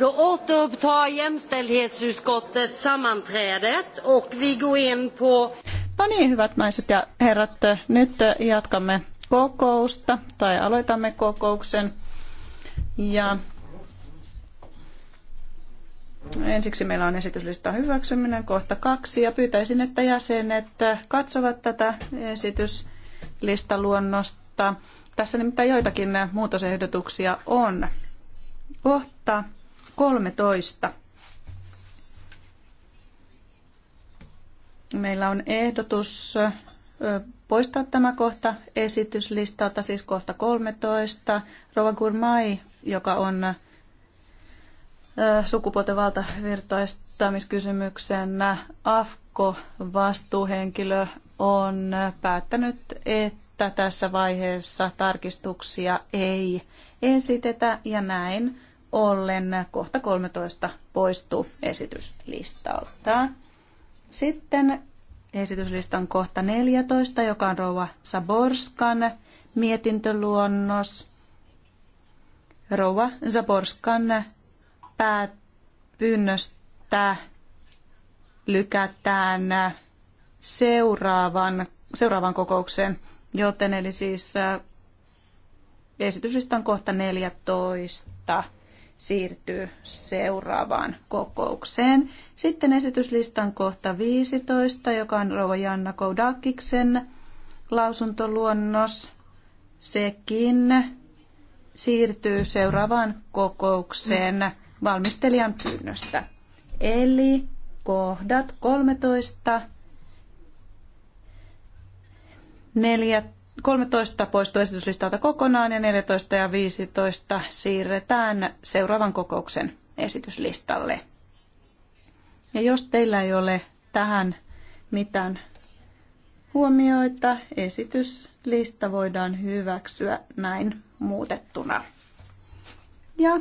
Då återupptar jämställdhetsutskottet sammanträdet och vi går in på... No niin, hyvät naiset ja herrat, nyt jatkamme kokousta tai aloitamme kokouksen. Ja Ensiksi meillä on esityslista hyväksyminen kohta kaksi ja pyytäisin, että jäsenet katsovat tätä esityslistaluonnosta. Tässä nimittäin joitakin muutosehdotuksia on. Kohta 13. Meillä on ehdotus poistaa tämä kohta esityslistalta, siis kohta 13. Rova Gurmai, joka on sukupuolten valtavirtaistamiskysymyksen AFKO-vastuuhenkilö, on päättänyt, että tässä vaiheessa tarkistuksia ei esitetä ja näin ollen kohta 13 poistuu esityslistalta. Sitten esityslistan kohta 14, joka on rouva Saborskan mietintöluonnos. Rouva Saborskan pääpyynnöstä lykätään seuraavan, seuraavan kokoukseen, joten eli siis esityslistan kohta 14 siirtyy seuraavaan kokoukseen. Sitten esityslistan kohta 15, joka on Rova Janna Koudakiksen lausuntoluonnos. Sekin siirtyy seuraavaan kokoukseen valmistelijan pyynnöstä. Eli kohdat 13, 14, 13 poistuu esityslistalta kokonaan ja 14 ja 15 siirretään seuraavan kokouksen esityslistalle. Ja jos teillä ei ole tähän mitään huomioita, esityslista voidaan hyväksyä näin muutettuna. Ja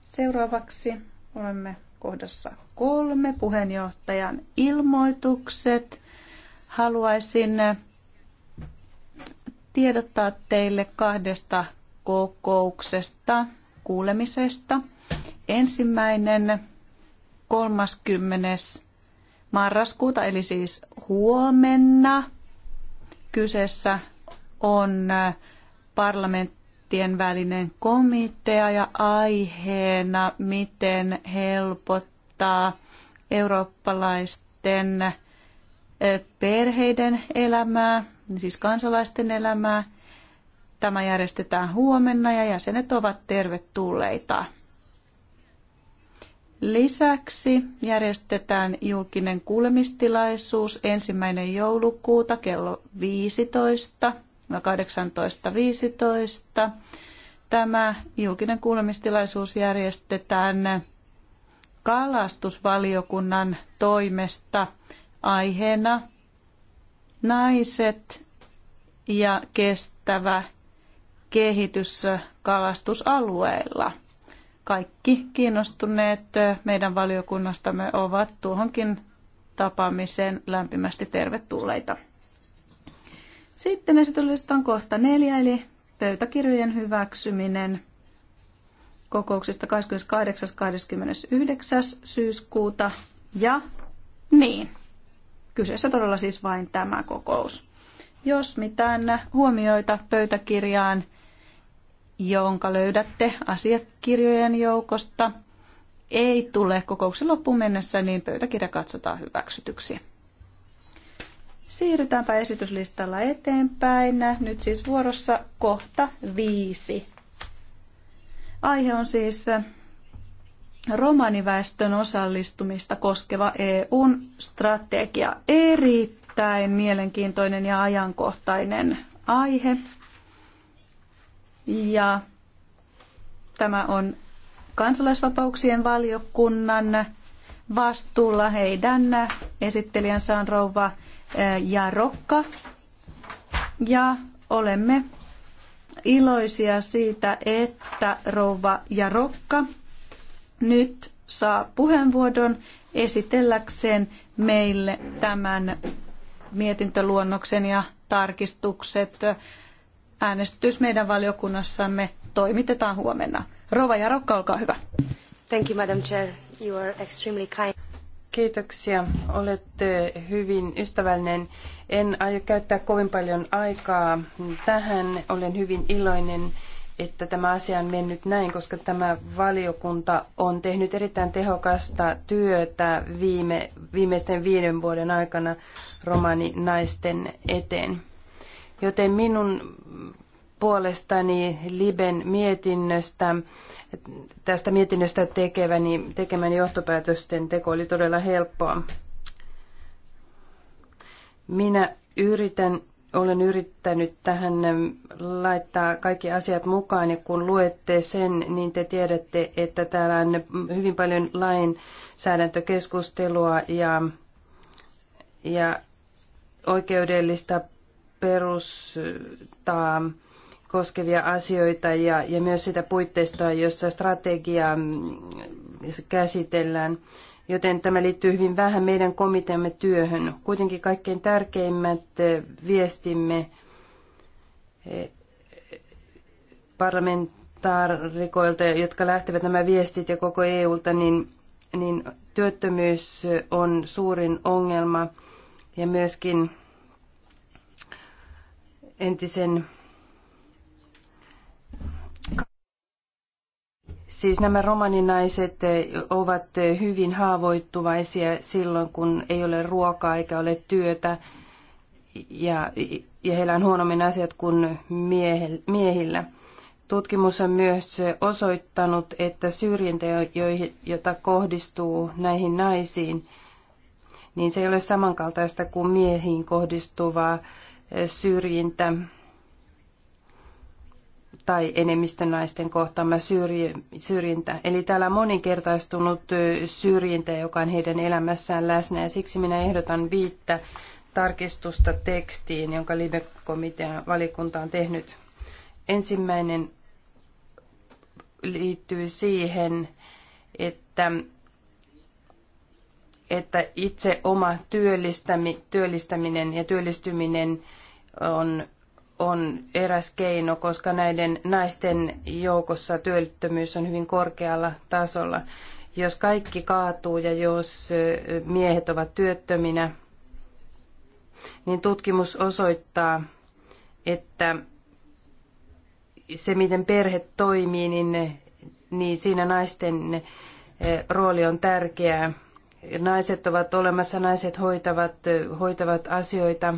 seuraavaksi olemme kohdassa kolme, puheenjohtajan ilmoitukset. Haluaisin tiedottaa teille kahdesta kokouksesta, kuulemisesta. Ensimmäinen 30. marraskuuta, eli siis huomenna, kyseessä on äh, parlamenttien välinen komitea ja aiheena, miten helpottaa eurooppalaisten äh, perheiden elämää siis kansalaisten elämää. Tämä järjestetään huomenna ja jäsenet ovat tervetulleita. Lisäksi järjestetään julkinen kuulemistilaisuus ensimmäinen joulukuuta kello 15, 18.15. Tämä julkinen kuulemistilaisuus järjestetään kalastusvaliokunnan toimesta aiheena naiset ja kestävä kehitys kalastusalueilla. Kaikki kiinnostuneet meidän valiokunnastamme ovat tuohonkin tapaamiseen lämpimästi tervetulleita. Sitten esitellään kohta neljä, eli pöytäkirjojen hyväksyminen kokouksista 28.–29. syyskuuta ja niin. Kyseessä todella siis vain tämä kokous. Jos mitään huomioita pöytäkirjaan, jonka löydätte asiakirjojen joukosta, ei tule kokouksen loppuun mennessä, niin pöytäkirja katsotaan hyväksytyksi. Siirrytäänpä esityslistalla eteenpäin. Nyt siis vuorossa kohta viisi. Aihe on siis romaniväestön osallistumista koskeva EUn strategia. Erittäin mielenkiintoinen ja ajankohtainen aihe. Ja tämä on kansalaisvapauksien valiokunnan vastuulla heidän esittelijänsä on rouva eh, Jarokka. Ja olemme iloisia siitä, että rouva Jarokka nyt saa puheenvuoron esitelläkseen meille tämän mietintöluonnoksen ja tarkistukset. Äänestys meidän valiokunnassamme toimitetaan huomenna. Rova Rokka, olkaa hyvä. Thank you, Madam Chair. You are extremely kind. Kiitoksia. Olette hyvin ystävällinen. En aio käyttää kovin paljon aikaa tähän. Olen hyvin iloinen että tämä asia on mennyt näin, koska tämä valiokunta on tehnyt erittäin tehokasta työtä viime, viimeisten viiden vuoden aikana romaninaisten eteen. Joten minun puolestani Liben mietinnöstä, tästä mietinnöstä tekeväni, tekemän johtopäätösten teko oli todella helppoa. Minä yritän olen yrittänyt tähän laittaa kaikki asiat mukaan ja kun luette sen, niin te tiedätte, että täällä on hyvin paljon lainsäädäntökeskustelua ja, ja oikeudellista perustaa koskevia asioita ja, ja myös sitä puitteistoa, jossa strategia käsitellään joten tämä liittyy hyvin vähän meidän komiteamme työhön. Kuitenkin kaikkein tärkeimmät eh, viestimme eh, parlamentaarikoilta, jotka lähtevät nämä viestit ja koko EUlta, niin, niin työttömyys on suurin ongelma ja myöskin entisen Siis nämä romaninaiset eh, ovat eh, hyvin haavoittuvaisia silloin, kun ei ole ruokaa eikä ole työtä ja, ja heillä on huonommin asiat kuin miehillä. Tutkimus on myös eh, osoittanut, että syrjintä, jota kohdistuu näihin naisiin, niin se ei ole samankaltaista kuin miehiin kohdistuvaa syrjintä tai enemmistön naisten kohtaama syrjintä. Eli täällä on moninkertaistunut syrjintä, joka on heidän elämässään läsnä. Ja siksi minä ehdotan viittä tarkistusta tekstiin, jonka LIBE-komitean valikunta on tehnyt. Ensimmäinen liittyy siihen, että, että itse oma työllistäminen ja työllistyminen on on eräs keino, koska näiden naisten joukossa työttömyys on hyvin korkealla tasolla. Jos kaikki kaatuu ja jos miehet ovat työttöminä, niin tutkimus osoittaa, että se, miten perhe toimii, niin, niin siinä naisten rooli on tärkeää. Naiset ovat olemassa, naiset hoitavat, hoitavat asioita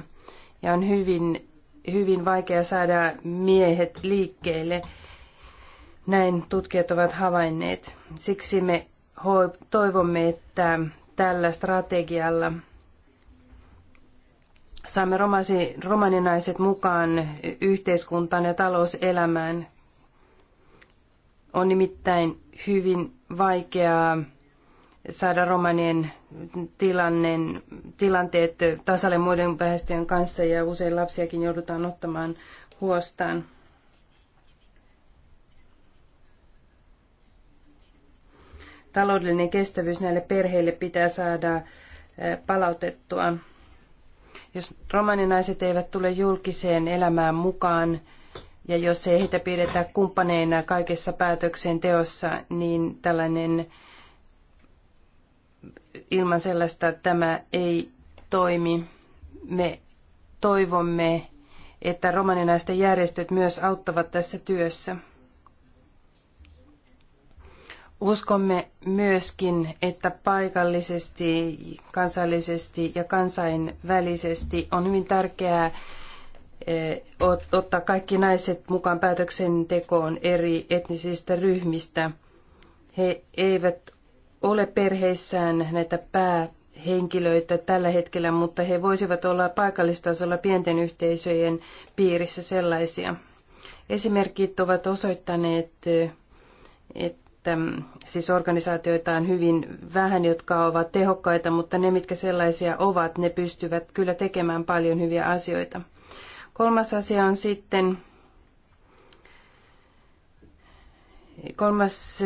ja on hyvin hyvin vaikea saada miehet liikkeelle. Näin tutkijat ovat havainneet. Siksi me toivomme, että tällä strategialla saamme romasi, romaninaiset mukaan yhteiskuntaan ja talouselämään. On nimittäin hyvin vaikeaa saada romanien tilanne, tilanteet tasalle muiden väestöjen kanssa ja usein lapsiakin joudutaan ottamaan huostaan. Taloudellinen kestävyys näille perheille pitää saada eh, palautettua. Jos romaninaiset eivät tule julkiseen elämään mukaan, ja jos ei heitä pidetä kumppaneina kaikessa päätöksenteossa, niin tällainen ilman sellaista tämä ei toimi. Me toivomme, että romaninaisten järjestöt myös auttavat tässä työssä. Uskomme myöskin, että paikallisesti, kansallisesti ja kansainvälisesti on hyvin tärkeää eh, ottaa kaikki naiset mukaan päätöksentekoon eri etnisistä ryhmistä. He eivät ole perheissään näitä päähenkilöitä tällä hetkellä, mutta he voisivat olla paikallistasolla pienten yhteisöjen piirissä sellaisia. Esimerkit ovat osoittaneet, että mm, siis organisaatioita on hyvin vähän, jotka ovat tehokkaita, mutta ne, mitkä sellaisia ovat, ne pystyvät kyllä tekemään paljon hyviä asioita. Kolmas asia on sitten, kolmas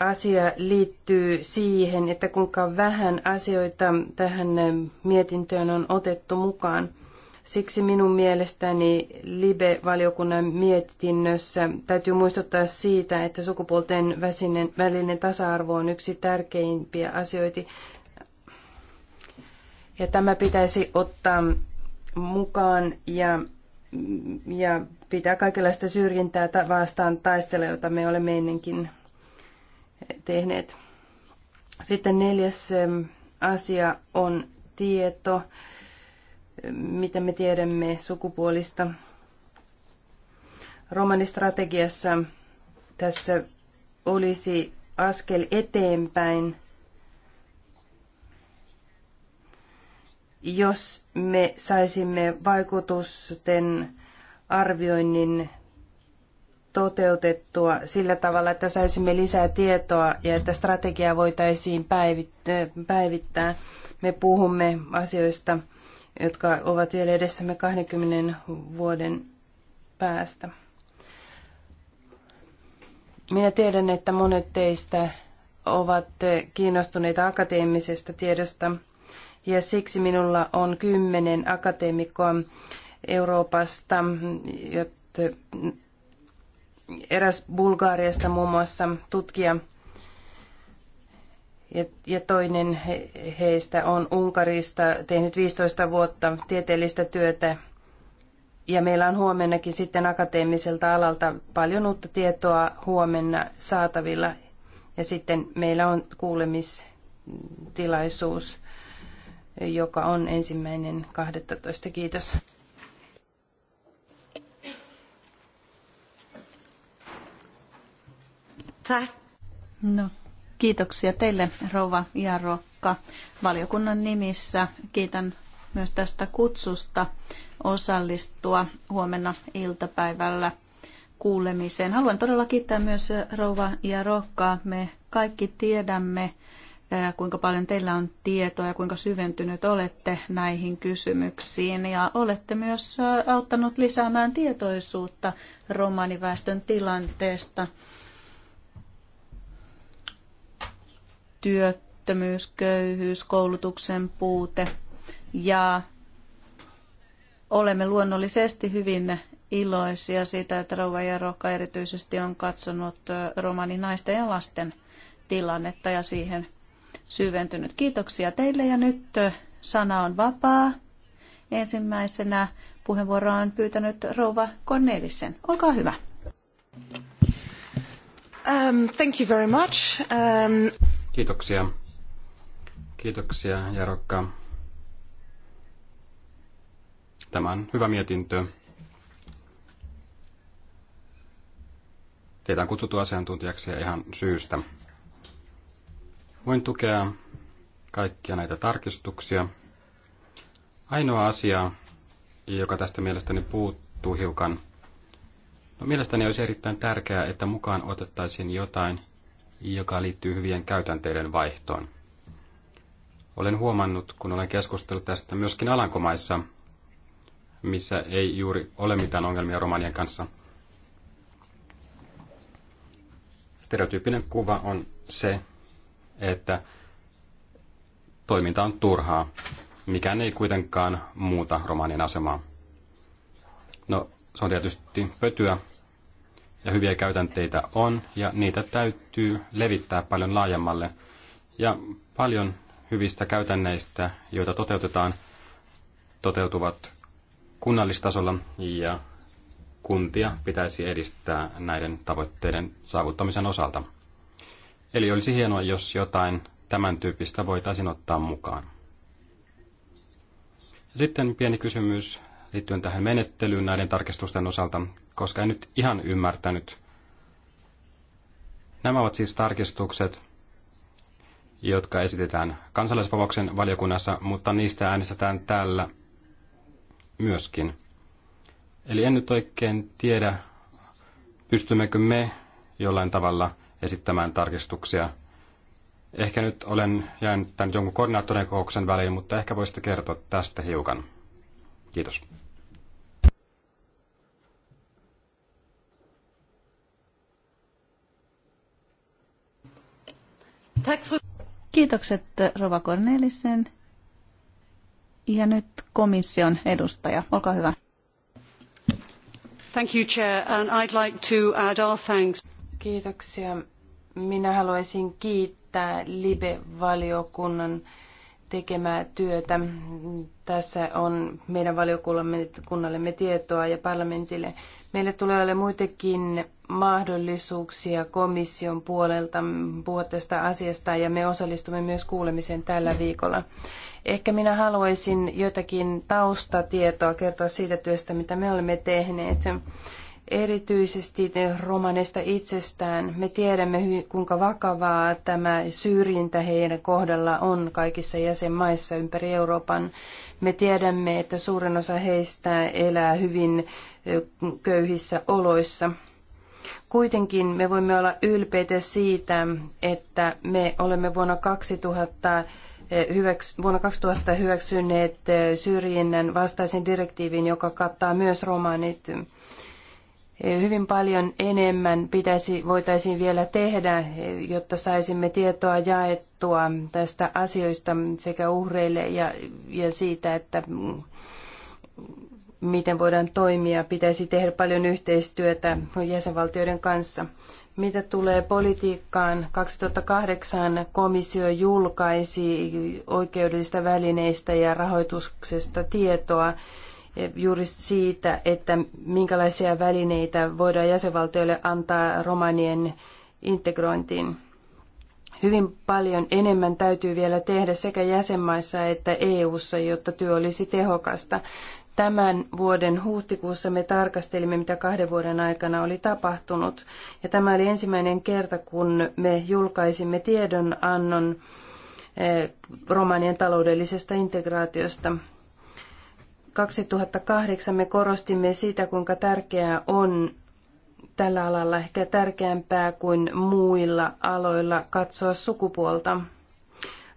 asia liittyy siihen, että kuinka vähän asioita tähän mietintöön on otettu mukaan. Siksi minun mielestäni LIBE-valiokunnan mietinnössä täytyy muistuttaa siitä, että sukupuolten välinen tasa-arvo on yksi tärkeimpiä asioita. Ja tämä pitäisi ottaa mukaan ja, ja pitää kaikenlaista syrjintää vastaan taistella, jota me olemme ennenkin tehneet. Sitten neljäs asia on tieto, mitä me tiedämme sukupuolista. Romanistrategiassa tässä olisi askel eteenpäin, jos me saisimme vaikutusten arvioinnin toteutettua sillä tavalla, että saisimme lisää tietoa ja että strategiaa voitaisiin päivittää. Me puhumme asioista, jotka ovat vielä edessämme 20 vuoden päästä. Minä tiedän, että monet teistä ovat kiinnostuneita akateemisesta tiedosta ja siksi minulla on kymmenen akateemikkoa Euroopasta, jotta eräs Bulgaariasta muun muassa tutkija ja, ja toinen heistä on Unkarista tehnyt 15 vuotta tieteellistä työtä. Ja meillä on huomennakin sitten akateemiselta alalta paljon uutta tietoa huomenna saatavilla. Ja sitten meillä on kuulemistilaisuus, joka on ensimmäinen 12. Kiitos. No, kiitoksia teille, Rouva Iarokka. Valiokunnan nimissä kiitän myös tästä kutsusta osallistua huomenna iltapäivällä kuulemiseen. Haluan todella kiittää myös Rouva Iarokkaa. Me kaikki tiedämme, eh, kuinka paljon teillä on tietoa ja kuinka syventynyt olette näihin kysymyksiin. Ja olette myös eh, auttanut lisäämään tietoisuutta romaniväestön tilanteesta työttömyys, köyhyys, koulutuksen puute ja olemme luonnollisesti hyvin iloisia siitä, että Rouva Jarokka erityisesti on katsonut romani naisten ja lasten tilannetta ja siihen syventynyt. Kiitoksia teille ja nyt sana on vapaa. Ensimmäisenä puheenvuoroa on pyytänyt Rouva Cornelisen. Olkaa hyvä. Um, thank you very much. Um... Kiitoksia. Kiitoksia, Jarokka. Tämä on hyvä mietintö. Teitä on kutsuttu asiantuntijaksi ihan syystä. Voin tukea kaikkia näitä tarkistuksia. Ainoa asia, joka tästä mielestäni puuttuu hiukan, no mielestäni olisi erittäin tärkeää, että mukaan otettaisiin jotain, joka liittyy hyvien käytänteiden vaihtoon. Olen huomannut, kun olen keskustellut tästä myöskin Alankomaissa, missä ei juuri ole mitään ongelmia romanien kanssa. Stereotyyppinen kuva on se, että toiminta on turhaa. Mikään ei kuitenkaan muuta romanien asemaa. No, se on tietysti pötyä, ja hyviä käytänteitä on, ja niitä täytyy levittää paljon laajemmalle. Ja paljon hyvistä käytänneistä, joita toteutetaan, toteutuvat kunnallistasolla, ja kuntia pitäisi edistää näiden tavoitteiden saavuttamisen osalta. Eli olisi hienoa, jos jotain tämän tyyppistä voitaisiin ottaa mukaan. Sitten pieni kysymys liittyen tähän menettelyyn näiden tarkistusten osalta, koska en nyt ihan ymmärtänyt. Nämä ovat siis tarkistukset, jotka esitetään kansalaisvapauksen valiokunnassa, mutta niistä äänestetään täällä myöskin. Eli en nyt oikein tiedä, pystymmekö me jollain tavalla esittämään tarkistuksia. Ehkä nyt olen jäänyt tämän jonkun koordinaattorin kokouksen väliin, mutta ehkä voisitte kertoa tästä hiukan. Kiitos. Kiitokset Rova Cornelissen. Ja nyt komission edustaja, olkaa hyvä. Thank you, Chair, and I'd like to add our thanks. Kiitoksia. Minä haluaisin kiittää LIBE-valiokunnan tekemää työtä. Tässä on meidän valiokunnallemme tietoa ja parlamentille Meille tulee olemaan muitakin mahdollisuuksia komission puolelta puhua tästä asiasta ja me osallistumme myös kuulemiseen tällä viikolla. Ehkä minä haluaisin jotakin taustatietoa kertoa siitä työstä, mitä me olemme tehneet erityisesti romaneista itsestään. Me tiedämme, kuinka vakavaa tämä syrjintä heidän kohdalla on kaikissa jäsenmaissa ympäri Euroopan. Me tiedämme, että suurin osa heistä elää hyvin köyhissä oloissa. Kuitenkin me voimme olla ylpeitä siitä, että me olemme vuonna 2000 hyväks, vuonna 2000 hyväksyneet syrjinnän vastaisen direktiivin, joka kattaa myös romanit. Hyvin paljon enemmän pitäisi, voitaisiin vielä tehdä, jotta saisimme tietoa jaettua tästä asioista sekä uhreille ja, ja siitä, että miten voidaan toimia. Pitäisi tehdä paljon yhteistyötä jäsenvaltioiden kanssa. Mitä tulee politiikkaan, 2008 komissio julkaisi oikeudellisista välineistä ja rahoituksesta tietoa Eh, juuri siitä, että minkälaisia välineitä voidaan jäsenvaltioille antaa romanien integrointiin. Hyvin paljon enemmän täytyy vielä tehdä sekä jäsenmaissa että EU:ssa, jotta työ olisi tehokasta. Tämän vuoden huhtikuussa me tarkastelimme, mitä kahden vuoden aikana oli tapahtunut. Ja tämä oli ensimmäinen kerta, kun me julkaisimme tiedonannon eh, romanien taloudellisesta integraatiosta. 2008 me korostimme sitä, kuinka tärkeää on tällä alalla ehkä tärkeämpää kuin muilla aloilla katsoa sukupuolta.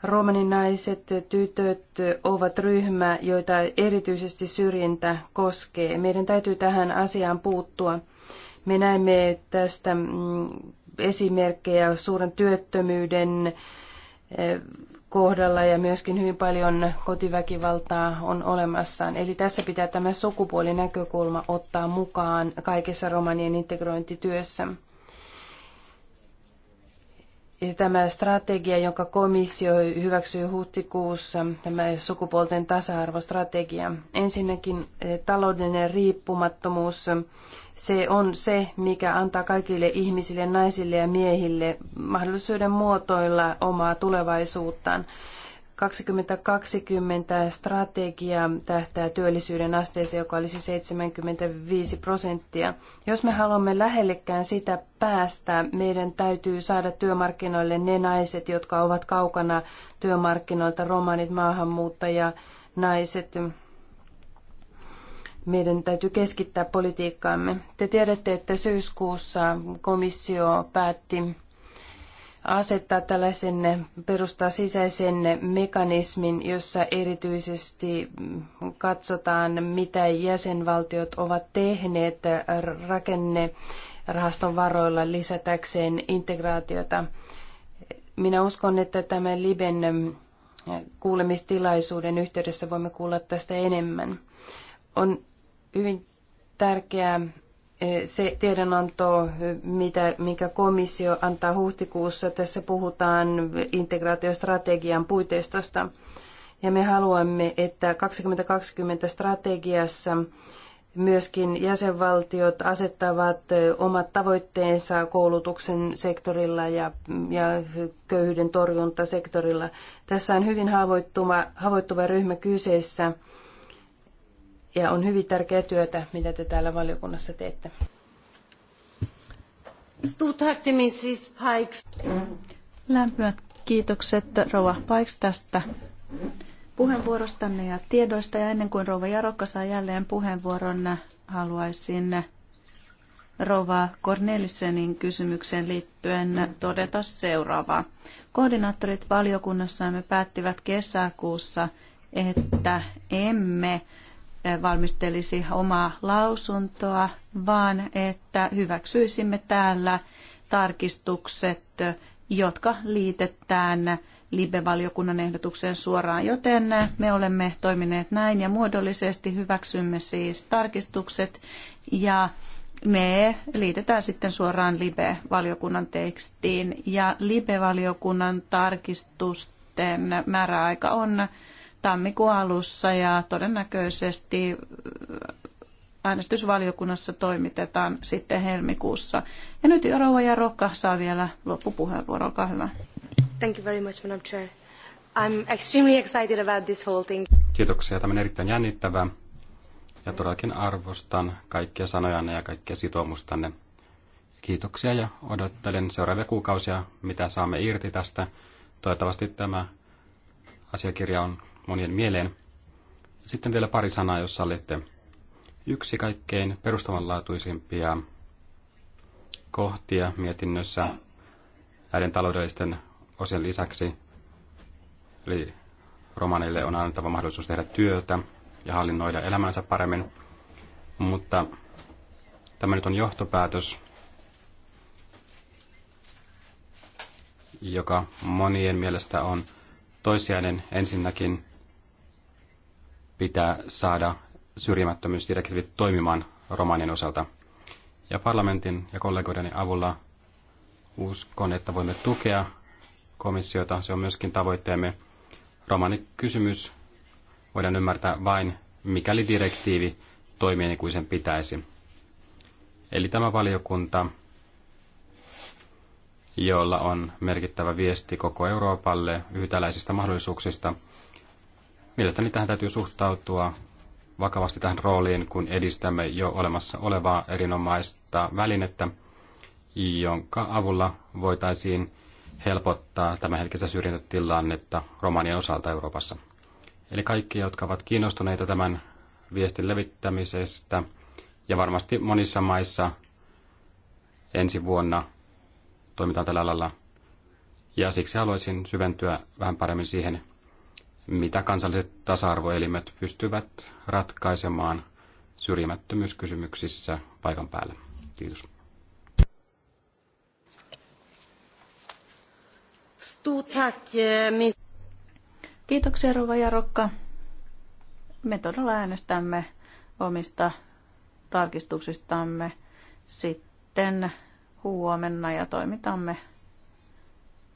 Romaninaiset tytöt ovat ryhmä, joita erityisesti syrjintä koskee. Meidän täytyy tähän asiaan puuttua. Me näemme tästä mm, esimerkkejä suuren työttömyyden eh, kohdalla ja myöskin hyvin paljon kotiväkivaltaa on olemassaan. Eli tässä pitää tämä sukupuolinäkökulma ottaa mukaan kaikessa romanien integrointityössä. Ja tämä strategia, jonka komissio hyväksyi huhtikuussa, tämä sukupuolten tasa-arvostrategia. Ensinnäkin taloudellinen riippumattomuus se on se, mikä antaa kaikille ihmisille, naisille ja miehille mahdollisuuden muotoilla omaa tulevaisuuttaan. 2020 strategia tähtää työllisyyden asteeseen, joka olisi 75 prosenttia. Jos me haluamme lähellekään sitä päästä, meidän täytyy saada työmarkkinoille ne naiset, jotka ovat kaukana työmarkkinoilta, romanit, maahanmuuttaja, naiset, meidän täytyy keskittää politiikkaamme. Te tiedätte, että syyskuussa komissio päätti asettaa tällaisen, perustaa sisäisen mekanismin, jossa erityisesti katsotaan, mitä jäsenvaltiot ovat tehneet rahaston varoilla lisätäkseen integraatiota. Minä uskon, että tämän Liben kuulemistilaisuuden yhteydessä voimme kuulla tästä enemmän. On hyvin tärkeää eh, se tiedonanto, mitä, mikä komissio antaa huhtikuussa. Tässä puhutaan integraatiostrategian puitestosta. Ja me haluamme, että 2020 strategiassa myöskin jäsenvaltiot asettavat eh, omat tavoitteensa koulutuksen sektorilla ja, ja köyhyyden torjuntasektorilla. Tässä on hyvin haavoittuva, haavoittuva ryhmä kyseessä ja on hyvin tärkeää työtä, mitä te täällä valiokunnassa teette. Lämpimät kiitokset Rouva Paiks tästä puheenvuorostanne ja tiedoista. Ja ennen kuin Rouva Jarokka saa jälleen puheenvuoron, haluaisin Rova Cornelissenin kysymykseen liittyen todeta seuraavaa. Koordinaattorit valiokunnassamme päättivät kesäkuussa, että emme valmistelisi omaa lausuntoa, vaan että hyväksyisimme täällä tarkistukset, jotka liitetään LIBE-valiokunnan ehdotukseen suoraan, joten me olemme toimineet näin ja muodollisesti hyväksymme siis tarkistukset ja ne liitetään sitten suoraan LIBE-valiokunnan tekstiin ja LIBE-valiokunnan tarkistusten määräaika on tammikuun alussa ja todennäköisesti äh, äänestysvaliokunnassa toimitetaan sitten helmikuussa. Ja nyt Rouva ja Rokka saa vielä loppupuheenvuoron. Olkaa hyvä. Thank you very much, Madam Chair. I'm extremely excited about this whole thing. Kiitoksia. Tämä on erittäin jännittävää. Ja todellakin arvostan kaikkia sanojanne ja kaikkia sitoumustanne. Kiitoksia ja odottelen seuraavia kuukausia, mitä saamme irti tästä. Toivottavasti tämä asiakirja on monien mieleen. Sitten vielä pari sanaa, jos sallitte. Yksi kaikkein perustavanlaatuisimpia kohtia mietinnössä näiden taloudellisten osien lisäksi, eli romaneille on annettava mahdollisuus tehdä työtä ja hallinnoida elämänsä paremmin, mutta tämä nyt on johtopäätös, joka monien mielestä on toisiainen ensinnäkin pitää saada syrjimättömyysdirektiivit toimimaan romanien osalta. Ja parlamentin ja kollegoideni avulla uskon, että voimme tukea komissiota. Se on myöskin tavoitteemme. Romanikysymys voidaan ymmärtää vain, mikäli direktiivi toimii niin kuin sen pitäisi. Eli tämä valiokunta, jolla on merkittävä viesti koko Euroopalle yhtäläisistä mahdollisuuksista – Mielestäni tähän täytyy suhtautua vakavasti tähän rooliin, kun edistämme jo olemassa olevaa erinomaista välinettä, jonka avulla voitaisiin helpottaa tämänhetkistä syrjintätilannetta romanien osalta Euroopassa. Eli kaikki, jotka ovat kiinnostuneita tämän viestin levittämisestä, ja varmasti monissa maissa ensi vuonna toimitaan tällä alalla. Ja siksi haluaisin syventyä vähän paremmin siihen, mitä kansalliset tasa-arvoelimet pystyvät ratkaisemaan syrjimättömyyskysymyksissä paikan päällä. Kiitos. Eh, Kiitoksia Rova Jarokka. Me todella äänestämme omista tarkistuksistamme sitten huomenna ja toimitamme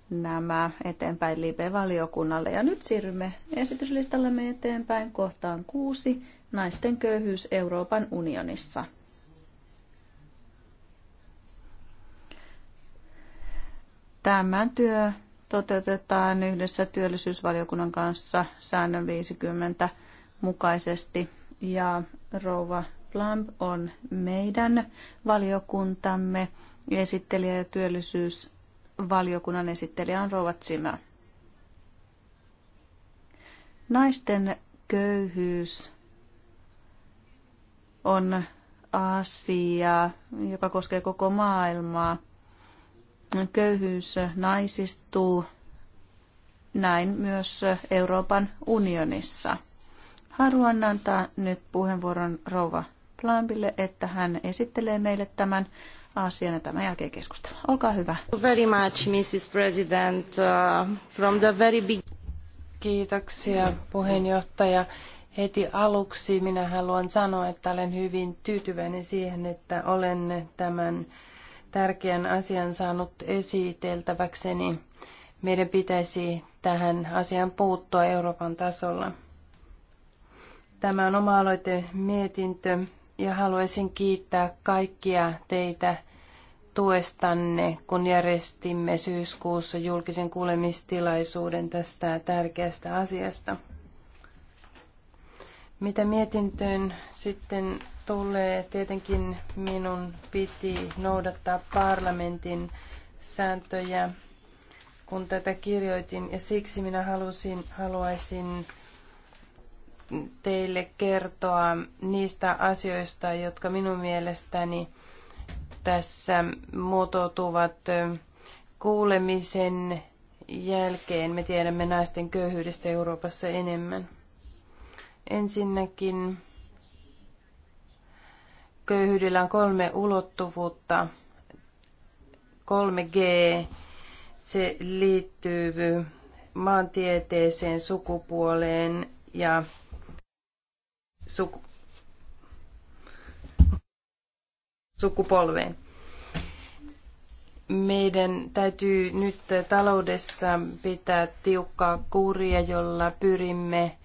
nämä eteenpäin live valiokunnalle Ja nyt siirrymme esityslistallemme eteenpäin kohtaan kuusi, naisten köyhyys Euroopan unionissa. Tämän työ toteutetaan yhdessä työllisyysvaliokunnan kanssa säännön 50 mukaisesti. Ja rouva Plump on meidän valiokuntamme esittelijä ja työllisyys valiokunnan esittelijä on Rouva Zimmer. Naisten köyhyys on asia, joka koskee koko maailmaa. Köyhyys naisistuu näin myös Euroopan unionissa. Haluan antaa nyt puheenvuoron Rouva Plambille, että hän esittelee meille tämän asian ja tämän jälkeen keskustellaan. Olkaa hyvä. Very much, Mrs. President. Uh, from the very big... Kiitoksia, puheenjohtaja. Heti aluksi minä haluan sanoa, että olen hyvin tyytyväinen siihen, että olen tämän tärkeän asian saanut esiteltäväkseni. Meidän pitäisi tähän asian puuttua Euroopan tasolla. Tämä on oma-aloite mietintö ja haluaisin kiittää kaikkia teitä tuestanne, kun järjestimme syyskuussa julkisen kuulemistilaisuuden tästä tärkeästä asiasta. Mitä mietintöön sitten tulee, tietenkin minun piti noudattaa parlamentin sääntöjä, kun tätä kirjoitin, ja siksi minä halusin, haluaisin teille kertoa niistä asioista, jotka minun mielestäni tässä muotoutuvat kuulemisen jälkeen. Me tiedämme naisten köyhyydestä Euroopassa enemmän. Ensinnäkin köyhyydellä on kolme ulottuvuutta. 3G, se liittyy maantieteeseen, sukupuoleen ja suku, sukupolveen. Meidän täytyy nyt taloudessa pitää tiukkaa kuria, jolla pyrimme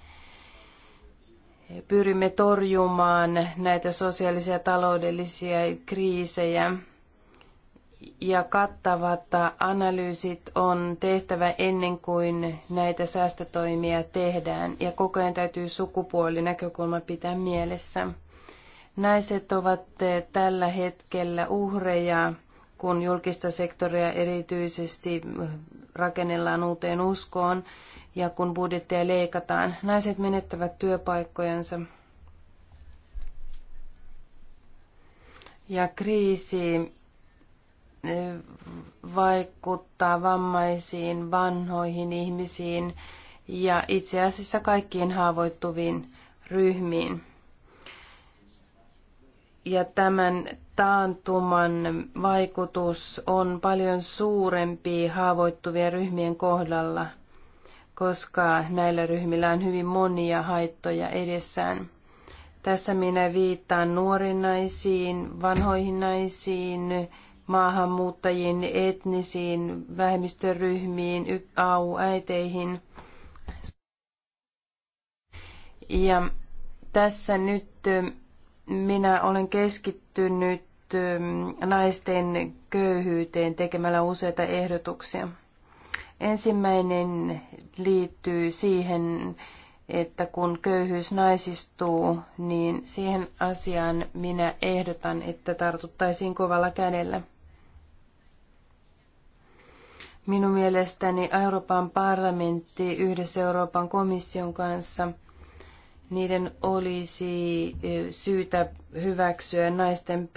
pyrimme torjumaan näitä sosiaalisia ja taloudellisia kriisejä ja kattavat analyysit on tehtävä ennen kuin näitä säästötoimia tehdään ja koko ajan täytyy sukupuolinäkökulma pitää mielessä. Naiset ovat tällä hetkellä uhreja, kun julkista sektoria erityisesti rakennellaan uuteen uskoon ja kun budjettia leikataan. Naiset menettävät työpaikkojansa. Ja kriisi vaikuttaa vammaisiin, vanhoihin ihmisiin ja itse asiassa kaikkiin haavoittuviin ryhmiin. Ja tämän taantuman vaikutus on paljon suurempi haavoittuvien ryhmien kohdalla, koska näillä ryhmillä on hyvin monia haittoja edessään. Tässä minä viittaan nuorinaisiin, vanhoihin naisiin, maahanmuuttajiin, etnisiin vähemmistöryhmiin, AU-äiteihin. Ja tässä nyt minä olen keskittynyt naisten köyhyyteen tekemällä useita ehdotuksia. Ensimmäinen liittyy siihen, että kun köyhyys naisistuu, niin siihen asiaan minä ehdotan, että tartuttaisiin kovalla kädellä. Minun mielestäni Euroopan parlamentti yhdessä Euroopan komission kanssa, niiden olisi syytä hyväksyä naisten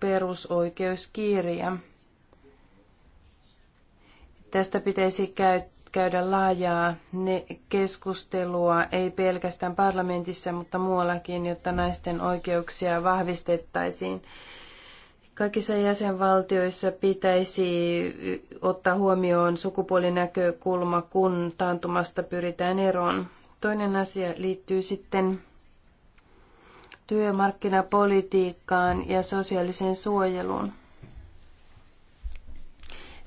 perusoikeuskirja. Tästä pitäisi käydä laajaa keskustelua, ei pelkästään parlamentissa, mutta muuallakin, jotta naisten oikeuksia vahvistettaisiin. Kaikissa jäsenvaltioissa pitäisi ottaa huomioon sukupuolinäkökulma, kun taantumasta pyritään eroon. Toinen asia liittyy sitten työmarkkinapolitiikkaan ja sosiaaliseen suojeluun.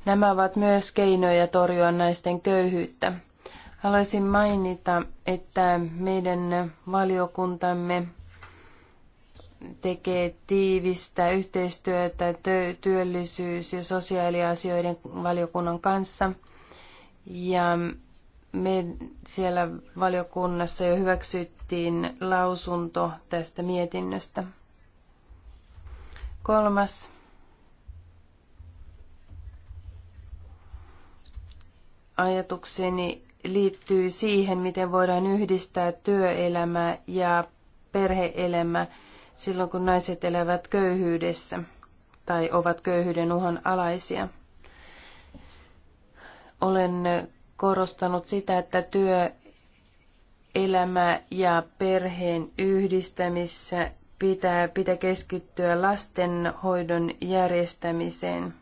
Nämä ovat myös keinoja torjua naisten köyhyyttä. Haluaisin mainita, että meidän valiokuntamme tekee tiivistä yhteistyötä työllisyys- ja sosiaaliasioiden valiokunnan kanssa. Ja me siellä valiokunnassa jo hyväksyttiin lausunto tästä mietinnöstä. Kolmas. Ajatukseni liittyy siihen, miten voidaan yhdistää työelämä ja perheelämä silloin, kun naiset elävät köyhyydessä tai ovat köyhyyden uhan alaisia. Olen korostanut sitä, että työ, elämä ja perheen yhdistämissä pitää, pitää keskittyä lastenhoidon järjestämiseen.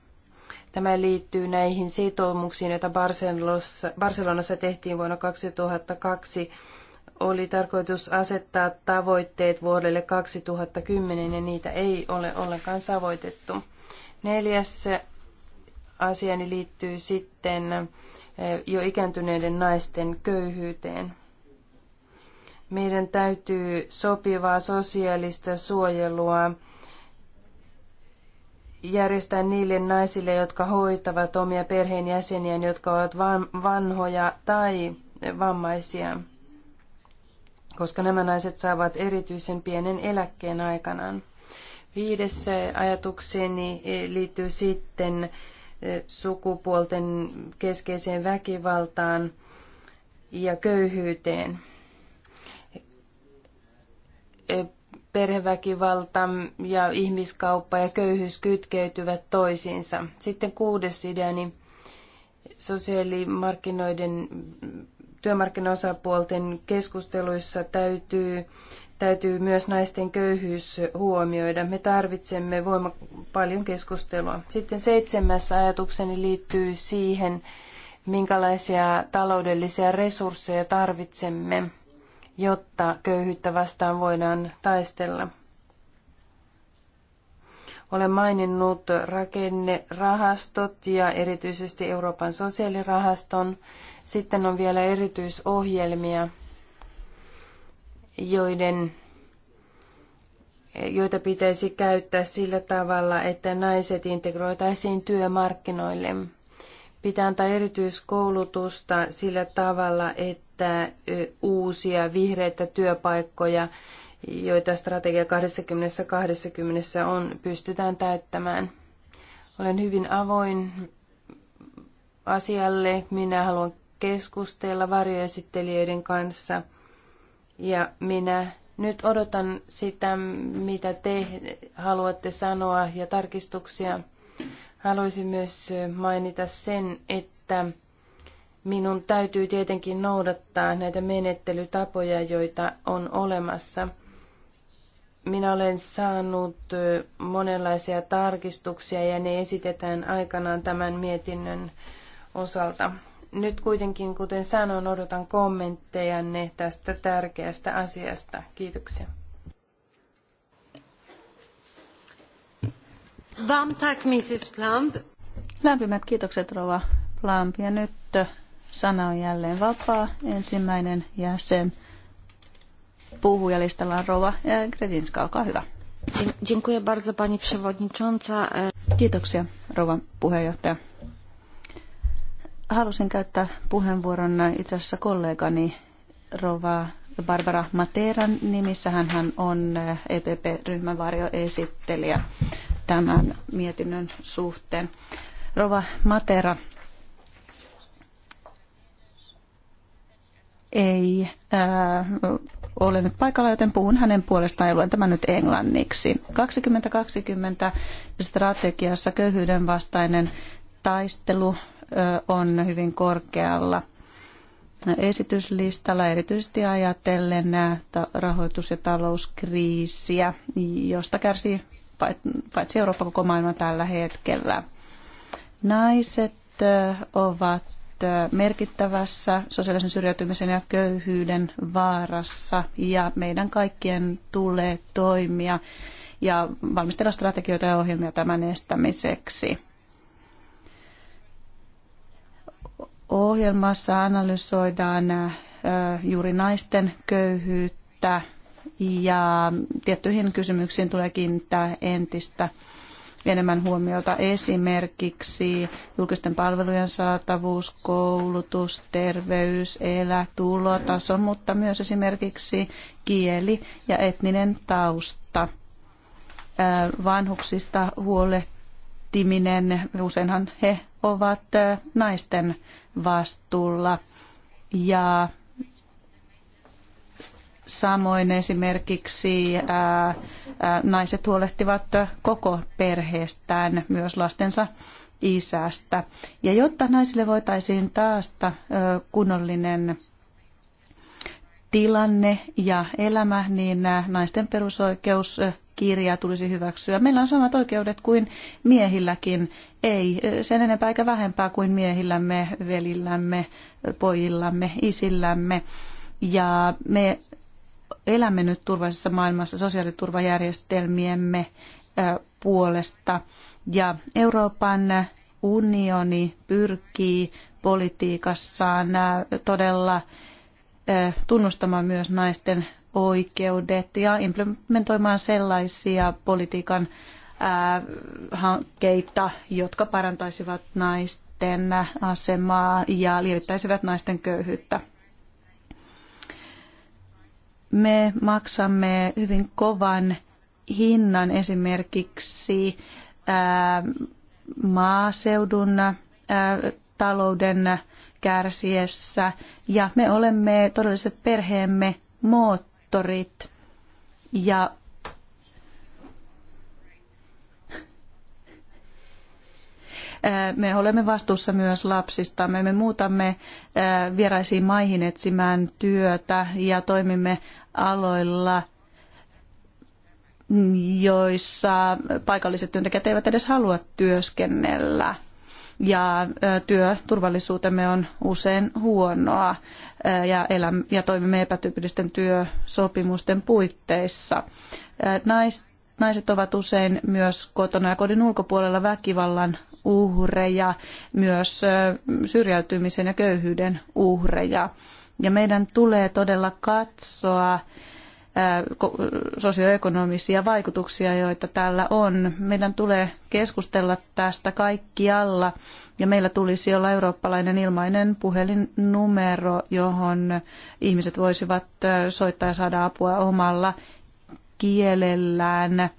Tämä liittyy näihin sitoumuksiin, joita Barcelonassa, Barcelonassa tehtiin vuonna 2002 oli tarkoitus asettaa tavoitteet vuodelle 2010 ja niitä ei ole ollenkaan savoitettu. Neljäs asiani liittyy sitten eh, jo ikääntyneiden naisten köyhyyteen. Meidän täytyy sopivaa sosiaalista suojelua järjestää niille naisille, jotka hoitavat omia perheenjäseniään, jotka ovat vanhoja tai vammaisia koska nämä naiset saavat erityisen pienen eläkkeen aikanaan. Viides ajatukseni eh, liittyy sitten eh, sukupuolten keskeiseen väkivaltaan ja köyhyyteen. Eh, perheväkivalta ja ihmiskauppa ja köyhyys kytkeytyvät toisiinsa. Sitten kuudes ideani, niin sosiaalimarkkinoiden työmarkkinaosapuolten keskusteluissa täytyy, täytyy myös naisten köyhyys huomioida. Me tarvitsemme voima- paljon keskustelua. Sitten seitsemäs ajatukseni liittyy siihen, minkälaisia taloudellisia resursseja tarvitsemme, jotta köyhyyttä vastaan voidaan taistella. Olen maininnut rakennerahastot ja erityisesti Euroopan sosiaalirahaston. Sitten on vielä erityisohjelmia, joiden, joita pitäisi käyttää sillä tavalla, että naiset integroitaisiin työmarkkinoille. Pitää antaa erityiskoulutusta sillä tavalla, että uusia vihreitä työpaikkoja joita strategia 2020 on, pystytään täyttämään. Olen hyvin avoin asialle. Minä haluan keskustella varjoesittelijöiden kanssa. Ja minä nyt odotan sitä, mitä te haluatte sanoa ja tarkistuksia. Haluaisin myös mainita sen, että minun täytyy tietenkin noudattaa näitä menettelytapoja, joita on olemassa – minä olen saanut monenlaisia tarkistuksia ja ne esitetään aikanaan tämän mietinnön osalta. Nyt kuitenkin, kuten sanoin, odotan kommenttejanne tästä tärkeästä asiasta. Kiitoksia. tack, Mrs. Plump. Lämpimät kiitokset, Rova Plump. Ja nyt sana on jälleen vapaa. Ensimmäinen jäsen puhujalistalla on Rova Gredinska, olkaa hyvä. Dziękuję bardzo pani przewodnicząca. Kiitoksia rouva puheenjohtaja. Halusin käyttää puheenvuoron itse asiassa kollegani rova Barbara Materan nimissä. Hän on EPP-ryhmän varjoesittelijä tämän mietinnön suhteen. Rova Matera ei äh, ole nyt paikalla, joten puhun hänen puolestaan ja luen tämän nyt englanniksi. 2020 strategiassa köyhyyden vastainen taistelu on hyvin korkealla esityslistalla, erityisesti ajatellen rahoitus- ja talouskriisiä, josta kärsii paitsi Eurooppa koko maailma tällä hetkellä. Naiset ovat merkittävässä sosiaalisen syrjäytymisen ja köyhyyden vaarassa ja meidän kaikkien tulee toimia ja valmistella strategioita ja ohjelmia tämän estämiseksi. Ohjelmassa analysoidaan juuri naisten köyhyyttä ja tiettyihin kysymyksiin tulee kiinnittää entistä enemmän huomiota esimerkiksi julkisten palvelujen saatavuus, koulutus, terveys, elä, tulotaso, mutta myös esimerkiksi kieli ja etninen tausta. Vanhuksista huolehtiminen, useinhan he ovat naisten vastuulla ja Samoin esimerkiksi ää, ää, naiset huolehtivat koko perheestään, myös lastensa isästä. Ja jotta naisille voitaisiin taasta kunnollinen tilanne ja elämä, niin naisten perusoikeuskirja tulisi hyväksyä. Meillä on samat oikeudet kuin miehilläkin, ei sen enempää eikä vähempää kuin miehillämme, velillämme, pojillamme, isillämme. Ja me elämme nyt turvallisessa maailmassa sosiaaliturvajärjestelmiemme puolesta. Ja Euroopan unioni pyrkii politiikassaan todella tunnustamaan myös naisten oikeudet ja implementoimaan sellaisia politiikan hankkeita, jotka parantaisivat naisten asemaa ja lievittäisivät naisten köyhyyttä me maksamme hyvin kovan hinnan esimerkiksi maaseudun talouden kärsiessä ja me olemme todelliset perheemme moottorit ja me olemme vastuussa myös lapsista, Me muutamme vieraisiin maihin etsimään työtä ja toimimme aloilla, mm, joissa paikalliset työntekijät eivät edes halua työskennellä. Ja työturvallisuutemme on usein huonoa ja, eläm ja toimimme epätyypillisten työsopimusten puitteissa. Naiset ovat usein myös kotona ja kodin ulkopuolella väkivallan uhreja, myös syrjäytymisen ja köyhyyden uhreja. Ja meidän tulee todella katsoa äh, sosioekonomisia vaikutuksia, joita tällä on. Meidän tulee keskustella tästä kaikkialla ja meillä tulisi olla eurooppalainen ilmainen puhelinnumero, johon ihmiset voisivat äh, soittaa ja saada apua omalla kielellään äh,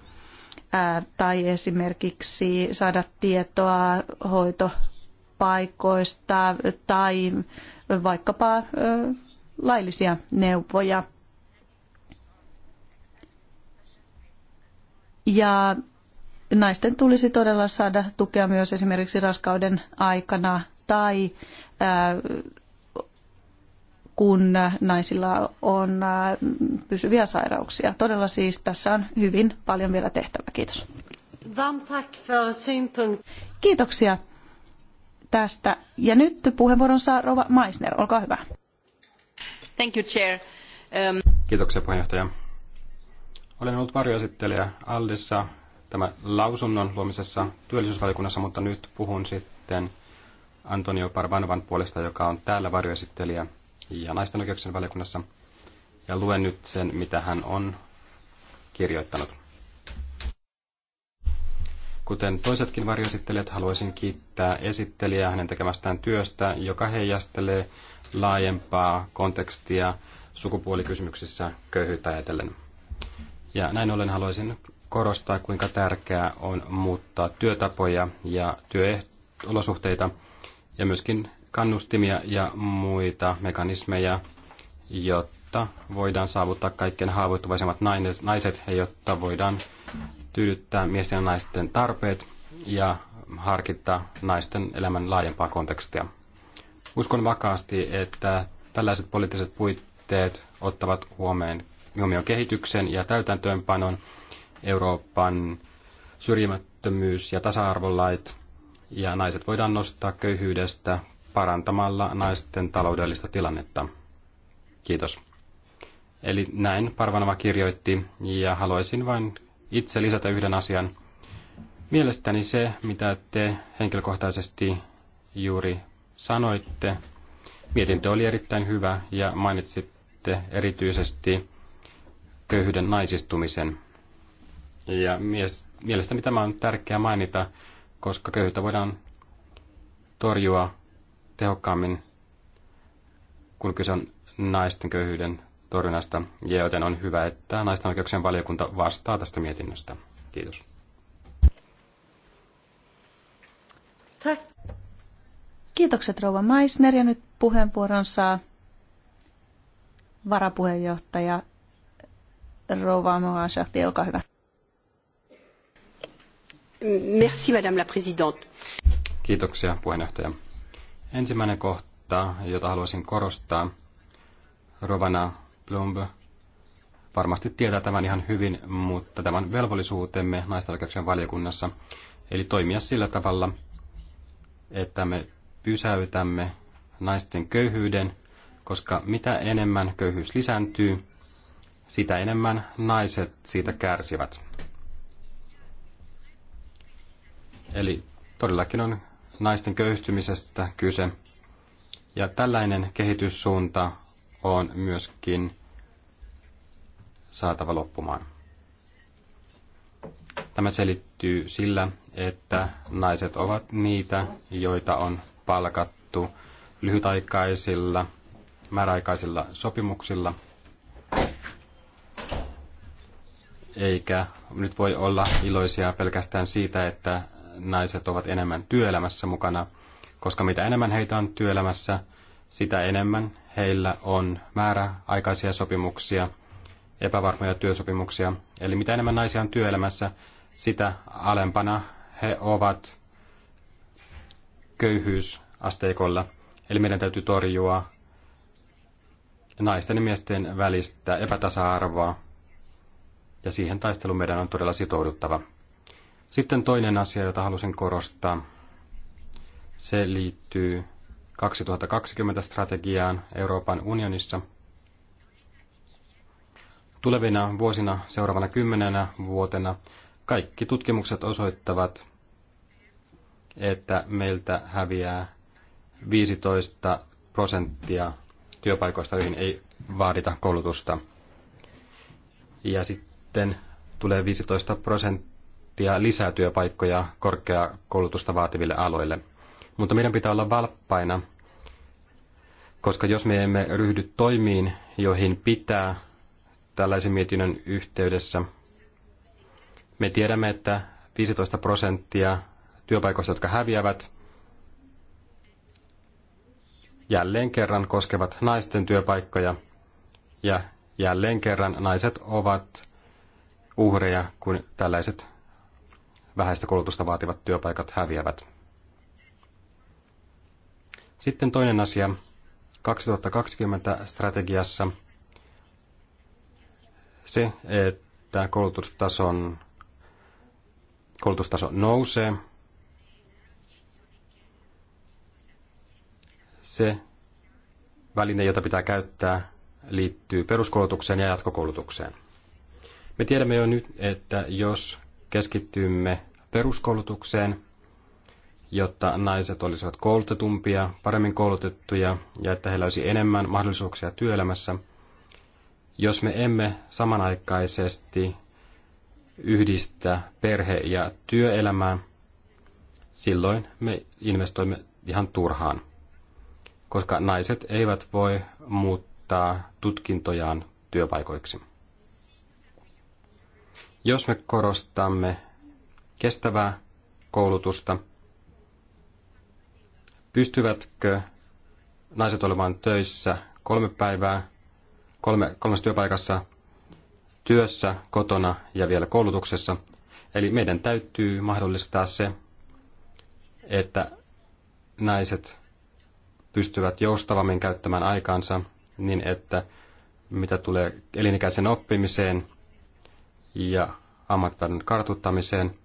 tai esimerkiksi saada tietoa hoitopaikoista tai vaikkapa laillisia neuvoja. Ja naisten tulisi todella saada tukea myös esimerkiksi raskauden aikana tai kun naisilla on pysyviä sairauksia. Todella siis tässä on hyvin paljon vielä tehtävää. Kiitos. Kiitoksia tästä. Ja nyt puheenvuoron saa Rova Meisner, olkaa hyvä. Thank you, Chair. Um... Kiitoksia puheenjohtaja. Olen ollut varjoesittelijä Aldissa tämä lausunnon luomisessa työllisyysvaliokunnassa, mutta nyt puhun sitten Antonio Parvanovan puolesta, joka on täällä varjoesittelijä ja naisten oikeuksien valiokunnassa. Ja luen nyt sen, mitä hän on kirjoittanut. Kuten toisetkin varjoesittelijät, haluaisin kiittää esittelijää hänen tekemästään työstä, joka heijastelee laajempaa kontekstia sukupuolikysymyksissä köyhyyttä ajatellen. Ja näin ollen haluaisin korostaa, kuinka tärkeää on muuttaa työtapoja ja työolosuhteita ja myöskin kannustimia ja muita mekanismeja, jotta jotta voidaan saavuttaa kaikkein haavoittuvaisemmat naiset ja jotta voidaan tyydyttää miesten ja naisten tarpeet ja harkita naisten elämän laajempaa kontekstia. Uskon vakaasti, että tällaiset poliittiset puitteet ottavat huomioon, huomioon kehityksen ja täytäntöönpanon Euroopan syrjimättömyys- ja tasa-arvolait, ja naiset voidaan nostaa köyhyydestä parantamalla naisten taloudellista tilannetta. Kiitos. Eli näin Parvanova kirjoitti, ja haluaisin vain itse lisätä yhden asian. Mielestäni se, mitä te henkilökohtaisesti juuri sanoitte, mietintö oli erittäin hyvä ja mainitsitte erityisesti köyhyyden naisistumisen. Ja mies, mielestäni tämä on tärkeää mainita, koska köyhyyttä voidaan torjua tehokkaammin, kun kyse on naisten köyhyyden torjunnasta, ja joten on hyvä, että naisten oikeuksien valiokunta vastaa tästä mietinnöstä. Kiitos. Kiitokset rouva Maisner ja nyt puheenvuoron saa varapuheenjohtaja rouva Mohashahti, olkaa hyvä. Merci madame la présidente. Kiitoksia puheenjohtaja. Ensimmäinen kohta, jota haluaisin korostaa, Rovana Plumb varmasti tietää tämän ihan hyvin, mutta tämän velvollisuutemme naisten valiokunnassa, eli toimia sillä tavalla, että me pysäytämme naisten köyhyyden, koska mitä enemmän köyhyys lisääntyy, sitä enemmän naiset siitä kärsivät. Eli todellakin on naisten köyhtymisestä kyse. Ja tällainen kehityssuunta on myöskin saatava loppumaan. Tämä selittyy sillä, että naiset ovat niitä, joita on palkattu lyhytaikaisilla, määräaikaisilla sopimuksilla, eikä nyt voi olla iloisia pelkästään siitä, että naiset ovat enemmän työelämässä mukana, koska mitä enemmän heitä on työelämässä, sitä enemmän heillä on määräaikaisia sopimuksia, epävarmoja työsopimuksia. Eli mitä enemmän naisia on työelämässä, sitä alempana he ovat köyhyysasteikolla. Eli meidän täytyy torjua naisten ja miesten välistä epätasa-arvoa, ja siihen taisteluun meidän on todella sitouduttava. Sitten toinen asia, jota halusin korostaa, se liittyy 2020-strategiaan Euroopan unionissa. Tulevina vuosina, seuraavana kymmenenä vuotena, kaikki tutkimukset osoittavat, että meiltä häviää 15 prosenttia työpaikoista, joihin ei vaadita koulutusta. Ja sitten tulee 15 prosenttia lisää työpaikkoja korkeakoulutusta vaativille aloille – mutta meidän pitää olla valppaina, koska jos me emme ryhdy toimiin, joihin pitää tällaisen mietinnön yhteydessä, me tiedämme, että 15 prosenttia työpaikoista, jotka häviävät, jälleen kerran koskevat naisten työpaikkoja ja jälleen kerran naiset ovat uhreja, kun tällaiset vähäistä koulutusta vaativat työpaikat häviävät. Sitten toinen asia 2020 strategiassa se, että koulutustason, koulutustaso nousee, se väline, jota pitää käyttää, liittyy peruskoulutukseen ja jatkokoulutukseen. Me tiedämme jo nyt, että jos keskittymme peruskoulutukseen, jotta naiset olisivat koulutetumpia, paremmin koulutettuja ja että heillä olisi enemmän mahdollisuuksia työelämässä. Jos me emme samanaikaisesti yhdistä perhe- ja työelämää, silloin me investoimme ihan turhaan, koska naiset eivät voi muuttaa tutkintojaan työpaikoiksi. Jos me korostamme kestävää koulutusta – pystyvätkö naiset olemaan töissä kolme päivää, kolme, kolmessa työpaikassa, työssä, kotona ja vielä koulutuksessa. Eli meidän täytyy mahdollistaa se, että naiset pystyvät joustavammin käyttämään aikaansa niin, että mitä tulee elinikäisen oppimiseen ja ammattitaidon kartuttamiseen,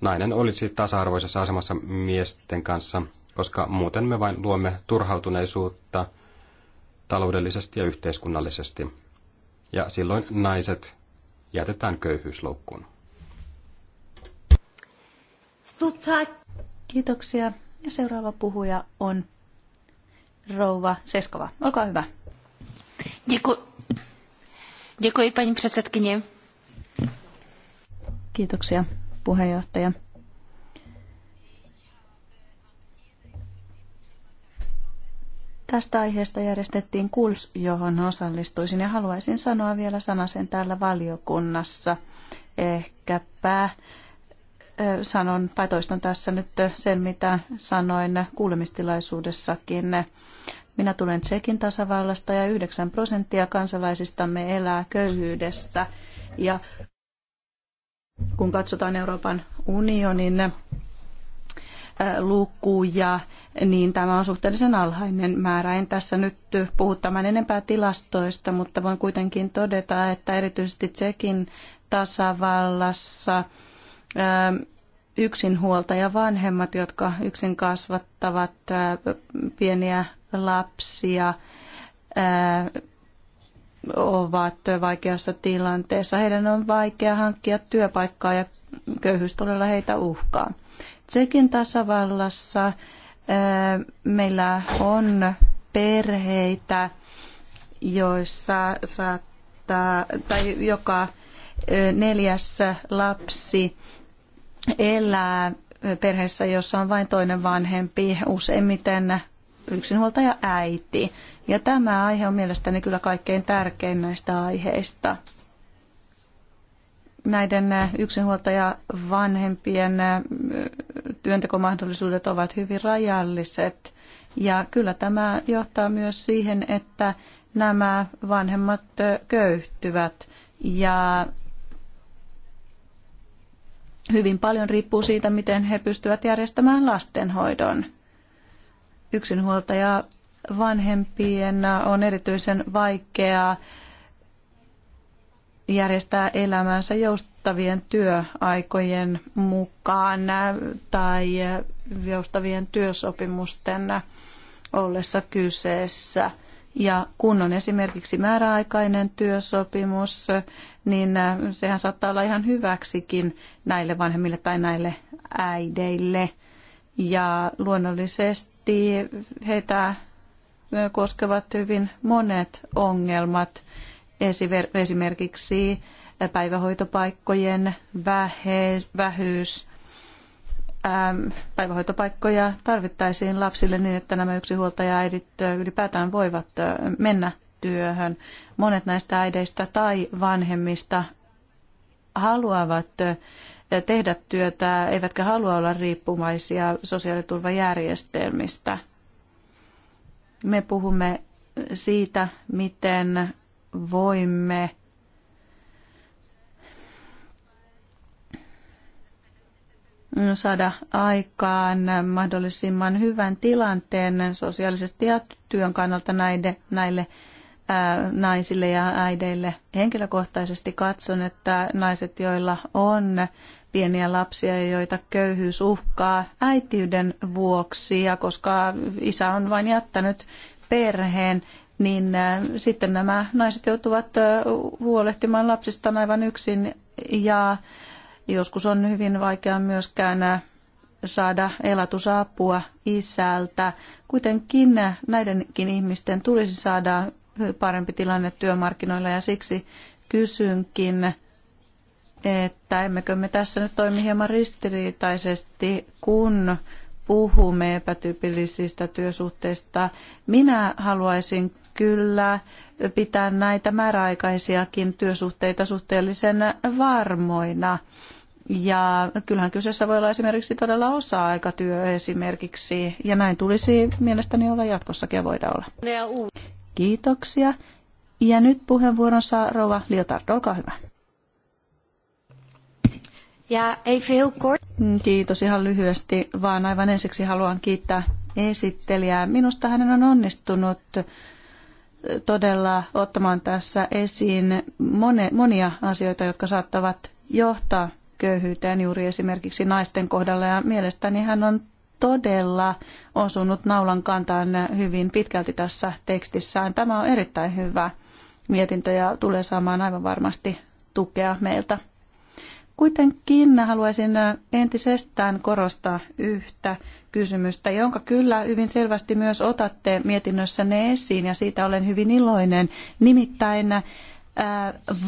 nainen olisi tasa-arvoisessa asemassa miesten kanssa – koska muuten me vain luomme turhautuneisuutta taloudellisesti ja yhteiskunnallisesti. Ja silloin naiset jätetään köyhyysloukkuun. Kiitoksia. Ja seuraava puhuja on rouva Seskova. Olkaa hyvä. Děkuji, Děkuji Kiitoksia, puheenjohtaja. Tästä aiheesta järjestettiin kurs, johon osallistuisin ja haluaisin sanoa vielä sanasen täällä valiokunnassa. Ehkäpä sanon, tai toistan tässä nyt sen, mitä sanoin kuulemistilaisuudessakin. Minä tulen Tsekin tasavallasta ja 9 prosenttia kansalaisistamme elää köyhyydessä. Ja kun katsotaan Euroopan unionin lukuja, niin tämä on suhteellisen alhainen määrä. En tässä nyt puhu tämän enempää tilastoista, mutta voin kuitenkin todeta, että erityisesti Tsekin tasavallassa yksinhuoltaja vanhemmat, jotka yksin kasvattavat pieniä lapsia, ovat vaikeassa tilanteessa. Heidän on vaikea hankkia työpaikkaa ja köyhyys todella heitä uhkaa. Tsekin tasavallassa meillä on perheitä, joissa saattaa, tai joka neljäs lapsi elää perheessä, jossa on vain toinen vanhempi, useimmiten yksinhuoltaja äiti. Ja tämä aihe on mielestäni kyllä kaikkein tärkein näistä aiheista näiden äh, yksinhuoltajavanhempien äh, työntekomahdollisuudet ovat hyvin rajalliset. Ja kyllä tämä johtaa myös siihen, että nämä vanhemmat äh, köyhtyvät ja hyvin paljon riippuu siitä, miten he pystyvät järjestämään lastenhoidon. Yksinhuoltaja vanhempien on erityisen vaikeaa järjestää elämänsä joustavien työaikojen mukaan tai joustavien työsopimusten ollessa kyseessä. Ja kun on esimerkiksi määräaikainen työsopimus, niin sehän saattaa olla ihan hyväksikin näille vanhemmille tai näille äideille. Ja luonnollisesti heitä koskevat hyvin monet ongelmat esimerkiksi päivähoitopaikkojen vähyys. Ähm, päivähoitopaikkoja tarvittaisiin lapsille niin, että nämä yksinhuoltaja-äidit ylipäätään voivat mennä työhön. Monet näistä äideistä tai vanhemmista haluavat tehdä työtä, eivätkä halua olla riippumaisia sosiaaliturvajärjestelmistä. Me puhumme siitä, miten voimme saada aikaan mahdollisimman hyvän tilanteen sosiaalisesti ja työn kannalta näille, näille ää, naisille ja äideille. Henkilökohtaisesti katson, että naiset, joilla on pieniä lapsia, joita köyhyys uhkaa äitiyden vuoksi ja koska isä on vain jättänyt perheen, niin äh, sitten nämä naiset joutuvat äh, huolehtimaan lapsista aivan yksin ja joskus on hyvin vaikea myöskään äh, saada elatusapua isältä. Kuitenkin näidenkin ihmisten tulisi saada parempi tilanne työmarkkinoilla ja siksi kysynkin, että emmekö me tässä nyt toimi hieman ristiriitaisesti, kun puhumme epätyypillisistä työsuhteista. Minä haluaisin kyllä pitää näitä määräaikaisiakin työsuhteita suhteellisen varmoina. Ja kyllähän kyseessä voi olla esimerkiksi todella osa-aikatyö esimerkiksi, ja näin tulisi mielestäni olla jatkossakin ja voida olla. Kiitoksia. Ja nyt puheenvuoron saa Rova Liotard, olkaa hyvä. Ja ei heel kort. Mm, kiitos ihan lyhyesti, vaan aivan ensiksi haluan kiittää esittelijää. Minusta hänen on onnistunut todella ottamaan tässä esiin monia asioita, jotka saattavat johtaa köyhyyteen juuri esimerkiksi naisten kohdalla. Ja mielestäni hän on todella osunut naulan kantaan hyvin pitkälti tässä tekstissään. Tämä on erittäin hyvä mietintö ja tulee saamaan aivan varmasti tukea meiltä. Kuitenkin haluaisin entisestään korostaa yhtä kysymystä, jonka kyllä hyvin selvästi myös otatte mietinnössänne esiin, ja siitä olen hyvin iloinen. Nimittäin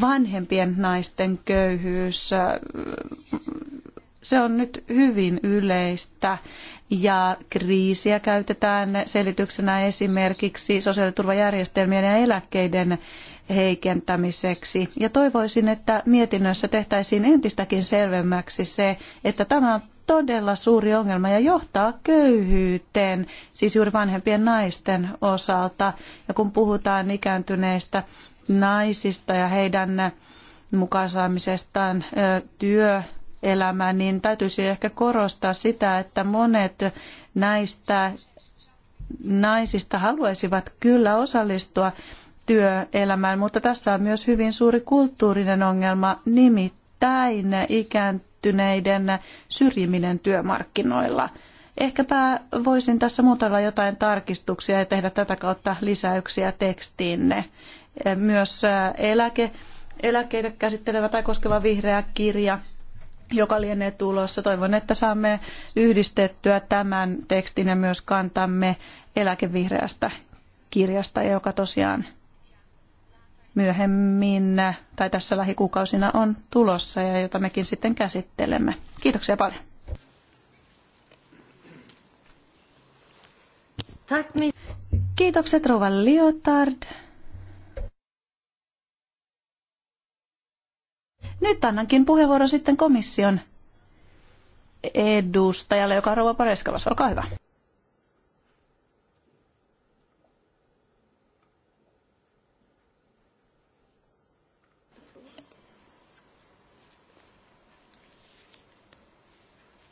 vanhempien naisten köyhyys, se on nyt hyvin yleistä ja kriisiä käytetään selityksenä esimerkiksi sosiaaliturvajärjestelmien ja eläkkeiden heikentämiseksi. Ja toivoisin, että mietinnössä tehtäisiin entistäkin selvemmäksi se, että tämä on todella suuri ongelma ja johtaa köyhyyteen, siis juuri vanhempien naisten osalta. Ja kun puhutaan ikääntyneistä naisista ja heidän mukaan saamisestaan niin täytyisi ehkä korostaa sitä, että monet näistä naisista haluaisivat kyllä osallistua työelämään, mutta tässä on myös hyvin suuri kulttuurinen ongelma, nimittäin ikääntyneiden syrjiminen työmarkkinoilla. Ehkäpä voisin tässä muutella jotain tarkistuksia ja tehdä tätä kautta lisäyksiä tekstiinne. Myös eläke, eläkeitä käsittelevä tai koskeva vihreä kirja joka lienee tulossa. Toivon, että saamme yhdistettyä tämän tekstin ja myös kantamme eläkevihreästä kirjasta, joka tosiaan myöhemmin tai tässä lähikuukausina on tulossa ja jota mekin sitten käsittelemme. Kiitoksia paljon. Kiitokset Rova Liotard. Nyt annankin puheenvuoron sitten komission edustajalle, joka on Rova Pareskalas. Olkaa hyvä.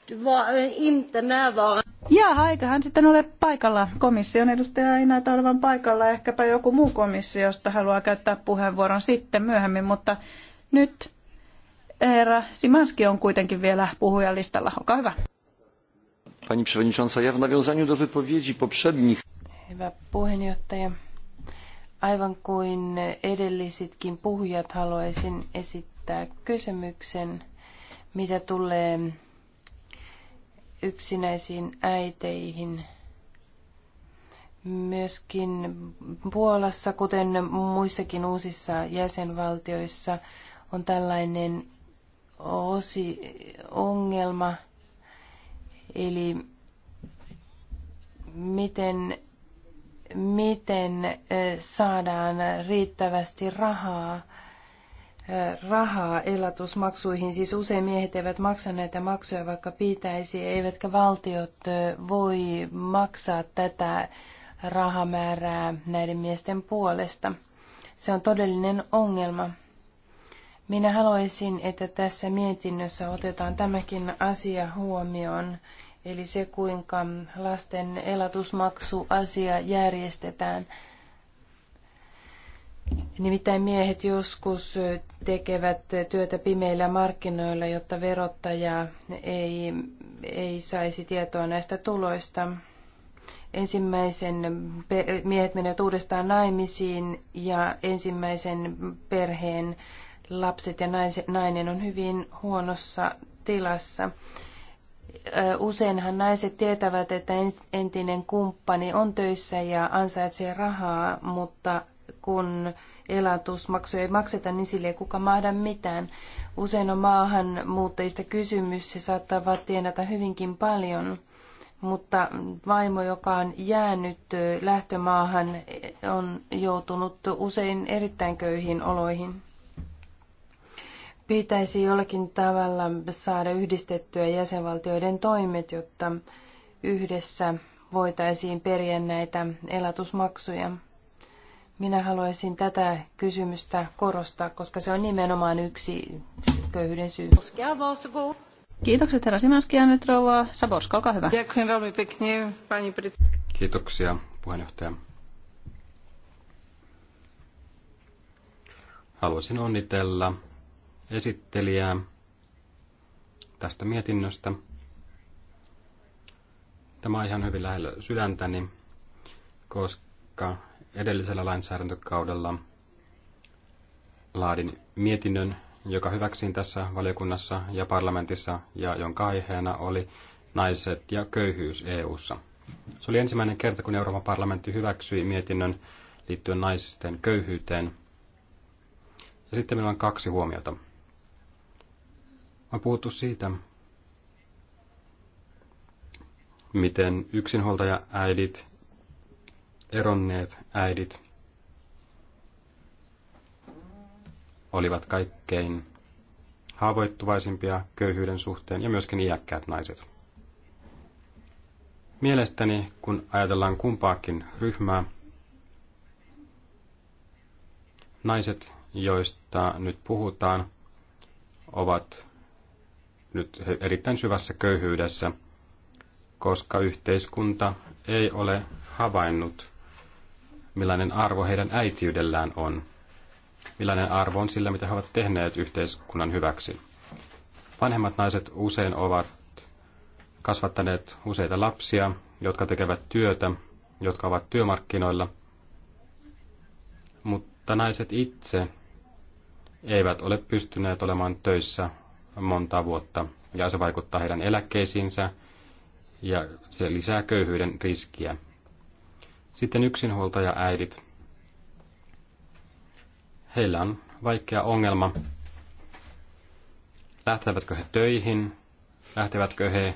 Eh, ja eiköhän sitten ole paikalla. Komission edustaja ei näytä olevan paikalla. Ehkäpä joku muu komissiosta haluaa käyttää puheenvuoron sitten myöhemmin, mutta nyt herra Simanski on kuitenkin vielä puhujalistalla. Olkaa hyvä. Pani przewodnicząca, ja w nawiązaniu do wypowiedzi poprzednich. Hyvä puheenjohtaja. Aivan kuin edellisitkin puhujat haluaisin esittää kysymyksen, mitä tulee yksinäisiin äiteihin. Myöskin Puolassa, kuten muissakin uusissa jäsenvaltioissa, on tällainen osi ongelma, eli miten, miten saadaan riittävästi rahaa rahaa elatusmaksuihin. Siis usein miehet eivät maksa näitä maksuja, vaikka pitäisi, eivätkä valtiot voi maksaa tätä rahamäärää näiden miesten puolesta. Se on todellinen ongelma. Minä haluaisin, että tässä mietinnössä otetaan tämäkin asia huomioon, eli se kuinka lasten elatusmaksuasia järjestetään – Nimittäin miehet joskus tekevät työtä pimeillä markkinoilla, jotta verottaja ei, ei saisi tietoa näistä tuloista. Ensimmäisen miehet menevät uudestaan naimisiin ja ensimmäisen perheen lapset ja nainen on hyvin huonossa tilassa. Useinhan naiset tietävät, että entinen kumppani on töissä ja ansaitsee rahaa, mutta kun elatusmaksuja ei makseta, niin sille ei kuka mahda mitään. Usein on maahanmuuttajista kysymys, saattaa vaan tienata hyvinkin paljon, mutta vaimo, joka on jäänyt lähtömaahan, on joutunut usein erittäin köyhiin oloihin. Pitäisi jollakin tavalla saada yhdistettyä jäsenvaltioiden toimet, jotta yhdessä voitaisiin periä näitä elatusmaksuja. Minä haluaisin tätä kysymystä korostaa, koska se on nimenomaan yksi köyhyyden syy. Kiitokset herra Simanski ja nyt rouva Saborska, olkaa hyvä. Kiitoksia puheenjohtaja. Haluaisin onnitella esittelijää tästä mietinnöstä. Tämä on ihan hyvin lähellä sydäntäni, koska edellisellä lainsäädäntökaudella laadin mietinnön, joka hyväksiin tässä valiokunnassa ja parlamentissa ja jonka aiheena oli naiset ja köyhyys EU:ssa. Se oli ensimmäinen kerta, kun Euroopan parlamentti hyväksyi mietinnön liittyen naisten köyhyyteen. Ja sitten meillä on kaksi huomiota. On puhuttu siitä, miten yksinhuoltaja äidit eronneet äidit olivat kaikkein haavoittuvaisimpia köyhyyden suhteen ja myöskin iäkkäät naiset. Mielestäni, kun ajatellaan kumpaakin ryhmää, naiset, joista nyt puhutaan, ovat nyt erittäin syvässä köyhyydessä, koska yhteiskunta ei ole havainnut millainen arvo heidän äitiydellään on, millainen arvo on sillä, mitä he ovat tehneet yhteiskunnan hyväksi. Vanhemmat naiset usein ovat kasvattaneet useita lapsia, jotka tekevät työtä, jotka ovat työmarkkinoilla, mutta naiset itse eivät ole pystyneet olemaan töissä monta vuotta, ja se vaikuttaa heidän eläkkeisiinsä, ja se lisää köyhyyden riskiä. Sitten yksinhuoltaja-äidit. Heillä on vaikea ongelma. Lähtevätkö he töihin? Lähtevätkö he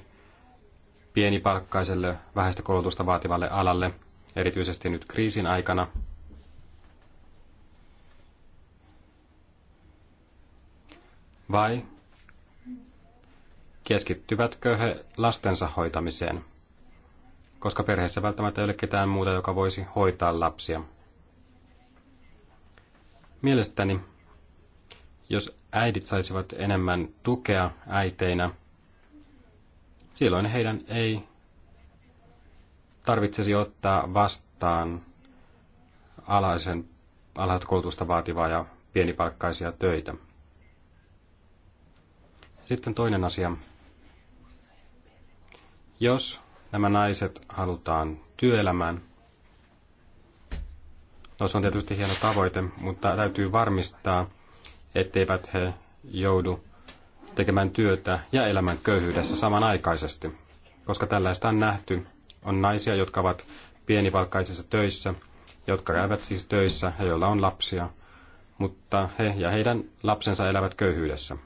pienipalkkaiselle, vähäistä koulutusta vaativalle alalle, erityisesti nyt kriisin aikana? Vai keskittyvätkö he lastensa hoitamiseen? koska perheessä välttämättä ei ole ketään muuta, joka voisi hoitaa lapsia. Mielestäni, jos äidit saisivat enemmän tukea äiteinä, silloin heidän ei tarvitsisi ottaa vastaan alhaisen, alhaista koulutusta vaativaa ja pienipalkkaisia töitä. Sitten toinen asia. Jos nämä naiset halutaan työelämään. No se on tietysti hieno tavoite, mutta täytyy varmistaa, etteivät he joudu tekemään työtä ja elämän köyhyydessä samanaikaisesti. Koska tällaista on nähty, on naisia, jotka ovat pienivalkkaisissa töissä, jotka käyvät siis töissä ja joilla on lapsia, mutta he ja heidän lapsensa elävät köyhyydessä.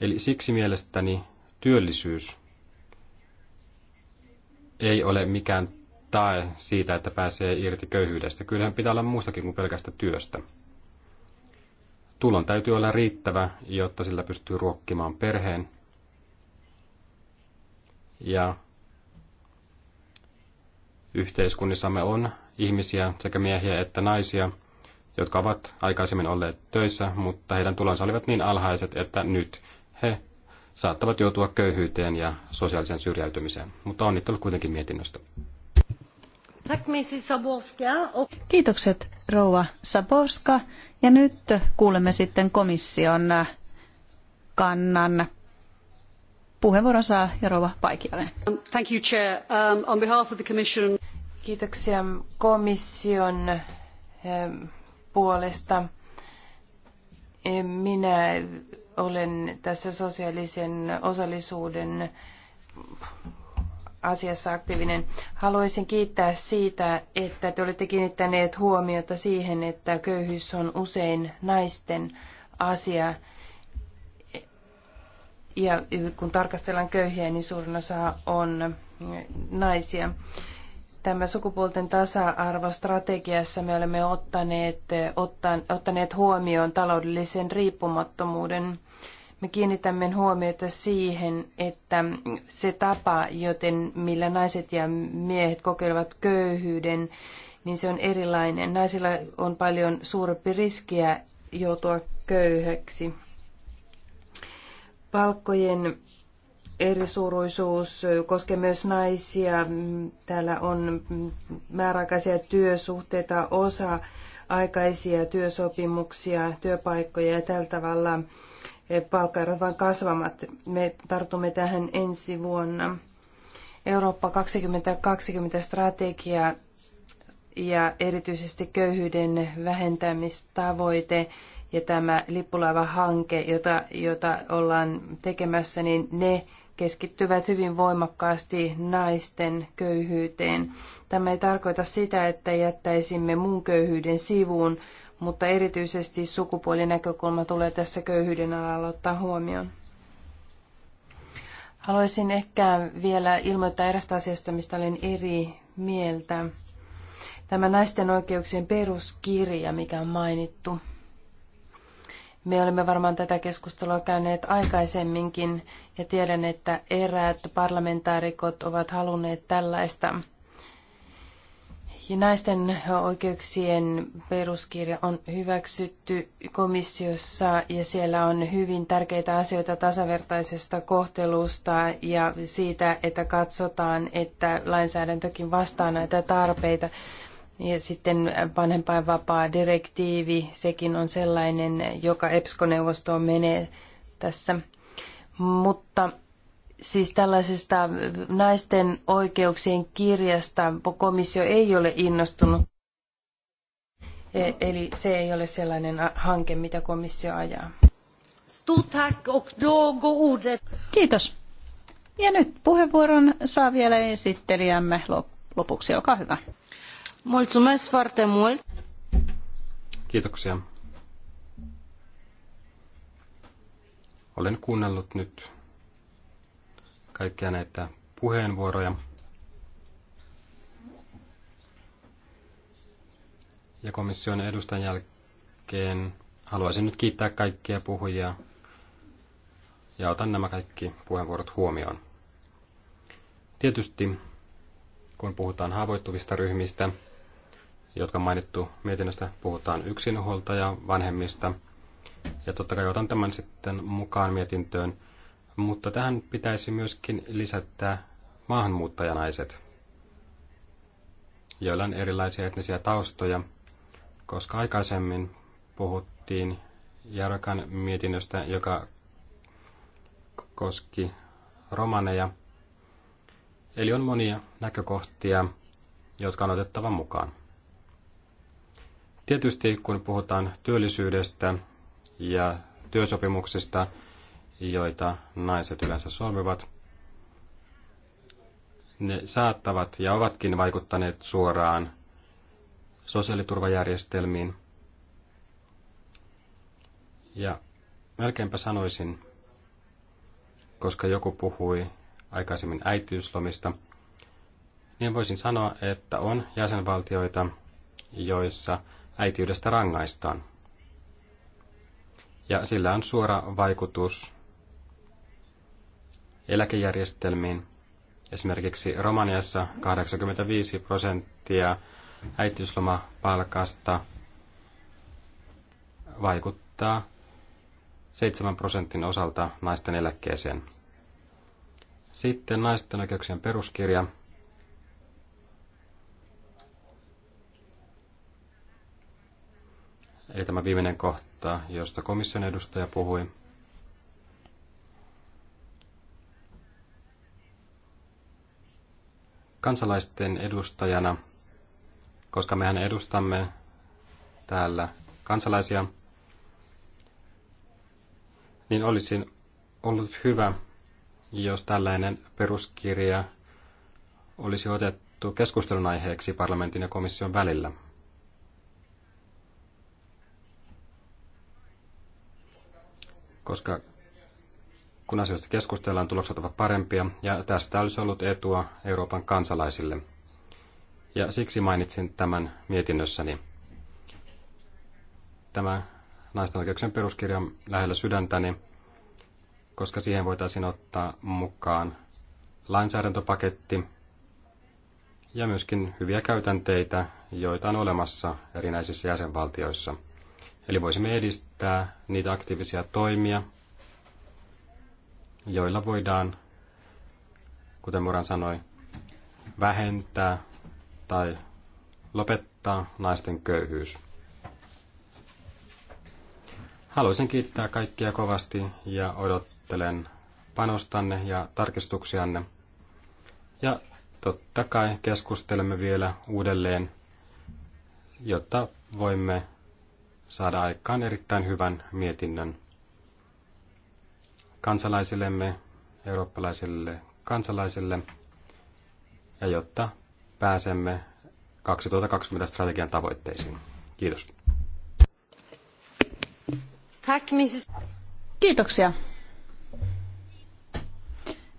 Eli siksi mielestäni työllisyys ei ole mikään tae siitä, että pääsee irti köyhyydestä. Kyllähän pitää olla muustakin kuin pelkästä työstä. Tulon täytyy olla riittävä, jotta sillä pystyy ruokkimaan perheen. Ja yhteiskunnissamme on ihmisiä, sekä miehiä että naisia, jotka ovat aikaisemmin olleet töissä, mutta heidän tulonsa olivat niin alhaiset, että nyt he saattavat joutua köyhyyteen ja sosiaaliseen syrjäytymiseen. Mutta onnittelut kuitenkin mietinnöstä. Kiitokset rouva Saborska. Ja nyt kuulemme sitten komission kannan. Puheenvuoron saa rouva Paikianen. Thank you, Chair. Um, on behalf of the Commission... Kiitoksia komission eh, puolesta. Eh, minä olen tässä sosiaalisen osallisuuden asiassa aktiivinen. Haluaisin kiittää siitä, että te olette kiinnittäneet huomiota siihen, että köyhyys on usein naisten asia. Ja kun tarkastellaan köyhiä, niin suurin osa on naisia. Tämä sukupuolten tasa-arvostrategiassa me olemme ottaneet, ottaneet huomioon taloudellisen riippumattomuuden. Me kiinnitämme huomiota siihen, että se tapa, joten millä naiset ja miehet kokevat köyhyyden, niin se on erilainen. Naisilla on paljon suurempi riskiä joutua köyhäksi. Palkkojen eri suuruisuus koskee myös naisia. Täällä on määräaikaisia työsuhteita, osa aikaisia työsopimuksia, työpaikkoja ja tällä tavalla palkkaerot vain kasvamat. Me tartumme tähän ensi vuonna. Eurooppa 2020 strategia ja erityisesti köyhyyden vähentämistavoite ja tämä lippulaivahanke, jota, jota ollaan tekemässä, niin ne keskittyvät hyvin voimakkaasti naisten köyhyyteen. Tämä ei tarkoita sitä, että jättäisimme muun köyhyyden sivuun, mutta erityisesti sukupuolinäkökulma tulee tässä köyhyyden alalla ottaa huomioon. Haluaisin ehkä vielä ilmoittaa erästä asiasta, mistä olen eri mieltä. Tämä naisten oikeuksien peruskirja, mikä on mainittu. Me olemme varmaan tätä keskustelua käyneet aikaisemminkin ja tiedän, että eräät parlamentaarikot ovat halunneet tällaista. Ja naisten oikeuksien peruskirja on hyväksytty komissiossa ja siellä on hyvin tärkeitä asioita tasavertaisesta kohtelusta ja siitä, että katsotaan, että lainsäädäntökin vastaa näitä tarpeita. Ja sitten vanhempainvapaa direktiivi, sekin on sellainen, joka EPSCO-neuvostoon menee tässä. Mutta siis tällaisesta naisten oikeuksien kirjasta komissio ei ole innostunut. E, eli se ei ole sellainen hanke, mitä komissio ajaa. Kiitos. Ja nyt puheenvuoron saa vielä esittelijämme lopuksi. Olkaa hyvä. Mulțumesc foarte mult. Kiitoksia. Olen kuunnellut nyt kaikkia näitä puheenvuoroja. Ja komission edustajan jälkeen haluaisin nyt kiittää kaikkia puhujia ja otan nämä kaikki puheenvuorot huomioon. Tietysti kun puhutaan haavoittuvista ryhmistä, jotka mainittu mietinnöstä, puhutaan yksinhuoltaja vanhemmista. Ja totta kai otan tämän sitten mukaan mietintöön. Mutta tähän pitäisi myöskin lisätä maahanmuuttajanaiset, joilla on erilaisia etnisiä taustoja, koska aikaisemmin puhuttiin Jarkan mietinnöstä, joka koski romaneja. Eli on monia näkökohtia, jotka on otettava mukaan. Tietysti kun puhutaan työllisyydestä ja työsopimuksista, joita naiset yleensä solmivat, ne saattavat ja ovatkin vaikuttaneet suoraan sosiaaliturvajärjestelmiin. Ja melkeinpä sanoisin, koska joku puhui aikaisemmin äitiyslomista, niin voisin sanoa, että on jäsenvaltioita, joissa – äitiydestä rangaistaan. Ja sillä on suora vaikutus eläkejärjestelmiin. Esimerkiksi Romaniassa 85 prosenttia äitiyslomapalkasta vaikuttaa 7 prosentin osalta naisten eläkkeeseen. Sitten naisten oikeuksien peruskirja Eli tämä viimeinen kohta, josta komission edustaja puhui. Kansalaisten edustajana, koska mehän edustamme täällä kansalaisia, niin olisin ollut hyvä, jos tällainen peruskirja olisi otettu keskustelun aiheeksi parlamentin ja komission välillä – koska kun asioista keskustellaan, tulokset ovat parempia, ja tästä olisi ollut etua Euroopan kansalaisille. Ja siksi mainitsin tämän mietinnössäni. Tämä naisten oikeuksien peruskirja on lähellä sydäntäni, koska siihen voitaisiin ottaa mukaan lainsäädäntöpaketti ja myöskin hyviä käytänteitä, joita on olemassa erinäisissä jäsenvaltioissa – Eli voisimme edistää niitä aktiivisia toimia, joilla voidaan, kuten Moran sanoi, vähentää tai lopettaa naisten köyhyys. Haluaisin kiittää kaikkia kovasti ja odottelen panostanne ja tarkistuksianne. Ja totta kai keskustelemme vielä uudelleen, jotta voimme saada aikaan erittäin hyvän mietinnön kansalaisillemme, eurooppalaisille kansalaisille, ja jotta pääsemme 2020 strategian tavoitteisiin. Kiitos. Kiitoksia.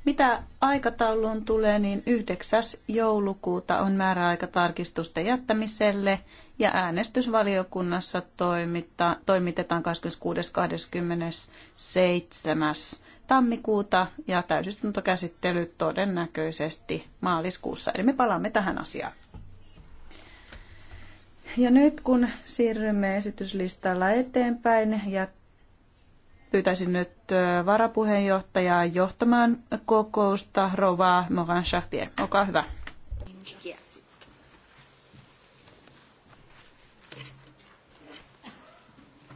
Mitä aikatauluun tulee, niin 9. joulukuuta on määräaika tarkistusten jättämiselle ja äänestysvaliokunnassa toimita, toimitetaan 26.27. tammikuuta ja täysistuntokäsittely todennäköisesti maaliskuussa. Eli me palaamme tähän asiaan. Ja nyt kun siirrymme esityslistalla eteenpäin ja pyytäisin nyt varapuheenjohtajaa johtamaan kokousta Rovaa Moran Chartier. Olkaa hyvä. Yes.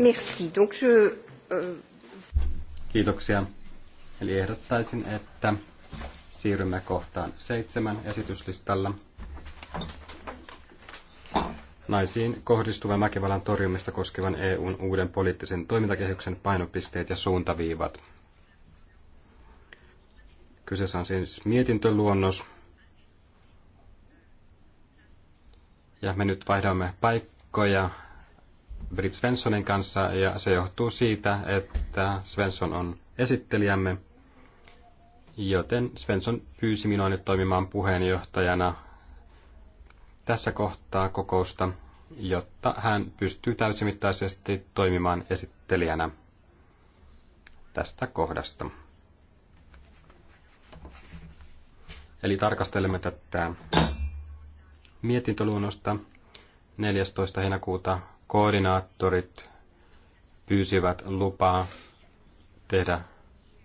Merci. Donc je, euh, Kiitoksia. Eli ehdottaisin, että siirrymme kohtaan seitsemän esityslistalla. Naisiin kohdistuvan väkivallan torjumista koskevan EUn uuden poliittisen toimintakehyksen painopisteet ja suuntaviivat. Kyseessä on siis mietintöluonnos. Ja me nyt vaihdamme paikkoja Brit Svenssonin kanssa ja se johtuu siitä, että Svensson on esittelijämme, joten Svensson pyysi minua nyt toimimaan puheenjohtajana tässä kohtaa kokousta, jotta hän pystyy täysimittaisesti toimimaan esittelijänä tästä kohdasta. Eli tarkastelemme tätä mietintöluonnosta 14. heinäkuuta koordinaattorit pyysivät lupaa tehdä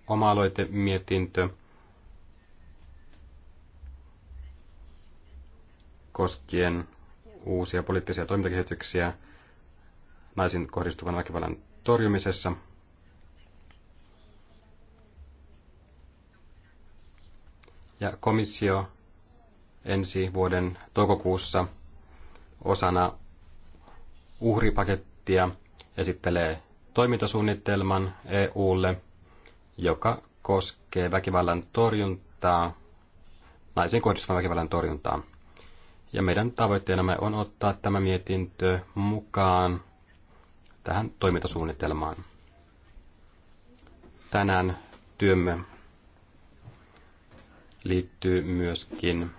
oma mietintö koskien uusia poliittisia toimintakehityksiä naisin kohdistuvan väkivallan torjumisessa. Ja komissio ensi vuoden toukokuussa osana uhripakettia, esittelee toimintasuunnitelman EUlle, joka koskee väkivallan torjuntaa, naisiin kohdistuvan väkivallan torjuntaa. Ja meidän tavoitteenamme on ottaa tämä mietintö mukaan tähän toimintasuunnitelmaan. Tänään työmme liittyy myöskin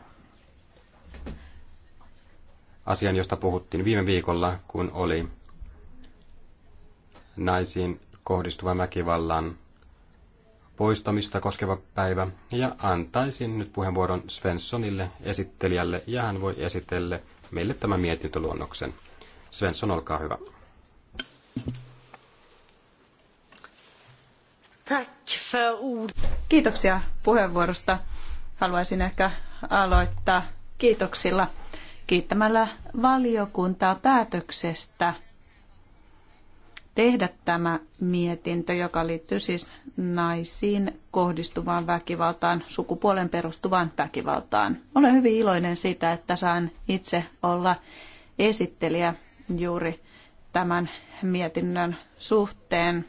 asian, josta puhuttiin viime viikolla, kun oli naisiin kohdistuvan väkivallan poistamista koskeva päivä. Ja antaisin nyt puheenvuoron Svenssonille, esittelijälle, ja hän voi esitellä meille tämän mietintöluonnoksen. Svensson, olkaa hyvä. Kiitoksia puheenvuorosta. Haluaisin ehkä aloittaa kiitoksilla kiittämällä valiokuntaa päätöksestä tehdä tämä mietintö, joka liittyy siis naisiin kohdistuvaan väkivaltaan, sukupuolen perustuvaan väkivaltaan. Olen hyvin iloinen siitä, että saan itse olla esittelijä juuri tämän mietinnön suhteen.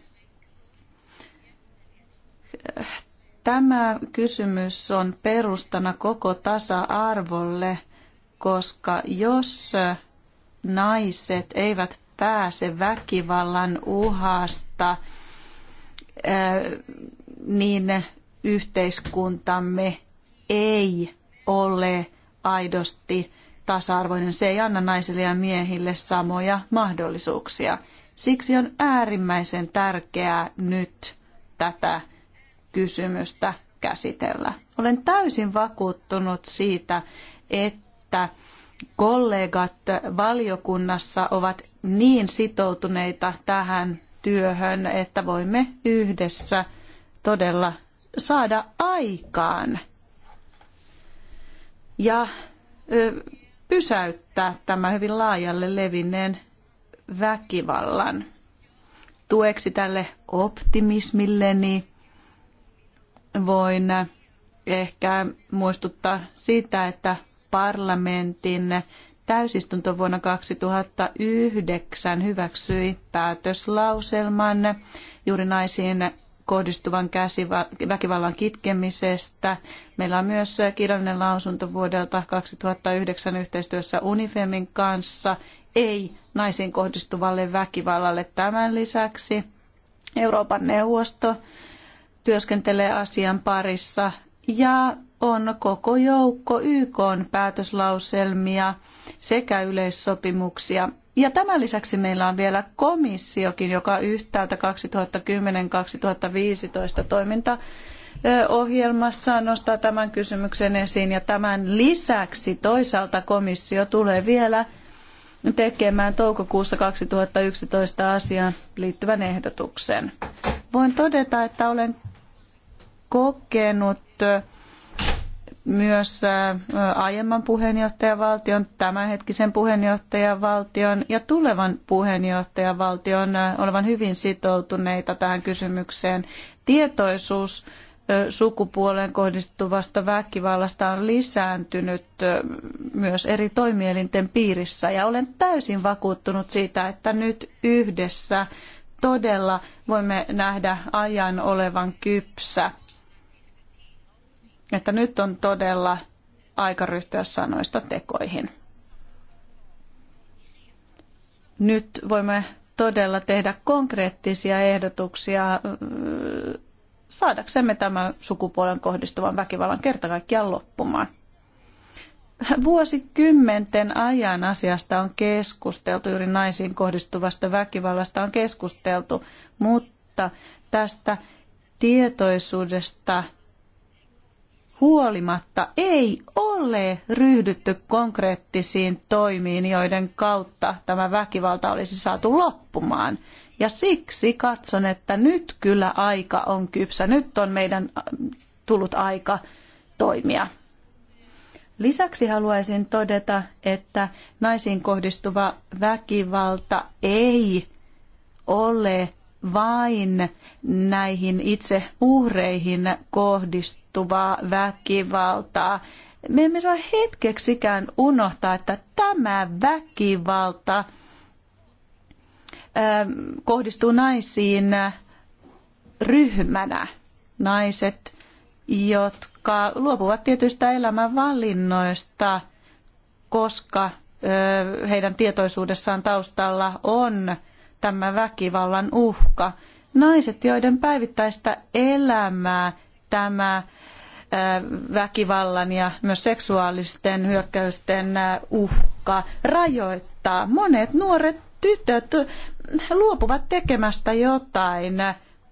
Tämä kysymys on perustana koko tasa-arvolle koska jos naiset eivät pääse väkivallan uhasta, niin yhteiskuntamme ei ole aidosti tasa-arvoinen. Se ei anna naisille ja miehille samoja mahdollisuuksia. Siksi on äärimmäisen tärkeää nyt tätä kysymystä käsitellä. Olen täysin vakuuttunut siitä, että että kollegat valiokunnassa ovat niin sitoutuneita tähän työhön, että voimme yhdessä todella saada aikaan ja pysäyttää tämä hyvin laajalle levinneen väkivallan. Tueksi tälle optimismilleni voin ehkä muistuttaa siitä, että parlamentin täysistunto vuonna 2009 hyväksyi päätöslauselman juuri naisiin kohdistuvan väkivallan kitkemisestä. Meillä on myös kirjallinen lausunto vuodelta 2009 yhteistyössä Unifemin kanssa, ei naisiin kohdistuvalle väkivallalle. Tämän lisäksi Euroopan neuvosto työskentelee asian parissa ja on koko joukko YK päätöslauselmia sekä yleissopimuksia. Ja tämän lisäksi meillä on vielä komissiokin, joka yhtäältä 2010-2015 toiminta nostaa tämän kysymyksen esiin ja tämän lisäksi toisaalta komissio tulee vielä tekemään toukokuussa 2011 asiaan liittyvän ehdotuksen. Voin todeta, että olen kokenut myös aiemman puheenjohtajavaltion, tämänhetkisen puheenjohtajavaltion ja tulevan puheenjohtajavaltion olevan hyvin sitoutuneita tähän kysymykseen. Tietoisuus sukupuoleen kohdistuvasta väkivallasta on lisääntynyt myös eri toimielinten piirissä ja olen täysin vakuuttunut siitä, että nyt yhdessä todella voimme nähdä ajan olevan kypsä että nyt on todella aika ryhtyä sanoista tekoihin. Nyt voimme todella tehdä konkreettisia ehdotuksia äh, saadaksemme tämän sukupuolen kohdistuvan väkivallan kerta kaikkiaan loppumaan. Vuosikymmenten ajan asiasta on keskusteltu, juuri naisiin kohdistuvasta väkivallasta on keskusteltu, mutta tästä tietoisuudesta huolimatta ei ole ryhdytty konkreettisiin toimiin, joiden kautta tämä väkivalta olisi saatu loppumaan. Ja siksi katson, että nyt kyllä aika on kypsä. Nyt on meidän äh, tullut aika toimia. Lisäksi haluaisin todeta, että naisiin kohdistuva väkivalta ei ole vain näihin itse uhreihin kohdistuvaa väkivaltaa. Me emme saa hetkeksikään unohtaa, että tämä väkivalta kohdistuu naisiin ryhmänä. Naiset, jotka luopuvat tietyistä elämänvalinnoista, koska heidän tietoisuudessaan taustalla on tämä väkivallan uhka. Naiset, joiden päivittäistä elämää tämä äh, väkivallan ja myös seksuaalisten hyökkäysten äh, uhka rajoittaa. Monet nuoret tytöt äh, luopuvat tekemästä jotain,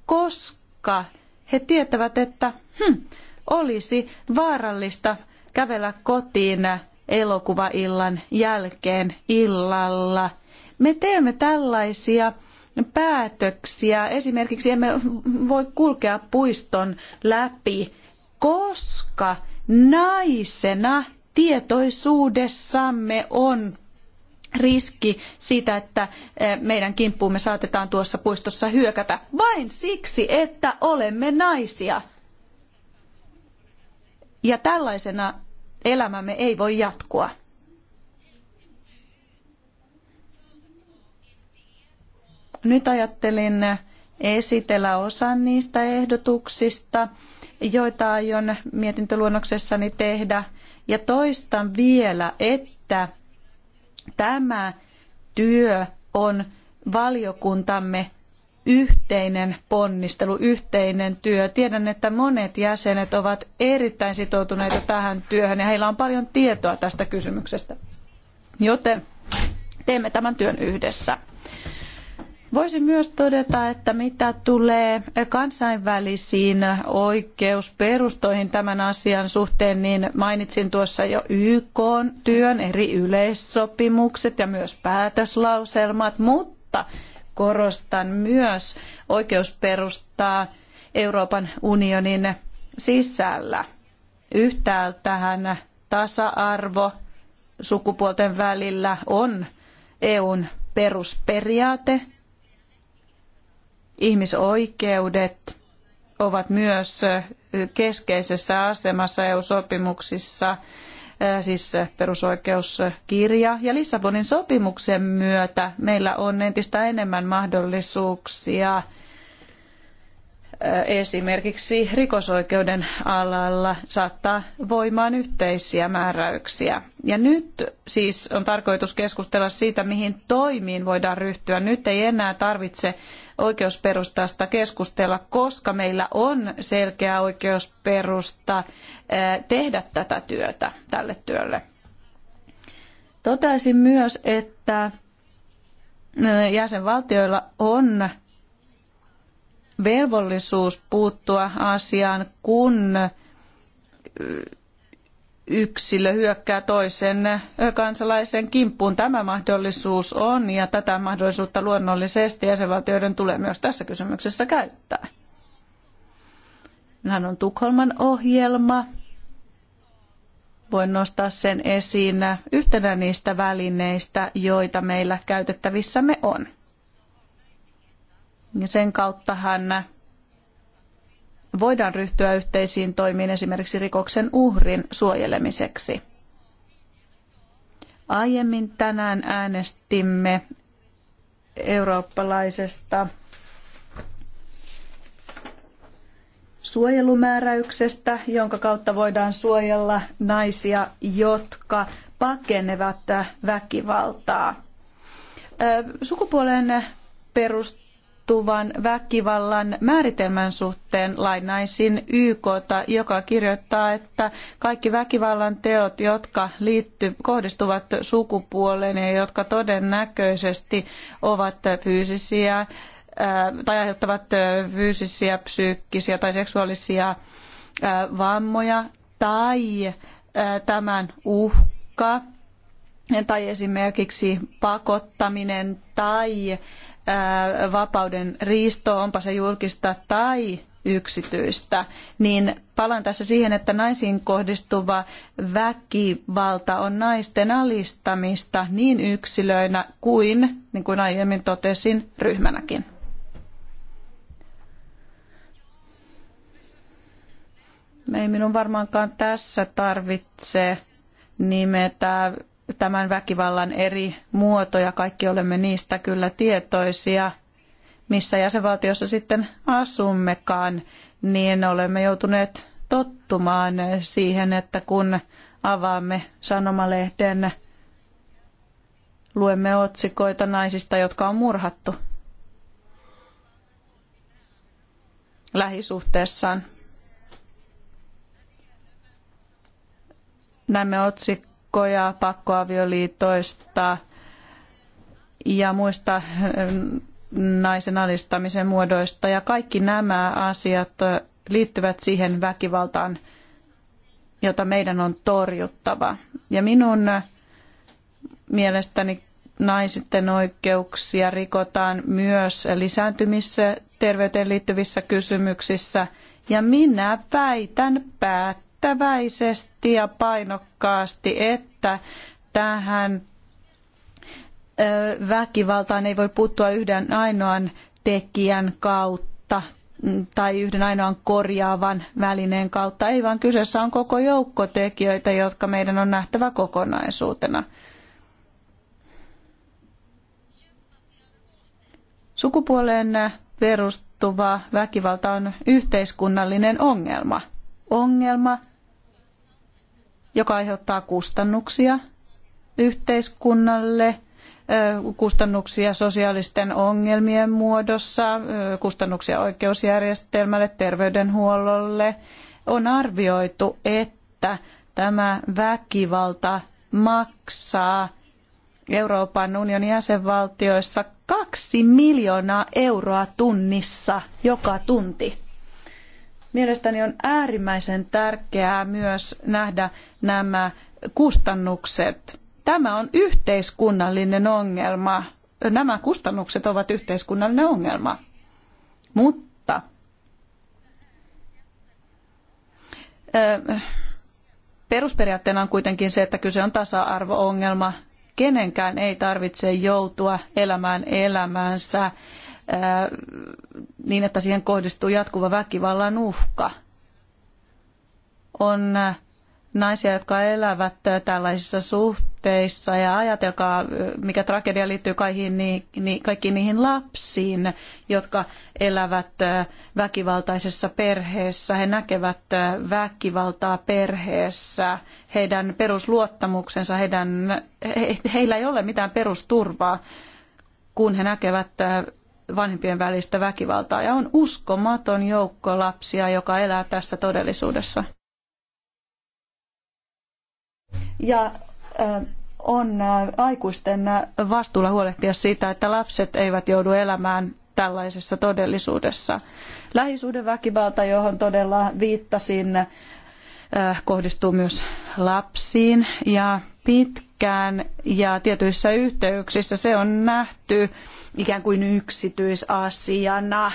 koska he tietävät, että hm, olisi vaarallista kävellä kotiin elokuvaillan jälkeen illalla – me teemme tällaisia päätöksiä. Esimerkiksi emme voi kulkea puiston läpi, koska naisena tietoisuudessamme on riski siitä, että eh, meidän kimppuumme saatetaan tuossa puistossa hyökätä vain siksi, että olemme naisia. Ja tällaisena elämämme ei voi jatkua. Nyt ajattelin esitellä osan niistä ehdotuksista, joita aion mietintöluonnoksessani tehdä. Ja toistan vielä, että tämä työ on valiokuntamme yhteinen ponnistelu, yhteinen työ. Tiedän, että monet jäsenet ovat erittäin sitoutuneita tähän työhön ja heillä on paljon tietoa tästä kysymyksestä. Joten teemme tämän työn yhdessä. Voisin myös todeta, että mitä tulee kansainvälisiin oikeusperustoihin tämän asian suhteen, niin mainitsin tuossa jo YK työn eri yleissopimukset ja myös päätöslauselmat, mutta korostan myös oikeusperustaa Euroopan unionin sisällä. Yhtäältähän tasa-arvo sukupuolten välillä on EUn perusperiaate, Ihmisoikeudet ovat myös keskeisessä asemassa EU-sopimuksissa, äh, siis perusoikeuskirja. Ja Lissabonin sopimuksen myötä meillä on entistä enemmän mahdollisuuksia – esimerkiksi rikosoikeuden alalla saattaa voimaan yhteisiä määräyksiä. Ja nyt siis on tarkoitus keskustella siitä, mihin toimiin voidaan ryhtyä. Nyt ei enää tarvitse oikeusperustasta keskustella, koska meillä on selkeä oikeusperusta tehdä tätä työtä tälle työlle. Toteaisin myös, että jäsenvaltioilla on velvollisuus puuttua asiaan, kun yksilö hyökkää toisen kansalaisen kimppuun. Tämä mahdollisuus on ja tätä mahdollisuutta luonnollisesti jäsenvaltioiden tulee myös tässä kysymyksessä käyttää. Hän on Tukholman ohjelma. Voin nostaa sen esiin yhtenä niistä välineistä, joita meillä käytettävissämme on. Sen kautta hän voidaan ryhtyä yhteisiin toimiin esimerkiksi rikoksen uhrin suojelemiseksi. Aiemmin tänään äänestimme eurooppalaisesta suojelumääräyksestä, jonka kautta voidaan suojella naisia, jotka pakenevat väkivaltaa. Sukupuolen perustuu tapahtuvan väkivallan määritelmän suhteen lainaisin YKta, joka kirjoittaa, että kaikki väkivallan teot, jotka liitty, kohdistuvat sukupuoleen ja jotka todennäköisesti ovat fyysisiä tai aiheuttavat fyysisiä, psyykkisiä tai seksuaalisia vammoja tai tämän uhka tai esimerkiksi pakottaminen tai vapauden riisto, onpa se julkista tai yksityistä, niin palaan tässä siihen, että naisiin kohdistuva väkivalta on naisten alistamista niin yksilöinä kuin, niin kuin aiemmin totesin, ryhmänäkin. Ei minun varmaankaan tässä tarvitse nimetä tämän väkivallan eri muotoja. Kaikki olemme niistä kyllä tietoisia. Missä jäsenvaltiossa sitten asummekaan, niin olemme joutuneet tottumaan siihen, että kun avaamme sanomalehden, luemme otsikoita naisista, jotka on murhattu lähisuhteessaan. Näemme otsikkoja kirkkoja, pakkoavioliitoista ja muista ähm, naisen alistamisen muodoista. Ja kaikki nämä asiat äh, liittyvät siihen väkivaltaan, jota meidän on torjuttava. Ja minun äh, mielestäni naisten oikeuksia rikotaan myös lisääntymissä terveyteen liittyvissä kysymyksissä. Ja minä väitän päät päättäväisesti ja painokkaasti, että tähän väkivaltaan ei voi puuttua yhden ainoan tekijän kautta mm, tai yhden ainoan korjaavan välineen kautta, ei vaan kyseessä on koko joukko tekijöitä, jotka meidän on nähtävä kokonaisuutena. Sukupuoleen perustuva väkivalta on yhteiskunnallinen ongelma – ongelma, joka aiheuttaa kustannuksia yhteiskunnalle, kustannuksia sosiaalisten ongelmien muodossa, kustannuksia oikeusjärjestelmälle, terveydenhuollolle. On arvioitu, että tämä väkivalta maksaa Euroopan unionin jäsenvaltioissa kaksi miljoonaa euroa tunnissa joka tunti. Mielestäni on äärimmäisen tärkeää myös nähdä nämä kustannukset. Tämä on yhteiskunnallinen ongelma. Nämä kustannukset ovat yhteiskunnallinen ongelma. Mutta perusperiaatteena on kuitenkin se, että kyse on tasa-arvo-ongelma. Kenenkään ei tarvitse joutua elämään elämäänsä niin, että siihen kohdistuu jatkuva väkivallan uhka. On naisia, jotka elävät tällaisissa suhteissa ja ajatelkaa, mikä tragedia liittyy kaikkiin, niin, kaikkiin niihin lapsiin, jotka elävät väkivaltaisessa perheessä. He näkevät väkivaltaa perheessä. Heidän perusluottamuksensa, heidän, he, heillä ei ole mitään perusturvaa, kun he näkevät vanhempien välistä väkivaltaa ja on uskomaton joukko lapsia, joka elää tässä todellisuudessa. Ja on aikuisten vastuulla huolehtia siitä, että lapset eivät joudu elämään tällaisessa todellisuudessa. väkivalta, johon todella viittasin, kohdistuu myös lapsiin ja pitkään pitkään ja tietyissä yhteyksissä se on nähty ikään kuin yksityisasiana.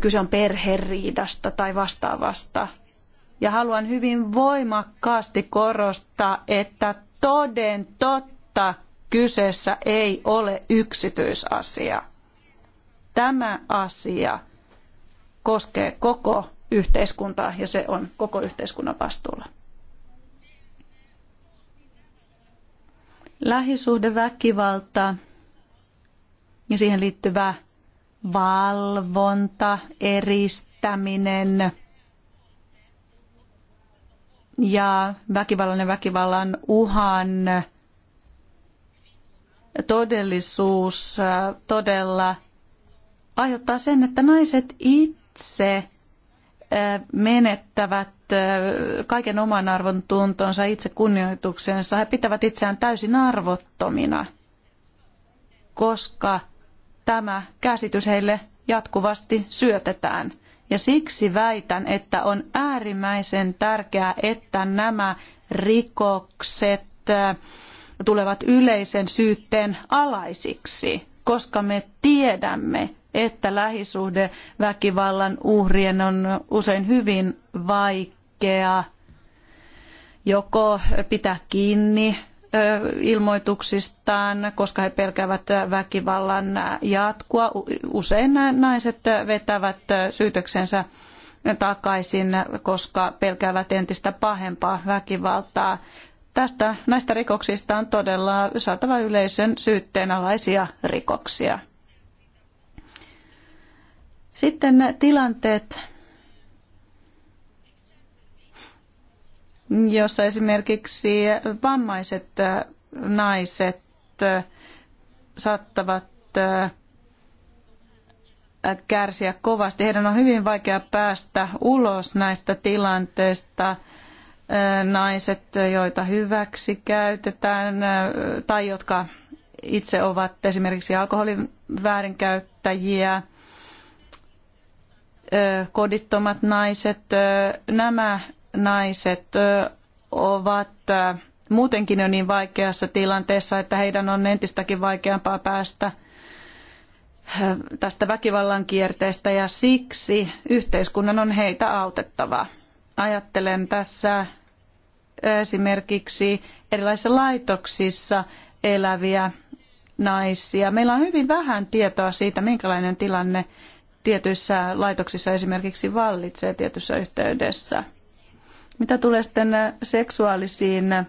Kyse on perheriidasta tai vastaavasta. Ja haluan hyvin voimakkaasti korostaa, että toden totta kyseessä ei ole yksityisasia. Tämä asia koskee koko yhteiskuntaa ja se on koko yhteiskunnan vastuulla. Lähisuhdeväkivalta ja siihen liittyvä valvonta, eristäminen ja väkivallan ja väkivallan uhan todellisuus todella aiheuttaa sen, että naiset itse menettävät kaiken oman arvon tuntonsa, itse kunnioituksensa. He pitävät itseään täysin arvottomina, koska tämä käsitys heille jatkuvasti syötetään. Ja siksi väitän, että on äärimmäisen tärkeää, että nämä rikokset tulevat yleisen syytteen alaisiksi, koska me tiedämme, että lähisuhdeväkivallan uhrien on usein hyvin vaikea joko pitää kiinni ilmoituksistaan, koska he pelkäävät väkivallan jatkua. Usein naiset vetävät syytöksensä takaisin, koska pelkäävät entistä pahempaa väkivaltaa. Tästä, näistä rikoksista on todella saatava yleisen syytteen alaisia rikoksia. Sitten tilanteet, jossa esimerkiksi vammaiset äh, naiset äh, saattavat äh, kärsiä kovasti. Heidän on hyvin vaikea päästä ulos näistä tilanteista. Naiset, joita hyväksi käytetään tai jotka itse ovat esimerkiksi alkoholin väärinkäyttäjiä – kodittomat naiset, nämä naiset ovat muutenkin jo niin vaikeassa tilanteessa, että heidän on entistäkin vaikeampaa päästä tästä väkivallan kierteestä ja siksi yhteiskunnan on heitä autettava. Ajattelen tässä esimerkiksi erilaisissa laitoksissa eläviä naisia. Meillä on hyvin vähän tietoa siitä, minkälainen tilanne tietyissä laitoksissa esimerkiksi vallitsee tietyssä yhteydessä. Mitä tulee sitten äh, seksuaalisiin äh,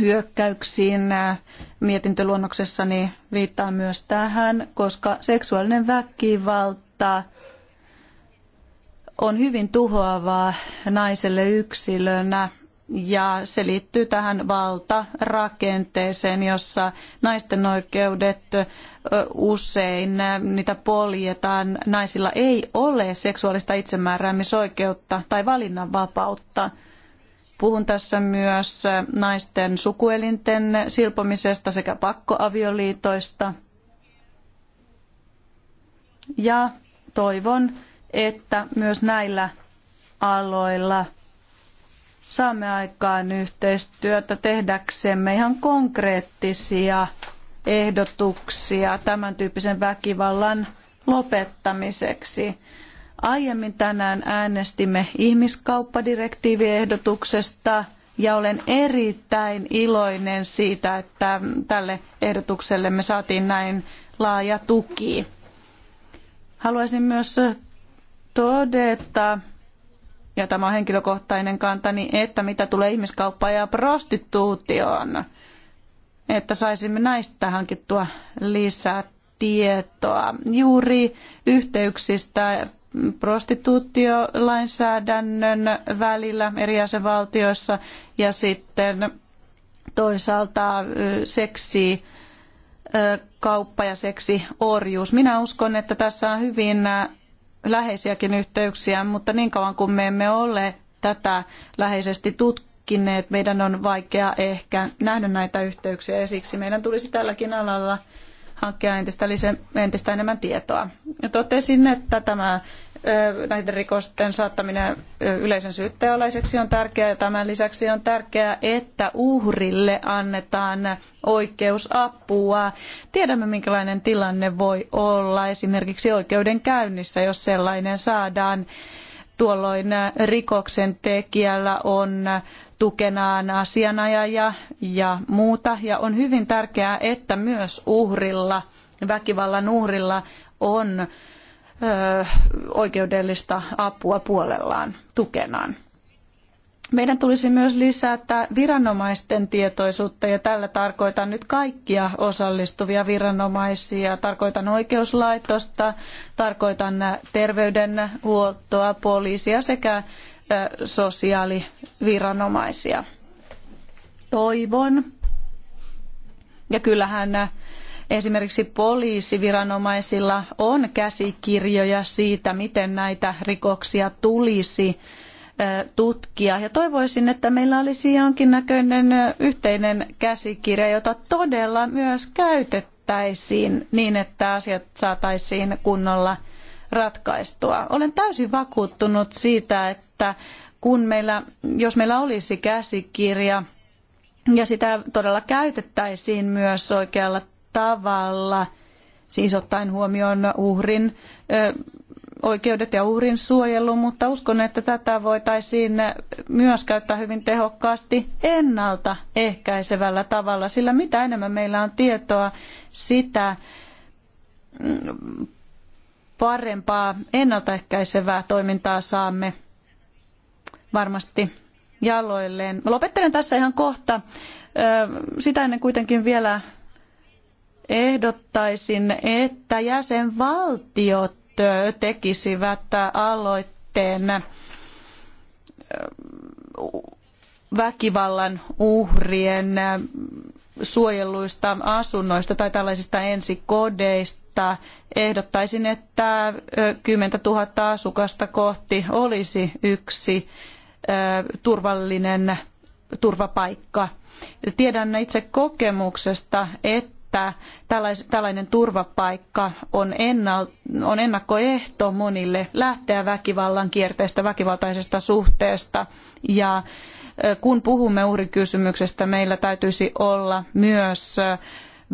hyökkäyksiin, äh, mietintöluonnoksessani niin viittaa myös tähän, koska seksuaalinen väkivalta on hyvin tuhoavaa naiselle yksilönä ja se liittyy tähän valtarakenteeseen, jossa naisten oikeudet usein niitä poljetaan. Naisilla ei ole seksuaalista itsemääräämisoikeutta tai valinnanvapautta. Puhun tässä myös naisten sukuelinten silpomisesta sekä pakkoavioliitoista. Ja toivon, että myös näillä aloilla – saamme aikaan yhteistyötä tehdäksemme ihan konkreettisia ehdotuksia tämän tyyppisen väkivallan lopettamiseksi. Aiemmin tänään äänestimme ihmiskauppadirektiiviehdotuksesta ja olen erittäin iloinen siitä, että tälle ehdotukselle me saatiin näin laaja tuki. Haluaisin myös todeta, ja tämä on henkilökohtainen kantani, että mitä tulee ihmiskauppaan ja prostituutioon, että saisimme näistä hankittua lisää tietoa juuri yhteyksistä prostituutiolainsäädännön välillä eri jäsenvaltioissa ja sitten toisaalta seksi kauppa ja seksi orjuus. Minä uskon, että tässä on hyvin läheisiäkin yhteyksiä, mutta niin kauan kuin me emme ole tätä läheisesti tutkineet, meidän on vaikea ehkä nähdä näitä yhteyksiä ja siksi meidän tulisi tälläkin alalla hankkia entistä, entistä enemmän tietoa. Ja totesin, että tämä näiden rikosten saattaminen yleisen syyttäjäolaiseksi on tärkeää ja tämän lisäksi on tärkeää, että uhrille annetaan oikeusapua. Tiedämme, minkälainen tilanne voi olla esimerkiksi oikeudenkäynnissä, jos sellainen saadaan. Tuolloin rikoksen tekijällä on tukenaan asianajaja ja muuta. Ja on hyvin tärkeää, että myös uhrilla, väkivallan uhrilla on oikeudellista apua puolellaan, tukenaan. Meidän tulisi myös lisätä viranomaisten tietoisuutta ja tällä tarkoitan nyt kaikkia osallistuvia viranomaisia. Tarkoitan oikeuslaitosta, tarkoitan terveydenhuoltoa, poliisia sekä sosiaaliviranomaisia. Toivon. Ja kyllähän Esimerkiksi poliisiviranomaisilla on käsikirjoja siitä, miten näitä rikoksia tulisi tutkia. Ja toivoisin, että meillä olisi jonkinnäköinen yhteinen käsikirja, jota todella myös käytettäisiin niin, että asiat saataisiin kunnolla ratkaistua. Olen täysin vakuuttunut siitä, että kun meillä, jos meillä olisi käsikirja ja sitä todella käytettäisiin myös oikealla tavalla, siis ottaen huomioon uhrin oikeudet ja uhrin suojelu, mutta uskon, että tätä voitaisiin myös käyttää hyvin tehokkaasti ennalta ehkäisevällä tavalla, sillä mitä enemmän meillä on tietoa, sitä mm, parempaa ennaltaehkäisevää toimintaa saamme varmasti jaloilleen. Lopettelen tässä ihan kohta. Sitä ennen kuitenkin vielä ehdottaisin, että jäsenvaltiot tekisivät aloitteen väkivallan uhrien suojelluista asunnoista tai tällaisista ensikodeista. Ehdottaisin, että 10 000 asukasta kohti olisi yksi turvallinen turvapaikka. Tiedän itse kokemuksesta, että että tällainen turvapaikka on, ennal, on ennakkoehto monille lähteä väkivallan kierteestä, väkivaltaisesta suhteesta. Ja kun puhumme uhrikysymyksestä, meillä täytyisi olla myös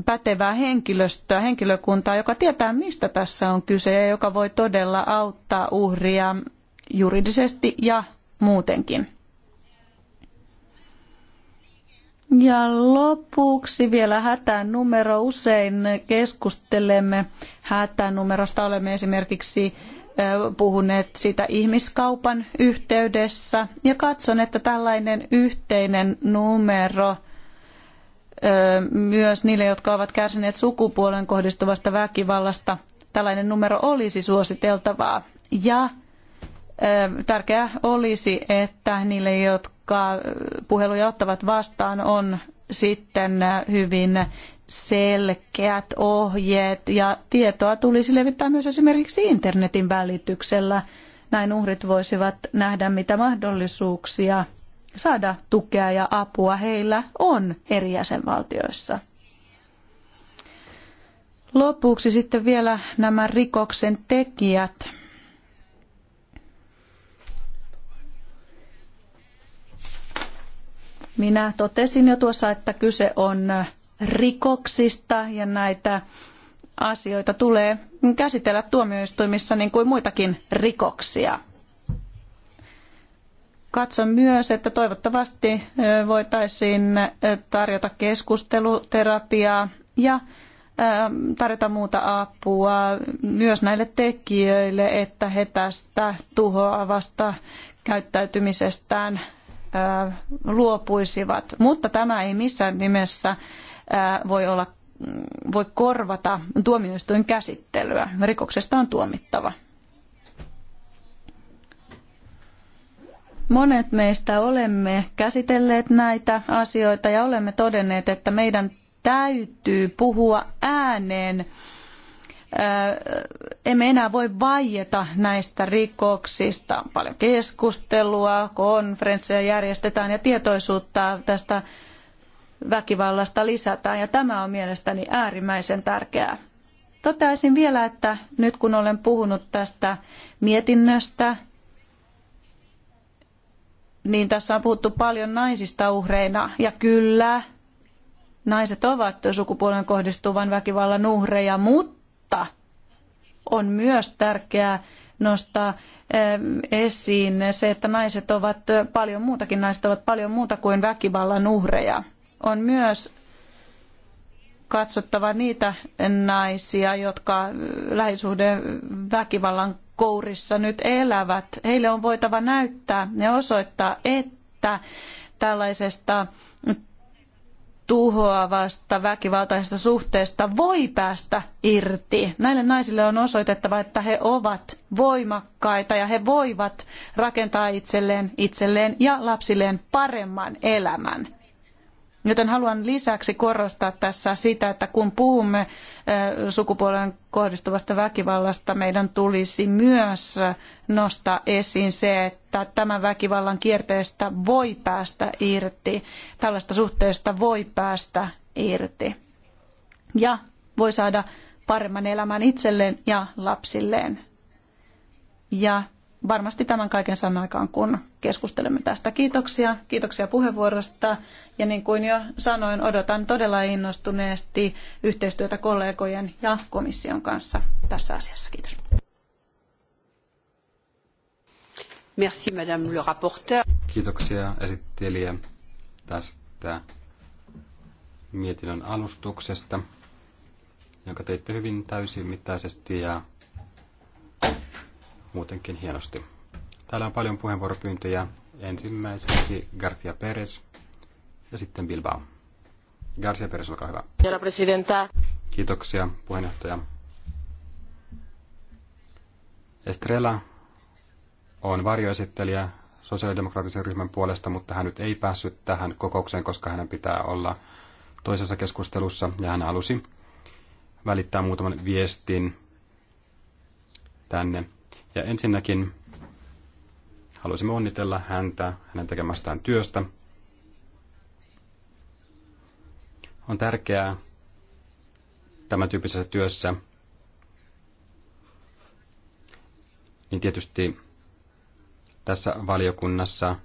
pätevää henkilöstöä, henkilökuntaa, joka tietää, mistä tässä on kyse ja joka voi todella auttaa uhria juridisesti ja muutenkin. Ja lopuksi vielä hätänumero. Usein keskustelemme hätänumerosta. Olemme esimerkiksi puhuneet siitä ihmiskaupan yhteydessä. Ja katson, että tällainen yhteinen numero myös niille, jotka ovat kärsineet sukupuolen kohdistuvasta väkivallasta, tällainen numero olisi suositeltavaa. Ja tärkeää olisi, että niille, jotka jotka puheluja ottavat vastaan, on sitten hyvin selkeät ohjeet ja tietoa tulisi levittää myös esimerkiksi internetin välityksellä. Näin uhrit voisivat nähdä, mitä mahdollisuuksia saada tukea ja apua heillä on eri jäsenvaltioissa. Lopuksi sitten vielä nämä rikoksen tekijät. Minä totesin jo tuossa, että kyse on rikoksista ja näitä asioita tulee käsitellä tuomioistuimissa niin kuin muitakin rikoksia. Katson myös, että toivottavasti voitaisiin tarjota keskusteluterapiaa ja tarjota muuta apua myös näille tekijöille, että he tästä tuhoavasta käyttäytymisestään luopuisivat. Mutta tämä ei missään nimessä voi olla mm, voi korvata tuomioistuin käsittelyä. Rikoksesta on tuomittava. Monet meistä olemme käsitelleet näitä asioita ja olemme todenneet, että meidän täytyy puhua ääneen emme enää voi vaieta näistä rikoksista. Paljon keskustelua, konferensseja järjestetään ja tietoisuutta tästä väkivallasta lisätään ja tämä on mielestäni äärimmäisen tärkeää. Toteaisin vielä, että nyt kun olen puhunut tästä mietinnöstä, niin tässä on puhuttu paljon naisista uhreina ja kyllä, naiset ovat sukupuolen kohdistuvan väkivallan uhreja, mutta mutta on myös tärkeää nostaa eh, esiin se, että naiset ovat paljon muutakin, naiset ovat paljon muuta kuin väkivallan uhreja. On myös katsottava niitä naisia, jotka lähisuhde väkivallan kourissa nyt elävät. Heille on voitava näyttää ja osoittaa, että tällaisesta tuhoavasta väkivaltaisesta suhteesta voi päästä irti. Näille naisille on osoitettava, että he ovat voimakkaita ja he voivat rakentaa itselleen, itselleen ja lapsilleen paremman elämän. Joten haluan lisäksi korostaa tässä sitä, että kun puhumme sukupuoleen kohdistuvasta väkivallasta, meidän tulisi myös nostaa esiin se, että tämän väkivallan kierteestä voi päästä irti, tällaista suhteesta voi päästä irti. Ja voi saada paremman elämän itselleen ja lapsilleen. Ja varmasti tämän kaiken saamme aikaan, kun keskustelemme tästä. Kiitoksia, kiitoksia puheenvuorosta. Ja niin kuin jo sanoin, odotan todella innostuneesti yhteistyötä kollegojen ja komission kanssa tässä asiassa. Kiitos. Merci, madame le rapporteur. Kiitoksia esittelijä tästä mietinnön alustuksesta, jonka teitte hyvin täysimittaisesti ja muutenkin hienosti. Täällä on paljon puheenvuoropyyntöjä. Ensimmäiseksi Garcia Perez ja sitten Bilbao. Garcia Perez, olkaa hyvä. Kiitoksia, puheenjohtaja. Estrella on varjoesittelijä sosiaalidemokraattisen ryhmän puolesta, mutta hän nyt ei päässyt tähän kokoukseen, koska hänen pitää olla toisessa keskustelussa ja hän halusi välittää muutaman viestin tänne ja ensinnäkin haluaisimme onnitella häntä hänen tekemästään työstä. On tärkeää tämän tyyppisessä työssä, niin tietysti tässä valiokunnassa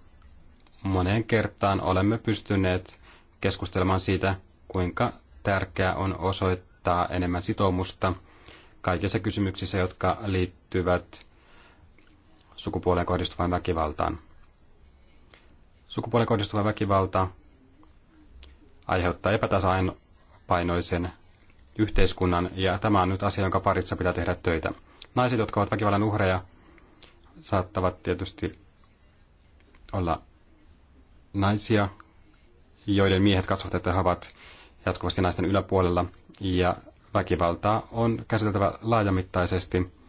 moneen kertaan olemme pystyneet keskustelemaan siitä, kuinka tärkeää on osoittaa enemmän sitoumusta kaikissa kysymyksissä, jotka liittyvät sukupuoleen kohdistuvaan väkivaltaan. Sukupuoleen kohdistuva väkivalta aiheuttaa epätasainpainoisen yhteiskunnan, ja tämä on nyt asia, jonka parissa pitää tehdä töitä. Naiset, jotka ovat väkivallan uhreja, saattavat tietysti olla naisia, joiden miehet katsovat, että he ovat jatkuvasti naisten yläpuolella, ja väkivaltaa on käsiteltävä laajamittaisesti –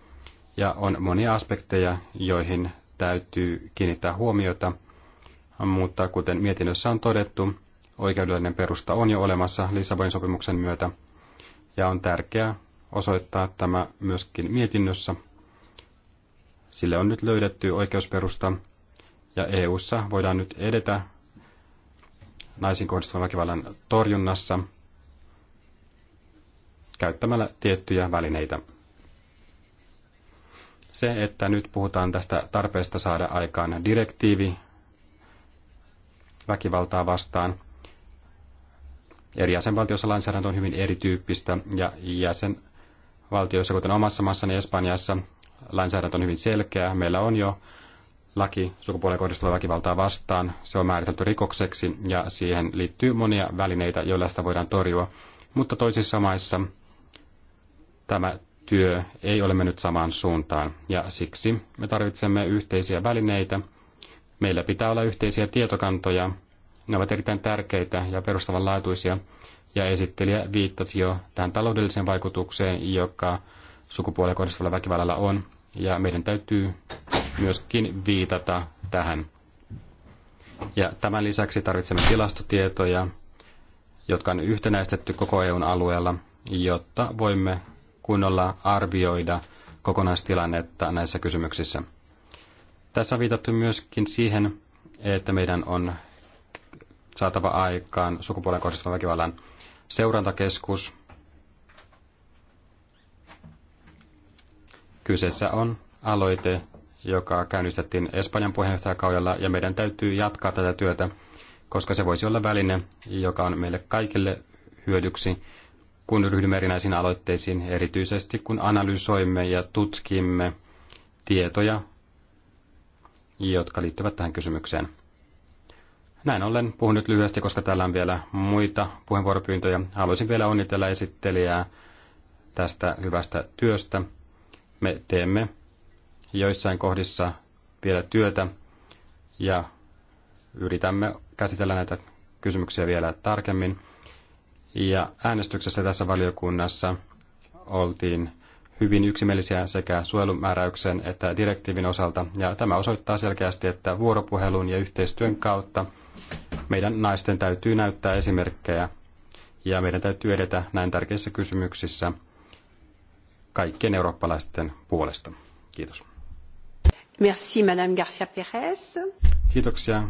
ja on monia aspekteja, joihin täytyy kiinnittää huomiota, mutta kuten mietinnössä on todettu, oikeudellinen perusta on jo olemassa Lissabonin sopimuksen myötä, ja on tärkeää osoittaa tämä myöskin mietinnössä. Sille on nyt löydetty oikeusperusta, ja EU:ssa voidaan nyt edetä naisiin kohdistuvan väkivallan torjunnassa käyttämällä tiettyjä välineitä. Se, että nyt puhutaan tästä tarpeesta saada aikaan direktiivi väkivaltaa vastaan, eri jäsenvaltioissa lainsäädäntö on hyvin erityyppistä ja jäsenvaltioissa, kuten omassa maassani Espanjassa, lainsäädäntö on hyvin selkeä. Meillä on jo laki sukupuoleen kohdistuvaa väkivaltaa vastaan. Se on määritelty rikokseksi ja siihen liittyy monia välineitä, joilla sitä voidaan torjua. Mutta toisissa maissa tämä työ ei ole mennyt samaan suuntaan, ja siksi me tarvitsemme yhteisiä välineitä. Meillä pitää olla yhteisiä tietokantoja, ne ovat erittäin tärkeitä ja perustavanlaatuisia, ja esittelijä viittasi jo tähän taloudelliseen vaikutukseen, joka sukupuolen kohdistuvalla väkivallalla on, ja meidän täytyy myöskin viitata tähän. Ja tämän lisäksi tarvitsemme tilastotietoja, jotka on yhtenäistetty koko EUn alueella, jotta voimme kunnolla arvioida kokonaistilannetta näissä kysymyksissä. Tässä on viitattu myöskin siihen, että meidän on saatava aikaan sukupuolen kohdistuvan väkivallan seurantakeskus. Kyseessä on aloite, joka käynnistettiin Espanjan puheenjohtajakaudella, ja meidän täytyy jatkaa tätä työtä, koska se voisi olla väline, joka on meille kaikille hyödyksi, kun ryhdymme erinäisiin aloitteisiin, erityisesti kun analysoimme ja tutkimme tietoja, jotka liittyvät tähän kysymykseen. Näin ollen puhun nyt lyhyesti, koska täällä on vielä muita puheenvuoropyyntöjä. Haluaisin vielä onnitella esittelijää tästä hyvästä työstä. Me teemme joissain kohdissa vielä työtä ja yritämme käsitellä näitä kysymyksiä vielä tarkemmin. Ja äänestyksessä tässä valiokunnassa oltiin hyvin yksimielisiä sekä suojelumääräyksen että direktiivin osalta, ja tämä osoittaa selkeästi, että vuoropuhelun ja yhteistyön kautta meidän naisten täytyy näyttää esimerkkejä, ja meidän täytyy edetä näin tärkeissä kysymyksissä kaikkien eurooppalaisten puolesta. Kiitos. Merci, Madame Garcia Perez. Kiitoksia.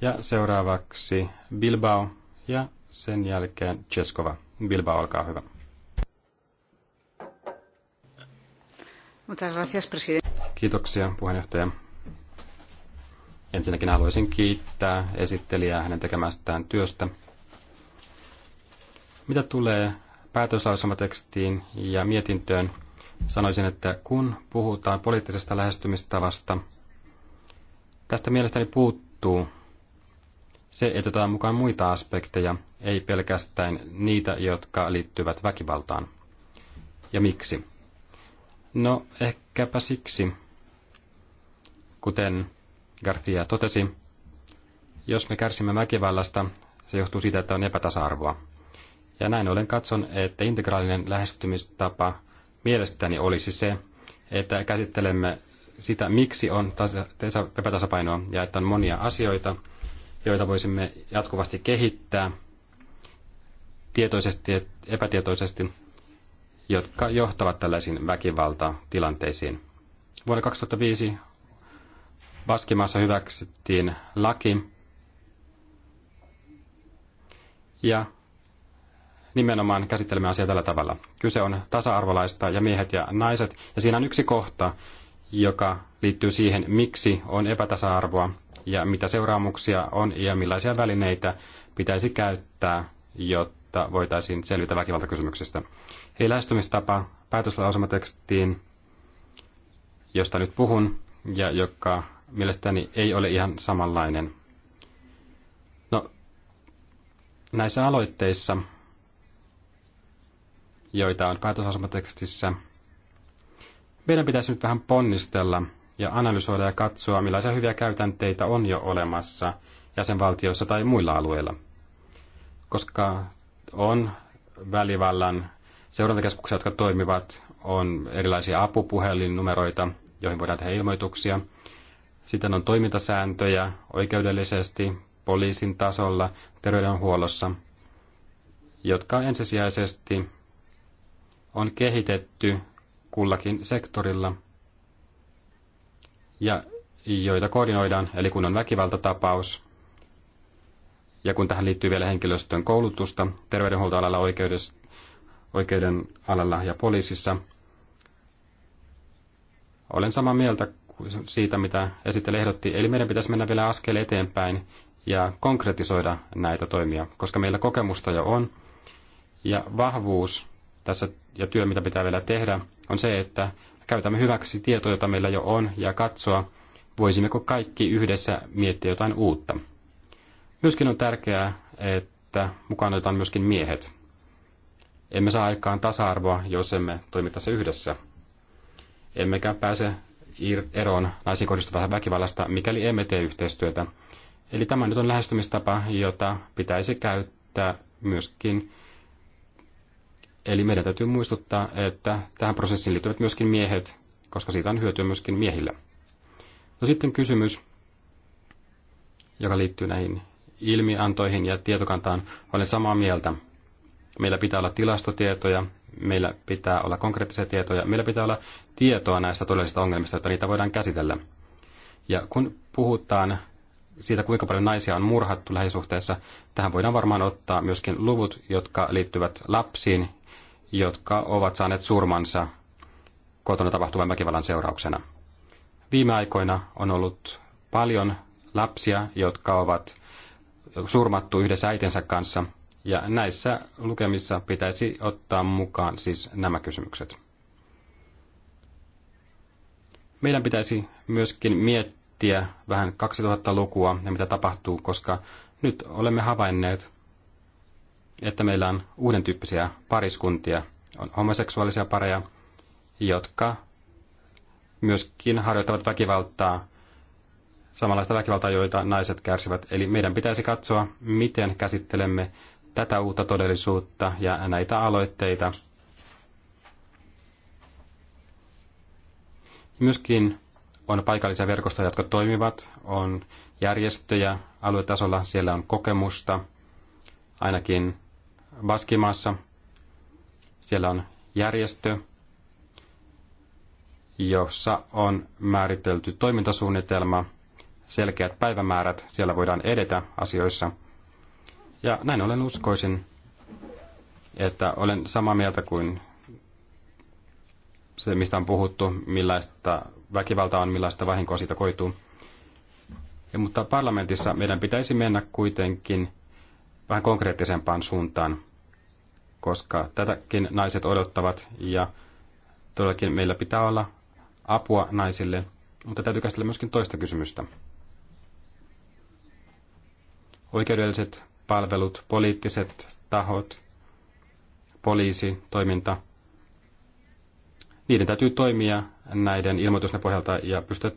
Ja seuraavaksi Bilbao ja sen jälkeen Cheskova. Bilbao, olkaa hyvä. Kiitoksia puheenjohtaja. Ensinnäkin haluaisin kiittää esittelijää hänen tekemästään työstä. Mitä tulee päätöslausumatekstiin ja mietintöön, sanoisin, että kun puhutaan poliittisesta lähestymistavasta, tästä mielestäni puuttuu se, että otetaan mukaan muita aspekteja, ei pelkästään niitä, jotka liittyvät väkivaltaan. Ja miksi? No, ehkäpä siksi, kuten Garcia totesi, jos me kärsimme väkivallasta, se johtuu siitä, että on epätasa-arvoa. Ja näin ollen katson, että integraalinen lähestymistapa mielestäni olisi se, että käsittelemme sitä, miksi on epätasapainoa ja että on monia asioita, joita voisimme jatkuvasti kehittää tietoisesti ja epätietoisesti, jotka johtavat tällaisiin väkivaltatilanteisiin. Vuonna 2005 Baskimaassa hyväksyttiin laki, ja nimenomaan käsittelemme asiaa tällä tavalla. Kyse on tasa-arvolaista ja miehet ja naiset, ja siinä on yksi kohta, joka liittyy siihen, miksi on epätasa-arvoa ja mitä seuraamuksia on ja millaisia välineitä pitäisi käyttää, jotta voitaisiin selvitä väkivaltakysymyksestä. Eli lähestymistapa päätöslausumatekstiin, josta nyt puhun ja joka mielestäni ei ole ihan samanlainen. No, näissä aloitteissa, joita on päätöslausumatekstissä, meidän pitäisi nyt vähän ponnistella – ja analysoida ja katsoa, millaisia hyviä käytänteitä on jo olemassa jäsenvaltioissa tai muilla alueilla. Koska on välivallan seurantakeskuksia, jotka toimivat, on erilaisia apupuhelinnumeroita, joihin voidaan tehdä ilmoituksia. Sitten on toimintasääntöjä oikeudellisesti, poliisin tasolla, terveydenhuollossa, jotka ensisijaisesti on kehitetty kullakin sektorilla – ja joita koordinoidaan, eli kun on väkivaltatapaus, ja kun tähän liittyy vielä henkilöstön koulutusta terveydenhuoltoalalla, oikeuden alalla ja poliisissa, olen samaa mieltä siitä, mitä esittele ehdotti. Eli meidän pitäisi mennä vielä askel eteenpäin ja konkretisoida näitä toimia, koska meillä kokemusta jo on. Ja vahvuus tässä ja työ, mitä pitää vielä tehdä, on se, että käytämme hyväksi tietoa, jota meillä jo on, ja katsoa, voisimmeko kaikki yhdessä miettiä jotain uutta. Myöskin on tärkeää, että mukaan otetaan myöskin miehet. Emme saa aikaan tasa-arvoa, jos emme toimi tässä yhdessä. Emmekä pääse eroon naisiin kohdistuvasta väkivallasta, mikäli emme tee yhteistyötä. Eli tämä nyt on lähestymistapa, jota pitäisi käyttää myöskin Eli meidän täytyy muistuttaa, että tähän prosessiin liittyvät myöskin miehet, koska siitä on hyötyä myöskin miehillä. No sitten kysymys, joka liittyy näihin ilmiantoihin ja tietokantaan. Olen samaa mieltä. Meillä pitää olla tilastotietoja, meillä pitää olla konkreettisia tietoja, meillä pitää olla tietoa näistä todellisista ongelmista, että niitä voidaan käsitellä. Ja kun puhutaan siitä, kuinka paljon naisia on murhattu lähisuhteessa, tähän voidaan varmaan ottaa myöskin luvut, jotka liittyvät lapsiin jotka ovat saaneet surmansa kotona tapahtuvan väkivallan seurauksena. Viime aikoina on ollut paljon lapsia, jotka ovat surmattu yhdessä äitinsä kanssa, ja näissä lukemissa pitäisi ottaa mukaan siis nämä kysymykset. Meidän pitäisi myöskin miettiä vähän 2000-lukua ja mitä tapahtuu, koska nyt olemme havainneet, että meillä on uuden tyyppisiä pariskuntia, on homoseksuaalisia pareja, jotka myöskin harjoittavat väkivaltaa, samanlaista väkivaltaa, joita naiset kärsivät. Eli meidän pitäisi katsoa, miten käsittelemme tätä uutta todellisuutta ja näitä aloitteita. Myöskin on paikallisia verkostoja, jotka toimivat, on järjestöjä aluetasolla, siellä on kokemusta, ainakin Baskimaassa. Siellä on järjestö, jossa on määritelty toimintasuunnitelma, selkeät päivämäärät, siellä voidaan edetä asioissa. Ja näin olen uskoisin, että olen samaa mieltä kuin se, mistä on puhuttu, millaista väkivaltaa on, millaista vahinkoa siitä koituu. Ja, mutta parlamentissa meidän pitäisi mennä kuitenkin vähän konkreettisempaan suuntaan koska tätäkin naiset odottavat ja todellakin meillä pitää olla apua naisille, mutta täytyy käsitellä myöskin toista kysymystä. Oikeudelliset palvelut, poliittiset tahot, poliisi, toiminta, niiden täytyy toimia näiden ilmoitusten pohjalta ja pystyä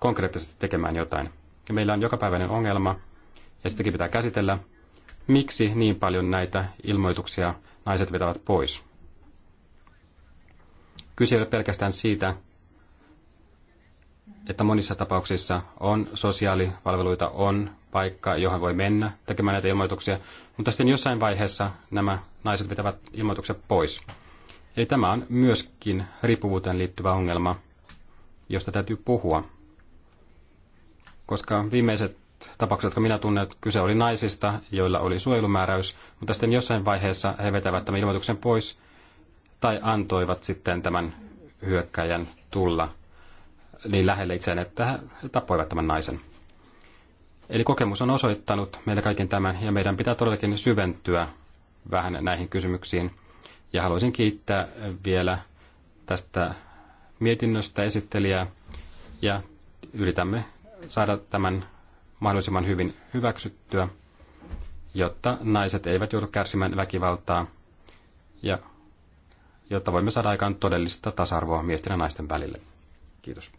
konkreettisesti tekemään jotain. Ja meillä on jokapäiväinen ongelma, ja sitäkin pitää käsitellä miksi niin paljon näitä ilmoituksia naiset vetävät pois. Kyse ei ole pelkästään siitä, että monissa tapauksissa on sosiaalipalveluita, on paikka, johon voi mennä tekemään näitä ilmoituksia, mutta sitten jossain vaiheessa nämä naiset vetävät ilmoitukset pois. Eli tämä on myöskin riippuvuuteen liittyvä ongelma, josta täytyy puhua. Koska viimeiset tapaukset, jotka minä tunnen, että kyse oli naisista, joilla oli suojelumääräys, mutta sitten jossain vaiheessa he vetävät tämän ilmoituksen pois tai antoivat sitten tämän hyökkäjän tulla niin lähelle itseään, että he tappoivat tämän naisen. Eli kokemus on osoittanut meille kaiken tämän, ja meidän pitää todellakin syventyä vähän näihin kysymyksiin. Ja haluaisin kiittää vielä tästä mietinnöstä esittelijää, ja yritämme saada tämän mahdollisimman hyvin hyväksyttyä, jotta naiset eivät joudu kärsimään väkivaltaa ja jotta voimme saada aikaan todellista tasa-arvoa miesten ja naisten välille. Kiitos.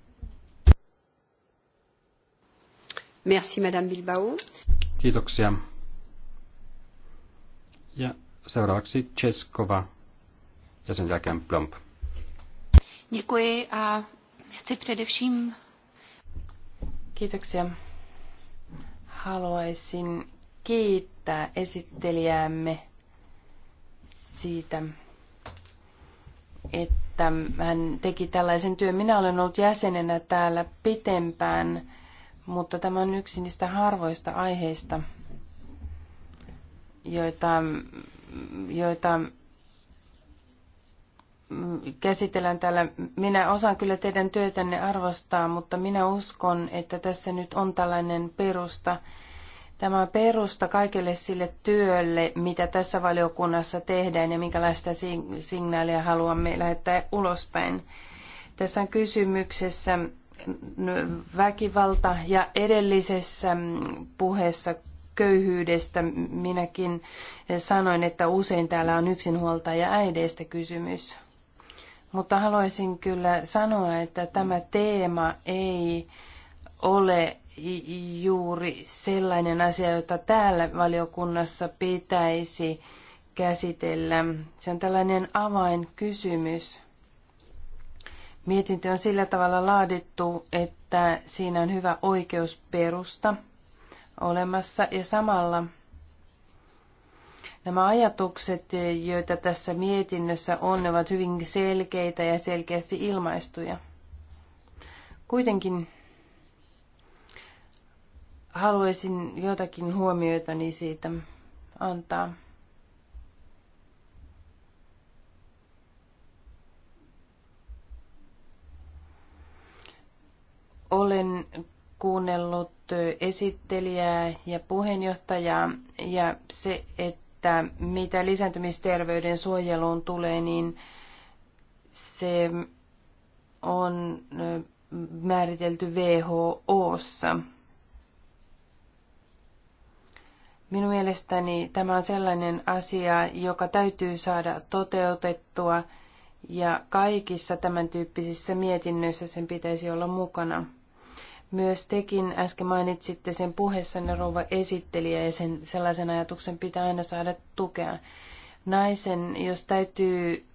Merci, Madame Bilbao. Kiitoksia. Ja seuraavaksi Cheskova ja sen jälkeen Plomp. Děkuji a chci především... Kiitoksia haluaisin kiittää esittelijäämme siitä, että hän teki tällaisen työn. Minä olen ollut jäsenenä täällä pitempään, mutta tämä on yksi niistä harvoista aiheista, joita, joita käsitellään täällä. Minä osaan kyllä teidän työtänne arvostaa, mutta minä uskon, että tässä nyt on tällainen perusta, tämä perusta kaikelle sille työlle, mitä tässä valiokunnassa tehdään ja minkälaista signaalia haluamme lähettää ulospäin. Tässä on kysymyksessä väkivalta ja edellisessä puheessa köyhyydestä minäkin sanoin, että usein täällä on yksinhuoltaja äideistä kysymys. Mutta haluaisin kyllä sanoa, että tämä teema ei ole juuri sellainen asia, jota täällä valiokunnassa pitäisi käsitellä. Se on tällainen avainkysymys. Mietintö on sillä tavalla laadittu, että siinä on hyvä oikeusperusta olemassa ja samalla Nämä ajatukset, joita tässä mietinnössä on, ne ovat hyvin selkeitä ja selkeästi ilmaistuja. Kuitenkin haluaisin jotakin huomioitani siitä antaa. Olen kuunnellut esittelijää ja puheenjohtajaa ja se, että että mitä lisääntymisterveyden suojeluun tulee, niin se on määritelty WHOssa. Minun mielestäni tämä on sellainen asia, joka täytyy saada toteutettua ja kaikissa tämän tyyppisissä mietinnöissä sen pitäisi olla mukana. Myös tekin äsken mainitsitte sen puheessanne rouva esittelijä ja sen, sellaisen ajatuksen pitää aina saada tukea. Naisen, jos täytyy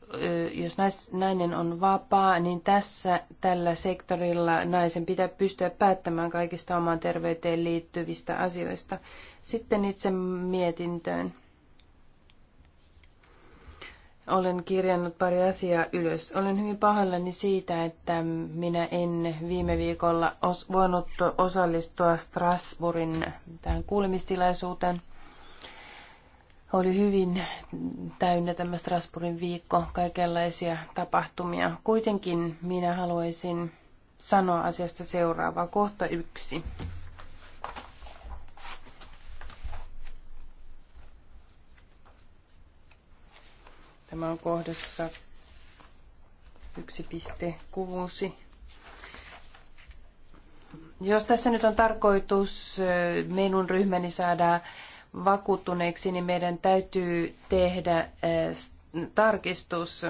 jos nais, nainen on vapaa, niin tässä tällä sektorilla naisen pitää pystyä päättämään kaikista omaan terveyteen liittyvistä asioista. Sitten itse mietintöön. Olen kirjannut pari asiaa ylös. Olen hyvin pahallani siitä, että minä en viime viikolla os- voinut osallistua Strasbourgin tähän kuulemistilaisuuteen. Oli hyvin täynnä tämä Strasbourgin viikko, kaikenlaisia tapahtumia. Kuitenkin minä haluaisin sanoa asiasta seuraavaa. Kohta yksi. Tämä on kohdassa 1.6. Jos tässä nyt on tarkoitus minun ryhmäni saada vakuuttuneeksi, niin meidän täytyy tehdä tarkistus.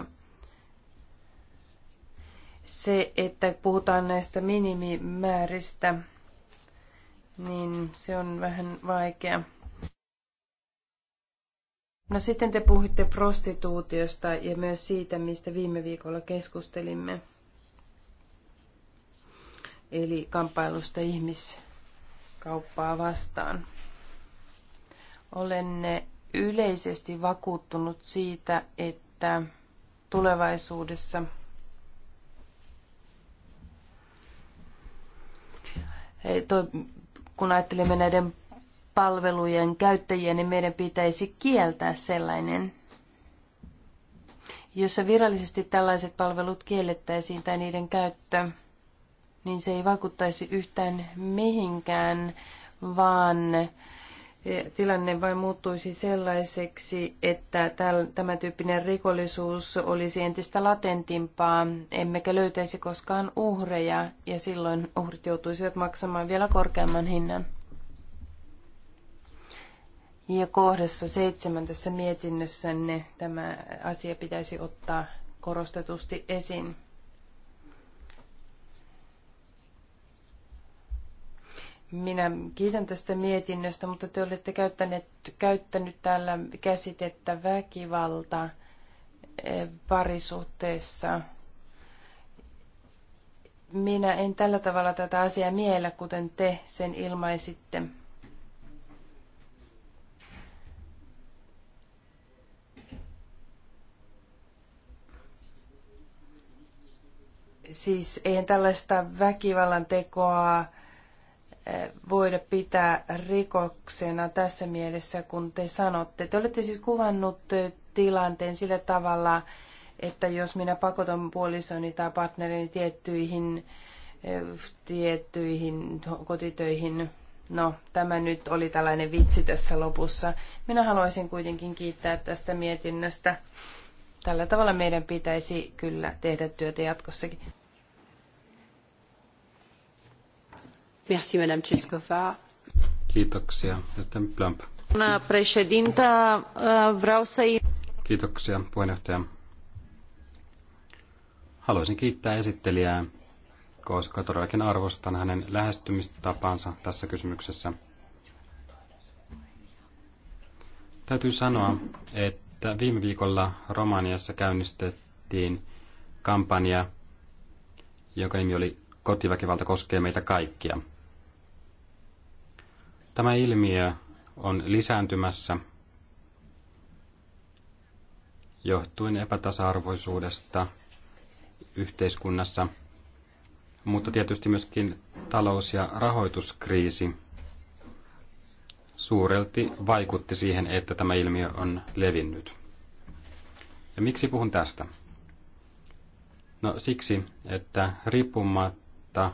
Se, että puhutaan näistä minimimääristä, niin se on vähän vaikea. No sitten te puhuitte prostituutiosta ja myös siitä, mistä viime viikolla keskustelimme. Eli kamppailusta ihmiskauppaa vastaan. Olen yleisesti vakuuttunut siitä, että tulevaisuudessa kun ajattelemme näiden palvelujen käyttäjiä, niin meidän pitäisi kieltää sellainen, jossa virallisesti tällaiset palvelut kiellettäisiin tai niiden käyttö, niin se ei vaikuttaisi yhtään mihinkään, vaan e, tilanne vain muuttuisi sellaiseksi, että tämä tyyppinen rikollisuus olisi entistä latentimpaa, emmekä löytäisi koskaan uhreja, ja silloin uhrit joutuisivat maksamaan vielä korkeamman hinnan. Ja kohdassa seitsemän tässä mietinnössänne tämä asia pitäisi ottaa korostetusti esiin. Minä kiitän tästä mietinnöstä, mutta te olette käyttäneet, käyttänyt täällä käsitettä väkivalta eh, parisuhteessa. Minä en tällä tavalla tätä asiaa miellä, kuten te sen ilmaisitte. Siis eihän tällaista väkivallan tekoa eh, voida pitää rikoksena tässä mielessä, kun te sanotte. Te olette siis kuvannut eh, tilanteen sillä tavalla, että jos minä pakotan puolisoni tai partnerini tiettyihin, eh, tiettyihin kotitöihin, no tämä nyt oli tällainen vitsi tässä lopussa. Minä haluaisin kuitenkin kiittää tästä mietinnöstä. Tällä tavalla meidän pitäisi kyllä tehdä työtä jatkossakin. Merci, Madame Cescova. Kiitoksia. Sitten Plump. Președintă, vreau să... Kiitoksia, puheenjohtaja. Haluaisin kiittää esittelijää, koska todellakin arvostan hänen lähestymistapansa tässä kysymyksessä. Täytyy sanoa, että viime viikolla Romaniassa käynnistettiin kampanja, joka nimi oli Kotiväkivalta koskee meitä kaikkia. Tämä ilmiö on lisääntymässä johtuen epätasa-arvoisuudesta yhteiskunnassa, mutta tietysti myöskin talous- ja rahoituskriisi suurelti vaikutti siihen, että tämä ilmiö on levinnyt. Ja miksi puhun tästä? No siksi, että riippumatta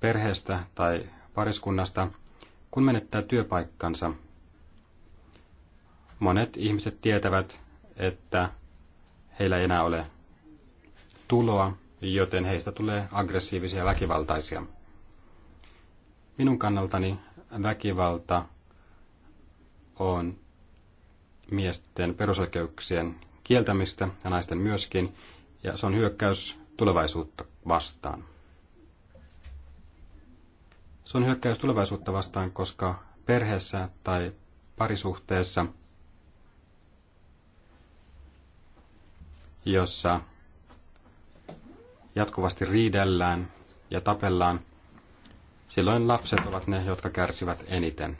perheestä tai pariskunnasta – kun menettää työpaikkansa, monet ihmiset tietävät, että heillä ei enää ole tuloa, joten heistä tulee aggressiivisia ja väkivaltaisia. Minun kannaltani väkivalta on miesten perusoikeuksien kieltämistä ja naisten myöskin, ja se on hyökkäys tulevaisuutta vastaan. Se on hyökkäys tulevaisuutta vastaan, koska perheessä tai parisuhteessa, jossa jatkuvasti riidellään ja tapellaan, silloin lapset ovat ne, jotka kärsivät eniten.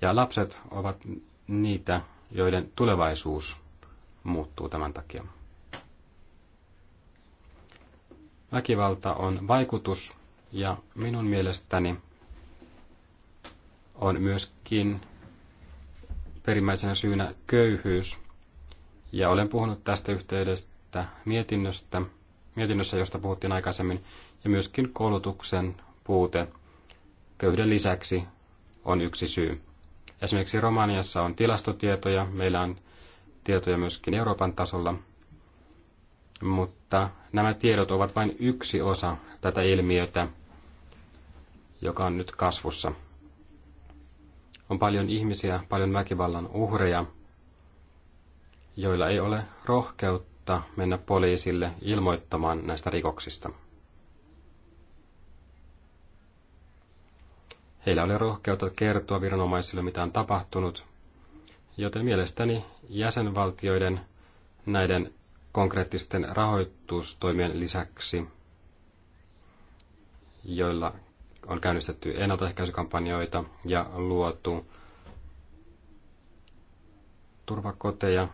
Ja lapset ovat niitä, joiden tulevaisuus muuttuu tämän takia. Väkivalta on vaikutus, ja minun mielestäni on myöskin perimmäisenä syynä köyhyys. Ja olen puhunut tästä yhteydestä mietinnöstä, mietinnössä, josta puhuttiin aikaisemmin, ja myöskin koulutuksen puute köyhyyden lisäksi on yksi syy. Esimerkiksi Romaniassa on tilastotietoja, meillä on tietoja myöskin Euroopan tasolla, mutta nämä tiedot ovat vain yksi osa tätä ilmiötä, joka on nyt kasvussa. On paljon ihmisiä, paljon väkivallan uhreja, joilla ei ole rohkeutta mennä poliisille ilmoittamaan näistä rikoksista. Heillä ei ole rohkeutta kertoa viranomaisille, mitä on tapahtunut, joten mielestäni jäsenvaltioiden näiden konkreettisten rahoitustoimien lisäksi, joilla on käynnistetty ennaltaehkäisykampanjoita ja luotu turvakoteja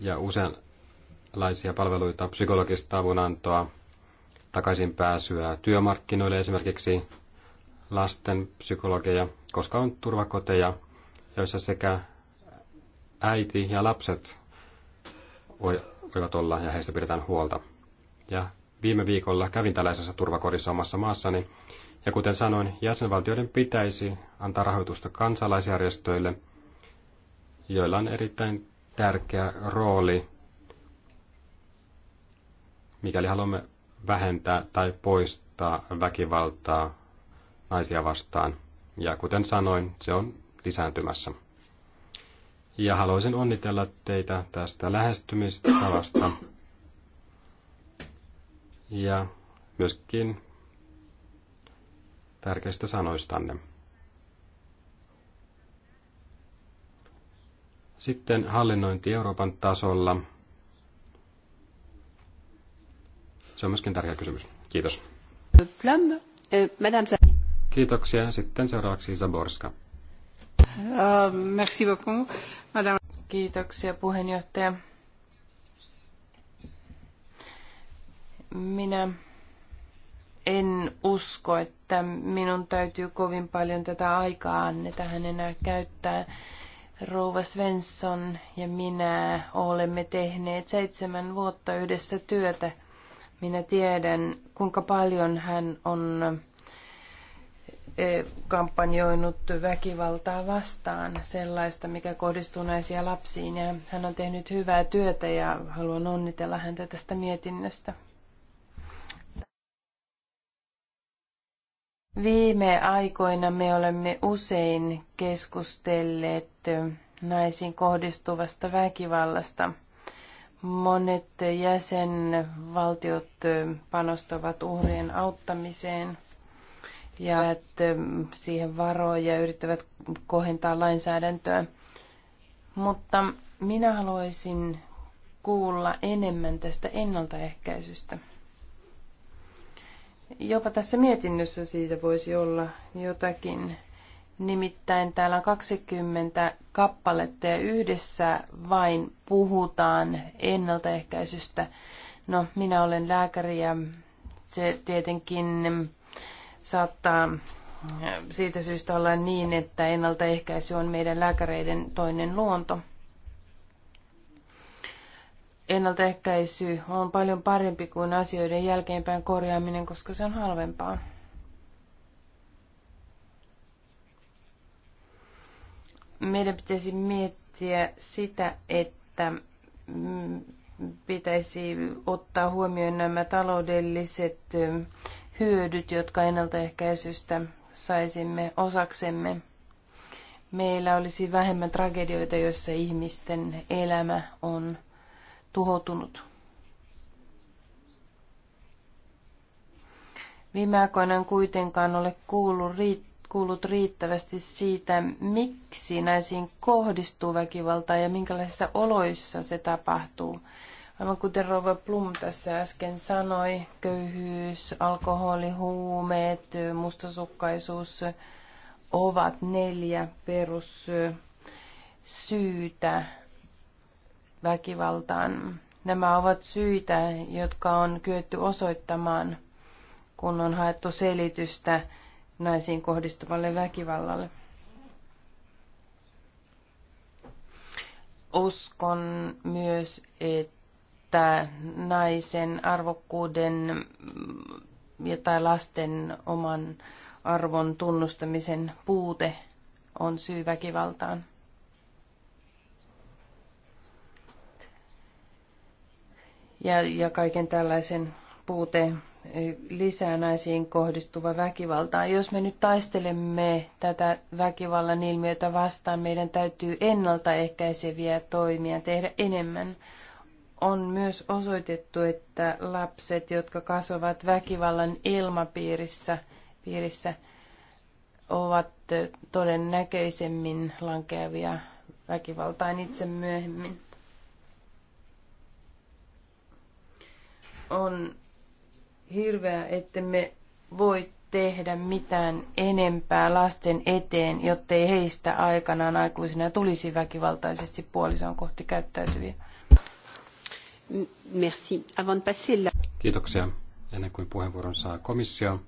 ja useanlaisia palveluita, psykologista avunantoa, takaisinpääsyä työmarkkinoille esimerkiksi lasten psykologeja, koska on turvakoteja, joissa sekä äiti ja lapset voivat olla ja heistä pidetään huolta. Ja Viime viikolla kävin tällaisessa turvakodissa omassa maassani, ja kuten sanoin, jäsenvaltioiden pitäisi antaa rahoitusta kansalaisjärjestöille, joilla on erittäin tärkeä rooli, mikäli haluamme vähentää tai poistaa väkivaltaa naisia vastaan. Ja kuten sanoin, se on lisääntymässä. Ja haluaisin onnitella teitä tästä lähestymistavasta ja myöskin tärkeistä sanoistanne. Sitten hallinnointi Euroopan tasolla. Se on myöskin tärkeä kysymys. Kiitos. Eh, Kiitoksia. Sitten seuraavaksi Zaborska. Ah, merci beaucoup, madame. Kiitoksia puheenjohtaja. Minä en usko, että minun täytyy kovin paljon tätä aikaa anneta hän enää käyttää. Rouva Svensson ja minä olemme tehneet seitsemän vuotta yhdessä työtä. Minä tiedän, kuinka paljon hän on eh, kampanjoinut väkivaltaa vastaan, sellaista, mikä kohdistuu naisia lapsiin. Ja hän on tehnyt hyvää työtä ja haluan onnitella häntä tästä mietinnöstä. Viime aikoina me olemme usein keskustelleet naisiin kohdistuvasta väkivallasta. Monet jäsenvaltiot panostavat uhrien auttamiseen ja siihen varoja ja yrittävät kohentaa lainsäädäntöä. Mutta minä haluaisin kuulla enemmän tästä ennaltaehkäisystä. Jopa tässä mietinnössä siitä voisi olla jotakin. Nimittäin täällä on 20 kappaletta ja yhdessä vain puhutaan ennaltaehkäisystä. No, minä olen lääkäri ja se tietenkin saattaa siitä syystä olla niin, että ennaltaehkäisy on meidän lääkäreiden toinen luonto ennaltaehkäisy on paljon parempi kuin asioiden jälkeenpäin korjaaminen, koska se on halvempaa. Meidän pitäisi miettiä sitä, että pitäisi ottaa huomioon nämä taloudelliset hyödyt, jotka ennaltaehkäisystä saisimme osaksemme. Meillä olisi vähemmän tragedioita, joissa ihmisten elämä on tuhoutunut. Viime aikoina en kuitenkaan ole kuullut, riitt- kuullut riittävästi siitä, miksi naisiin kohdistuu väkivaltaa ja minkälaisissa oloissa se tapahtuu. Aivan kuten Rova Plum tässä äsken sanoi, köyhyys, alkoholi, huumeet, mustasukkaisuus ovat neljä perussyytä väkivaltaan. Nämä ovat syitä, jotka on kyetty osoittamaan, kun on haettu selitystä naisiin kohdistuvalle väkivallalle. Uskon myös, että naisen arvokkuuden tai lasten oman arvon tunnustamisen puute on syy väkivaltaan. ja, ja kaiken tällaisen puute eh, lisää naisiin kohdistuva väkivalta. Jos me nyt taistelemme tätä väkivallan ilmiötä vastaan, meidän täytyy ennaltaehkäiseviä toimia tehdä enemmän. On myös osoitettu, että lapset, jotka kasvavat väkivallan ilmapiirissä, piirissä, ovat eh, todennäköisemmin lankeavia väkivaltaan itse myöhemmin. on hirveä, että me voi tehdä mitään enempää lasten eteen, jottei heistä aikanaan aikuisina tulisi väkivaltaisesti puolison kohti käyttäytyviä. Merci. Avant passer la... Kiitoksia. Ennen kuin puheenvuoron saa komissio,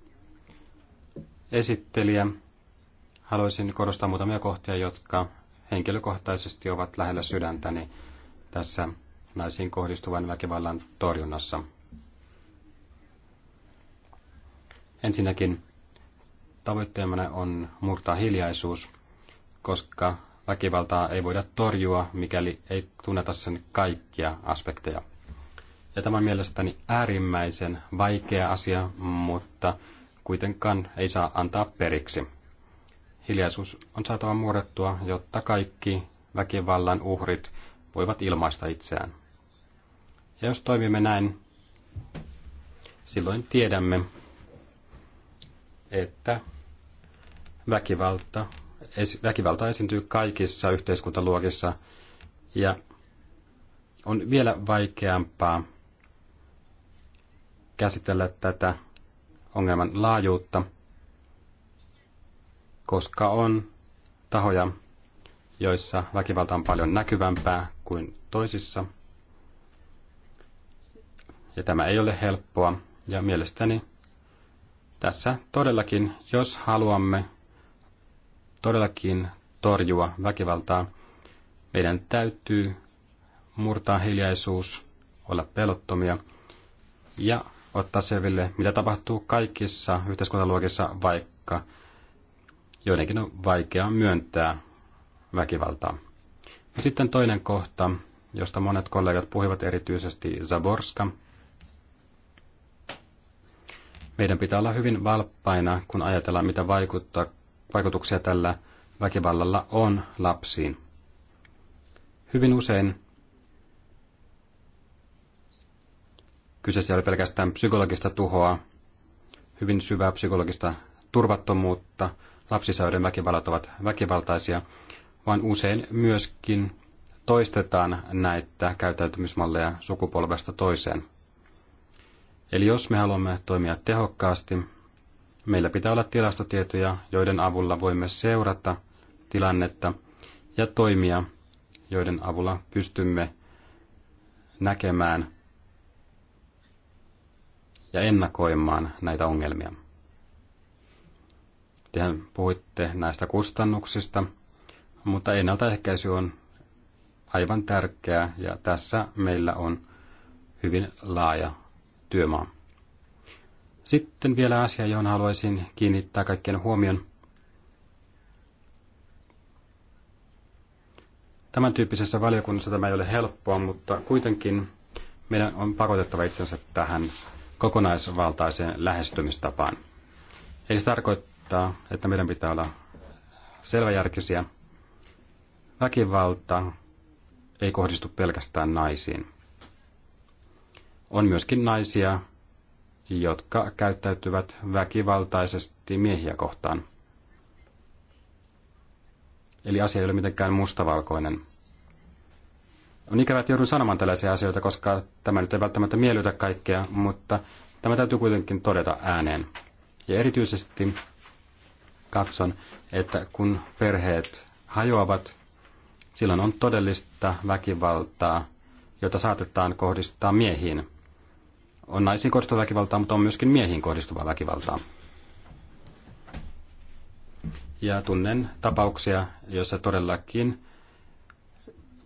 esittelijä, haluaisin korostaa muutamia kohtia, jotka henkilökohtaisesti ovat lähellä sydäntäni tässä naisiin kohdistuvan väkivallan torjunnassa. Ensinnäkin tavoitteena on murtaa hiljaisuus, koska väkivaltaa ei voida torjua, mikäli ei tunneta sen kaikkia aspekteja. Ja tämä on mielestäni äärimmäisen vaikea asia, mutta kuitenkaan ei saa antaa periksi. Hiljaisuus on saatava murrettua, jotta kaikki väkivallan uhrit voivat ilmaista itseään. Ja jos toimimme näin, silloin tiedämme, että väkivalta, väkivalta esiintyy kaikissa yhteiskuntaluokissa ja on vielä vaikeampaa käsitellä tätä ongelman laajuutta, koska on tahoja, joissa väkivalta on paljon näkyvämpää kuin toisissa. Ja tämä ei ole helppoa, ja mielestäni tässä todellakin, jos haluamme todellakin torjua väkivaltaa, meidän täytyy murtaa hiljaisuus, olla pelottomia ja ottaa selville, mitä tapahtuu kaikissa yhteiskuntaluokissa, vaikka joidenkin on vaikea myöntää väkivaltaa. Sitten toinen kohta, josta monet kollegat puhuivat erityisesti Zaborska – meidän pitää olla hyvin valppaina, kun ajatellaan, mitä vaikuttaa, vaikutuksia tällä väkivallalla on lapsiin. Hyvin usein kyseessä ei ole pelkästään psykologista tuhoa, hyvin syvää psykologista turvattomuutta, lapsisäyden väkivallat ovat väkivaltaisia, vaan usein myöskin toistetaan näitä käyttäytymismalleja sukupolvesta toiseen. Eli jos me haluamme toimia tehokkaasti, meillä pitää olla tilastotietoja, joiden avulla voimme seurata tilannetta ja toimia, joiden avulla pystymme näkemään ja ennakoimaan näitä ongelmia. Tehän puhuitte näistä kustannuksista, mutta ennaltaehkäisy on aivan tärkeää ja tässä meillä on hyvin laaja työmaa. Sitten vielä asia, johon haluaisin kiinnittää kaikkien huomion. Tämän tyyppisessä valiokunnassa tämä ei ole helppoa, mutta kuitenkin meidän on pakotettava itsensä tähän kokonaisvaltaiseen lähestymistapaan. Eli se tarkoittaa, että meidän pitää olla selväjärkisiä. Väkivalta ei kohdistu pelkästään naisiin on myöskin naisia, jotka käyttäytyvät väkivaltaisesti miehiä kohtaan. Eli asia ei ole mitenkään mustavalkoinen. On ikävä, että joudun sanomaan tällaisia asioita, koska tämä nyt ei välttämättä miellytä kaikkea, mutta tämä täytyy kuitenkin todeta ääneen. Ja erityisesti katson, että kun perheet hajoavat, silloin on todellista väkivaltaa, jota saatetaan kohdistaa miehiin – on naisiin kohdistuvaa väkivaltaa, mutta on myöskin miehiin kohdistuvaa väkivaltaa. Ja tunnen tapauksia, joissa todellakin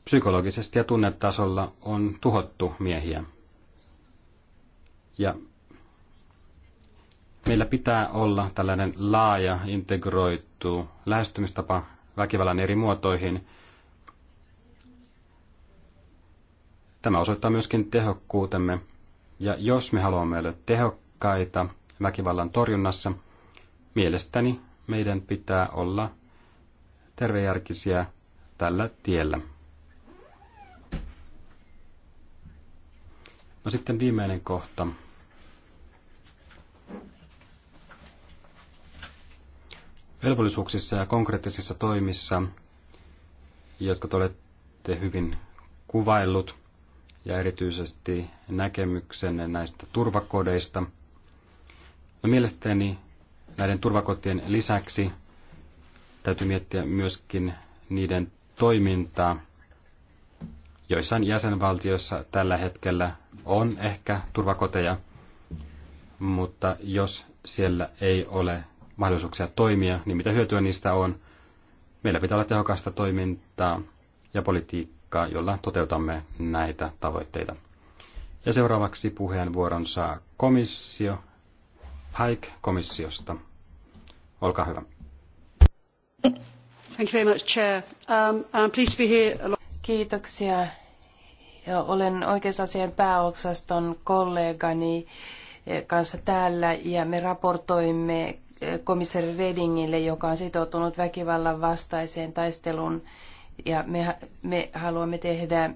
psykologisesti ja tunnetasolla on tuhottu miehiä. Ja meillä pitää olla tällainen laaja, integroitu lähestymistapa väkivallan eri muotoihin. Tämä osoittaa myöskin tehokkuutemme ja jos me haluamme olla tehokkaita väkivallan torjunnassa, mielestäni meidän pitää olla tervejärkisiä tällä tiellä. No sitten viimeinen kohta. Velvollisuuksissa ja konkreettisissa toimissa, jotka te olette hyvin kuvaillut, ja erityisesti näkemyksenne näistä turvakodeista. No, mielestäni näiden turvakotien lisäksi täytyy miettiä myöskin niiden toimintaa. Joissain jäsenvaltioissa tällä hetkellä on ehkä turvakoteja, mutta jos siellä ei ole mahdollisuuksia toimia, niin mitä hyötyä niistä on? Meillä pitää olla tehokasta toimintaa ja politiikkaa politiikkaa, jolla toteutamme näitä tavoitteita. Ja seuraavaksi puheenvuoron saa komissio, Haik komissiosta. Olkaa hyvä. Thank you very much, Chair. Um, I'm pleased to be here. Kiitoksia. Ja olen oikeusasian pääoksaston kollegani eh, kanssa täällä ja me raportoimme eh, komissaari Redingille, joka on sitoutunut väkivallan vastaiseen taisteluun ja me, me haluamme tehdä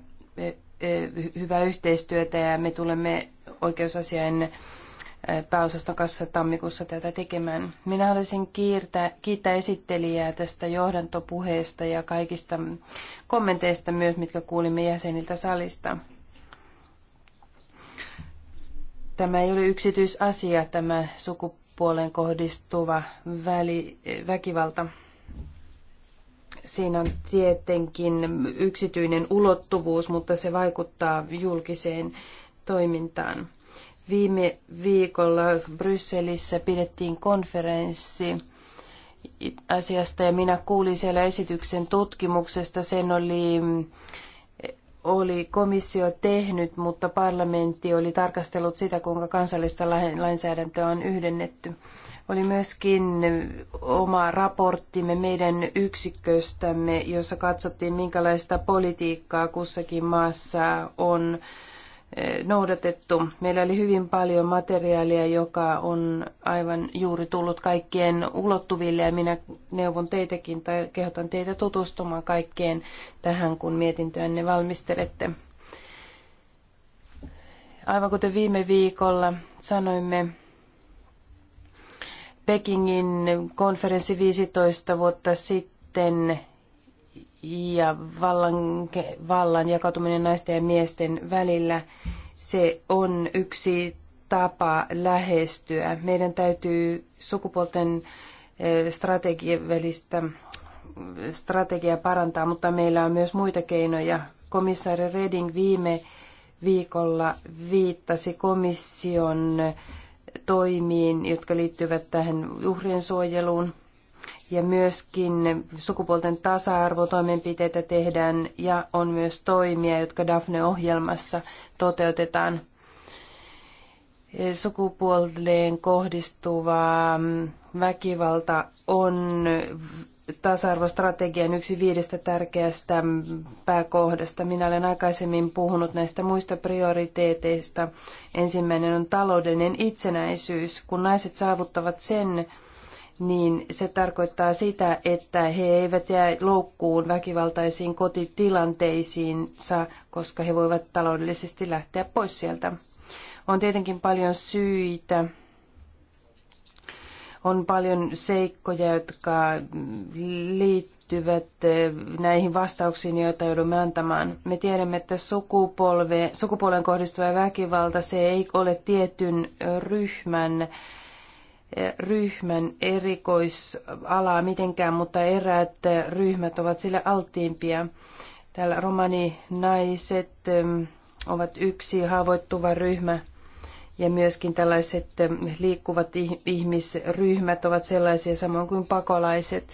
hyvää yhteistyötä ja me tulemme oikeusasian pääosaston kanssa tammikuussa tätä tekemään. Minä haluaisin kiirtää, kiittää esittelijää tästä johdantopuheesta ja kaikista kommenteista myös, mitkä kuulimme jäseniltä salista. Tämä ei ole yksityisasia, tämä sukupuolen kohdistuva väli, väkivalta. Siinä on tietenkin yksityinen ulottuvuus, mutta se vaikuttaa julkiseen toimintaan. Viime viikolla Brysselissä pidettiin konferenssi asiasta ja minä kuulin siellä esityksen tutkimuksesta. Sen oli, oli komissio tehnyt, mutta parlamentti oli tarkastellut sitä, kuinka kansallista lainsäädäntöä on yhdennetty. Oli myöskin oma raporttimme meidän yksiköstämme, jossa katsottiin, minkälaista politiikkaa kussakin maassa on eh, noudatettu. Meillä oli hyvin paljon materiaalia, joka on aivan juuri tullut kaikkien ulottuville ja minä neuvon teitäkin tai kehotan teitä tutustumaan kaikkeen tähän, kun mietintöänne valmistelette. Aivan kuten viime viikolla sanoimme, Pekingin konferenssi 15 vuotta sitten ja vallan, vallan jakautuminen naisten ja miesten välillä, se on yksi tapa lähestyä. Meidän täytyy sukupuolten strategia, välistä strategiaa parantaa, mutta meillä on myös muita keinoja. Komissaari Reding viime viikolla viittasi komission toimiin, jotka liittyvät tähän uhrien suojeluun. Ja myöskin sukupuolten tasa-arvotoimenpiteitä tehdään ja on myös toimia, jotka Daphne-ohjelmassa toteutetaan. sukupuolteen kohdistuva väkivalta on tasa-arvostrategian yksi viidestä tärkeästä pääkohdasta. Minä olen aikaisemmin puhunut näistä muista prioriteeteista. Ensimmäinen on taloudellinen itsenäisyys. Kun naiset saavuttavat sen, niin se tarkoittaa sitä, että he eivät jää loukkuun väkivaltaisiin kotitilanteisiinsa, koska he voivat taloudellisesti lähteä pois sieltä. On tietenkin paljon syitä on paljon seikkoja, jotka liittyvät eh, näihin vastauksiin, joita joudumme antamaan. Me tiedämme, että sukupolve, sukupuolen kohdistuva väkivalta, se ei ole tietyn ryhmän eh, ryhmän erikoisalaa mitenkään, mutta eräät ryhmät ovat sille alttiimpia. Täällä romaninaiset eh, ovat yksi haavoittuva ryhmä ja myöskin tällaiset eh, liikkuvat ihmisryhmät ovat sellaisia samoin kuin pakolaiset.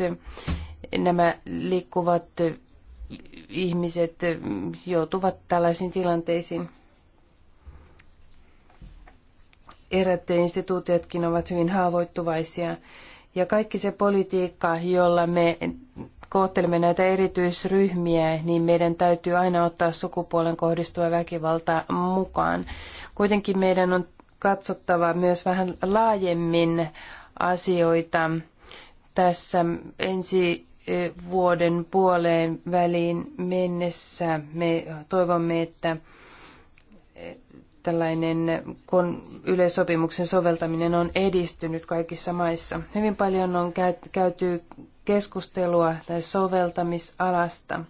Nämä liikkuvat eh, ihmiset eh, joutuvat tällaisiin tilanteisiin. Erät instituutiotkin ovat hyvin haavoittuvaisia. Ja kaikki se politiikka, jolla me kohtelemme näitä erityisryhmiä, niin meidän täytyy aina ottaa sukupuolen kohdistuva väkivalta mukaan. Kuitenkin meidän on katsottava myös vähän laajemmin asioita tässä ensi vuoden puoleen väliin mennessä. Me toivomme, että tällainen kun yleisopimuksen soveltaminen on edistynyt kaikissa maissa. Hyvin paljon on käyty keskustelua tai soveltamisalasta.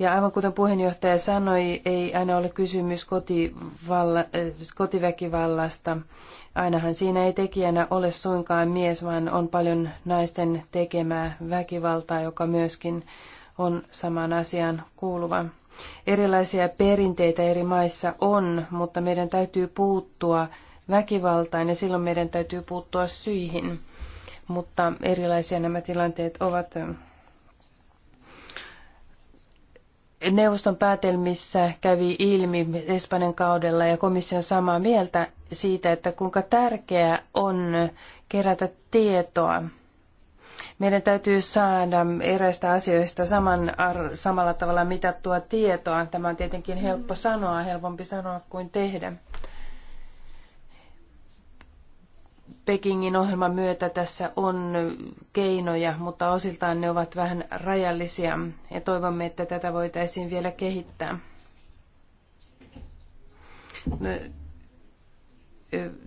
Ja aivan kuten puheenjohtaja sanoi, ei aina ole kysymys kotivalla, äh, kotiväkivallasta. Ainahan siinä ei tekijänä ole suinkaan mies, vaan on paljon naisten tekemää väkivaltaa, joka myöskin on saman asian kuuluva. Erilaisia perinteitä eri maissa on, mutta meidän täytyy puuttua väkivaltaan ja silloin meidän täytyy puuttua syihin. Mutta erilaisia nämä tilanteet ovat neuvoston päätelmissä kävi ilmi Espanjan kaudella ja komissio on samaa mieltä siitä, että kuinka tärkeää on kerätä tietoa. Meidän täytyy saada eräistä asioista saman, samalla tavalla mitattua tietoa. Tämä on tietenkin helppo sanoa, helpompi sanoa kuin tehdä. Pekingin ohjelman myötä tässä on keinoja, mutta osiltaan ne ovat vähän rajallisia ja toivomme, että tätä voitaisiin vielä kehittää.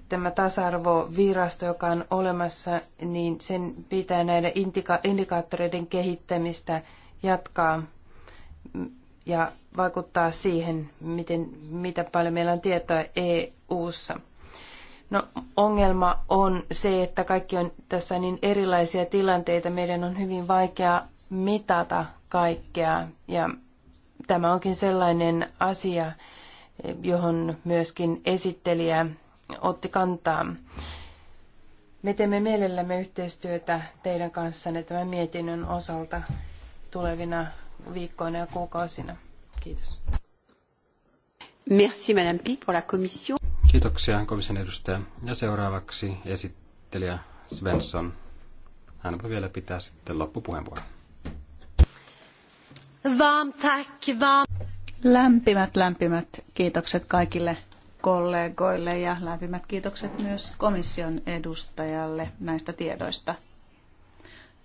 Tämä tasa-arvovirasto, joka on olemassa, niin sen pitää näiden indika- indikaattoreiden kehittämistä jatkaa ja vaikuttaa siihen, miten, mitä paljon meillä on tietoa EU-ssa. No, ongelma on se, että kaikki on tässä niin erilaisia tilanteita. Meidän on hyvin vaikea mitata kaikkea ja tämä onkin sellainen asia, johon myöskin esittelijä otti kantaa. Me teemme mielellämme yhteistyötä teidän kanssanne tämän mietinnön osalta tulevina viikkoina ja kuukausina. Kiitos. Merci Madame Pi pour la commission. Kiitoksia komission edustaja. Ja seuraavaksi esittelijä Svensson. Hän voi vielä pitää sitten loppupuheenvuoron. Vam, tack, vam. Lämpimät, lämpimät kiitokset kaikille kollegoille ja lämpimät kiitokset myös komission edustajalle näistä tiedoista.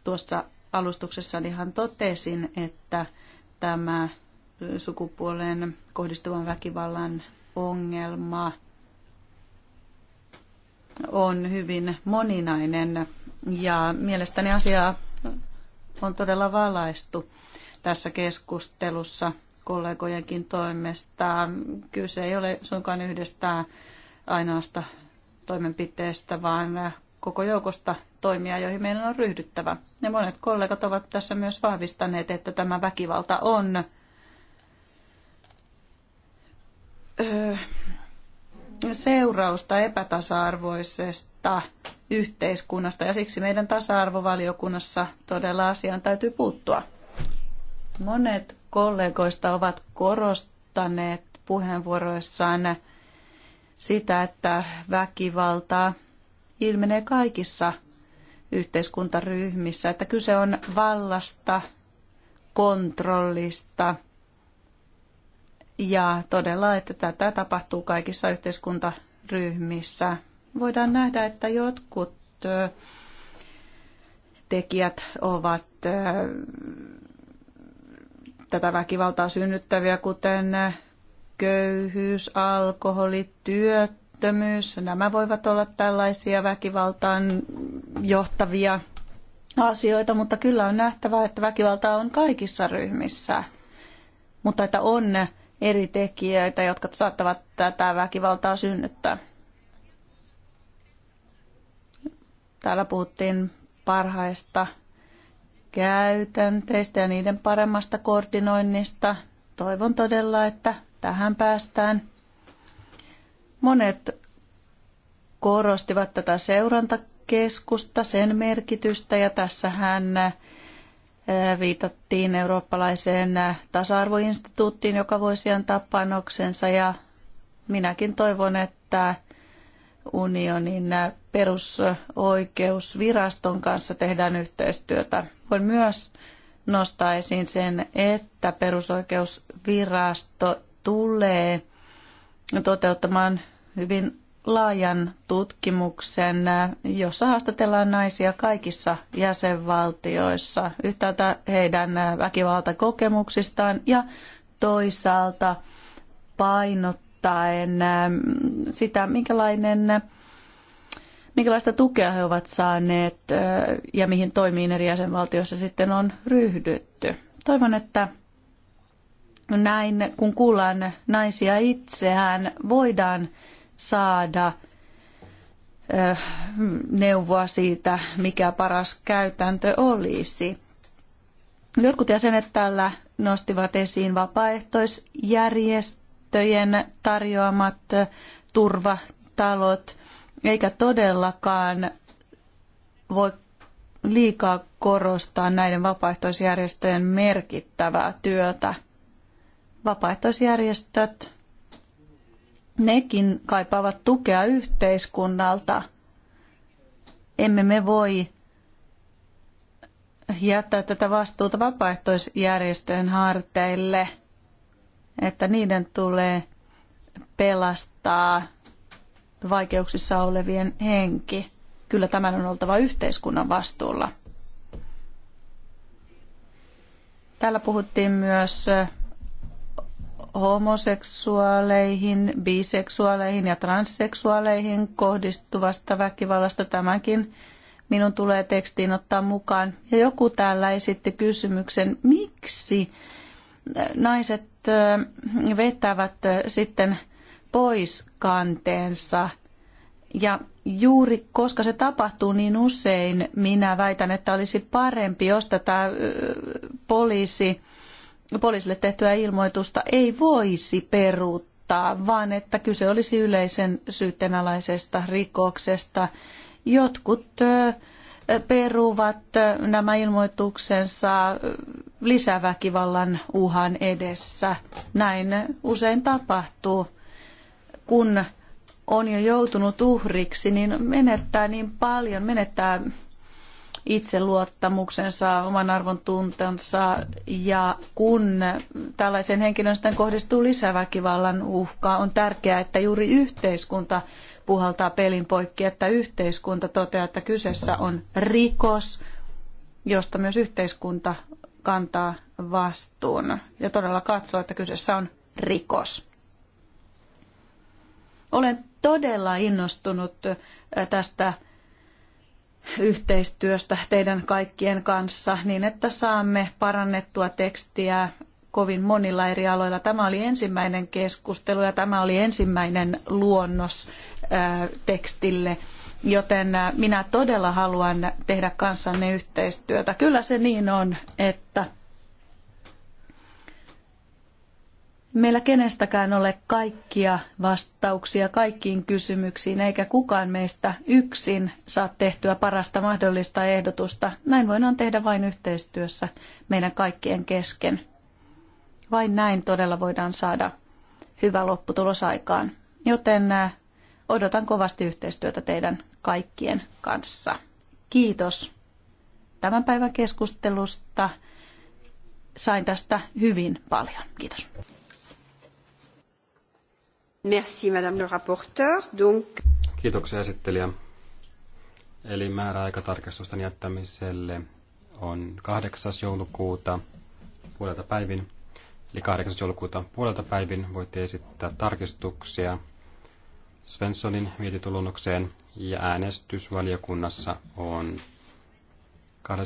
Tuossa alustuksessanihan totesin, että tämä sukupuoleen kohdistuvan väkivallan ongelma – on hyvin moninainen ja mielestäni asia on todella valaistu tässä keskustelussa kollegojenkin toimesta. Kyse ei ole suinkaan yhdestä ainoasta toimenpiteestä, vaan koko joukosta toimia, joihin meidän on ryhdyttävä. Ja monet kollegat ovat tässä myös vahvistaneet, että tämä väkivalta on seurausta epätasa-arvoisesta yhteiskunnasta ja siksi meidän tasa-arvovaliokunnassa todella asiaan täytyy puuttua. Monet kollegoista ovat korostaneet puheenvuoroissaan sitä, että väkivaltaa ilmenee kaikissa yhteiskuntaryhmissä, että kyse on vallasta, kontrollista – ja todella, että tätä tapahtuu kaikissa yhteiskuntaryhmissä. Voidaan nähdä, että jotkut tekijät ovat tätä väkivaltaa synnyttäviä, kuten köyhyys, alkoholi, työttömyys. Nämä voivat olla tällaisia väkivaltaan johtavia asioita, mutta kyllä on nähtävä, että väkivaltaa on kaikissa ryhmissä. Mutta että on eri tekijöitä, jotka saattavat tätä väkivaltaa synnyttää. Täällä puhuttiin parhaista käytänteistä ja niiden paremmasta koordinoinnista. Toivon todella, että tähän päästään. Monet korostivat tätä seurantakeskusta, sen merkitystä ja tässähän viitattiin eurooppalaiseen tasa-arvoinstituuttiin, joka voisi antaa panoksensa ja minäkin toivon, että unionin perusoikeusviraston kanssa tehdään yhteistyötä. Voin myös nostaa esiin sen, että perusoikeusvirasto tulee toteuttamaan hyvin laajan tutkimuksen, jossa haastatellaan naisia kaikissa jäsenvaltioissa, yhtäältä heidän väkivaltakokemuksistaan ja toisaalta painottaen ähm, sitä, minkälainen minkälaista tukea he ovat saaneet äh, ja mihin toimiin eri jäsenvaltioissa sitten on ryhdytty. Toivon, että näin kun kuullaan naisia itseään, voidaan saada neuvoa siitä, mikä paras käytäntö olisi. Jotkut jäsenet täällä nostivat esiin vapaaehtoisjärjestöjen tarjoamat turvatalot, eikä todellakaan voi liikaa korostaa näiden vapaaehtoisjärjestöjen merkittävää työtä. Vapaaehtoisjärjestöt nekin kaipaavat tukea yhteiskunnalta. Emme me voi jättää tätä vastuuta vapaaehtoisjärjestöjen harteille, että niiden tulee pelastaa vaikeuksissa olevien henki. Kyllä tämän on oltava yhteiskunnan vastuulla. Täällä puhuttiin myös homoseksuaaleihin, biseksuaaleihin ja transseksuaaleihin kohdistuvasta väkivallasta. tämäkin minun tulee tekstiin ottaa mukaan. Ja joku täällä esitti kysymyksen, miksi naiset äh, vetävät äh, sitten pois kanteensa. Ja juuri koska se tapahtuu niin usein, minä väitän, että olisi parempi, jos tätä äh, poliisi poliisille tehtyä ilmoitusta ei voisi peruuttaa, vaan että kyse olisi yleisen syyttenalaisesta rikoksesta. Jotkut peruvat nämä ilmoituksensa lisäväkivallan uhan edessä. Näin usein tapahtuu, kun on jo joutunut uhriksi, niin menettää niin paljon, menettää itseluottamuksensa, oman arvon tuntonsa ja kun tällaisen henkilön sitten kohdistuu lisäväkivallan uhkaa, on tärkeää, että juuri yhteiskunta puhaltaa pelin poikki, että yhteiskunta toteaa, että kyseessä on rikos, josta myös yhteiskunta kantaa vastuun ja todella katsoo, että kyseessä on rikos. Olen todella innostunut tästä yhteistyöstä teidän kaikkien kanssa niin, että saamme parannettua tekstiä kovin monilla eri aloilla. Tämä oli ensimmäinen keskustelu ja tämä oli ensimmäinen luonnos tekstille, joten minä todella haluan tehdä kanssanne yhteistyötä. Kyllä se niin on, että meillä kenestäkään ole kaikkia vastauksia kaikkiin kysymyksiin, eikä kukaan meistä yksin saa tehtyä parasta mahdollista ehdotusta. Näin voidaan tehdä vain yhteistyössä meidän kaikkien kesken. Vain näin todella voidaan saada hyvä lopputulos aikaan. Joten äh, odotan kovasti yhteistyötä teidän kaikkien kanssa. Kiitos tämän päivän keskustelusta. Sain tästä hyvin paljon. Kiitos. Merci, madame le rapporteur. Donc... Kiitoksia esittelijä. Eli määräaikatarkastusten jättämiselle on 8. joulukuuta puolelta päivin. Eli 8. joulukuuta puolelta päivin voitte esittää tarkistuksia Svenssonin mietitulunnokseen ja äänestysvaliokunnassa on 26.–27.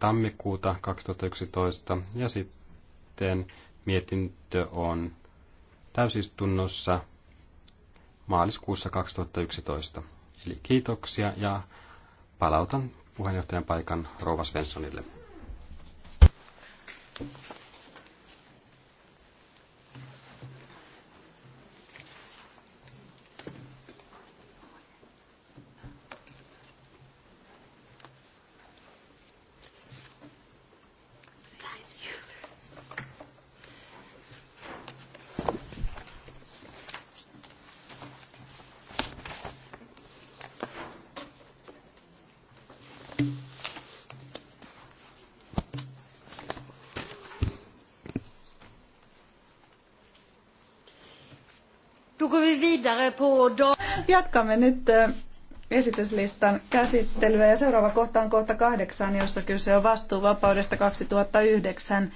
tammikuuta 2011 ja sitten mietintö on täysistunnossa maaliskuussa 2011. Eli kiitoksia ja palautan puheenjohtajan paikan Rouva Svenssonille. Jatkamme nyt esityslistan käsittelyä ja seuraava kohta on kohta kahdeksan, jossa kyse on vastuuvapaudesta 2009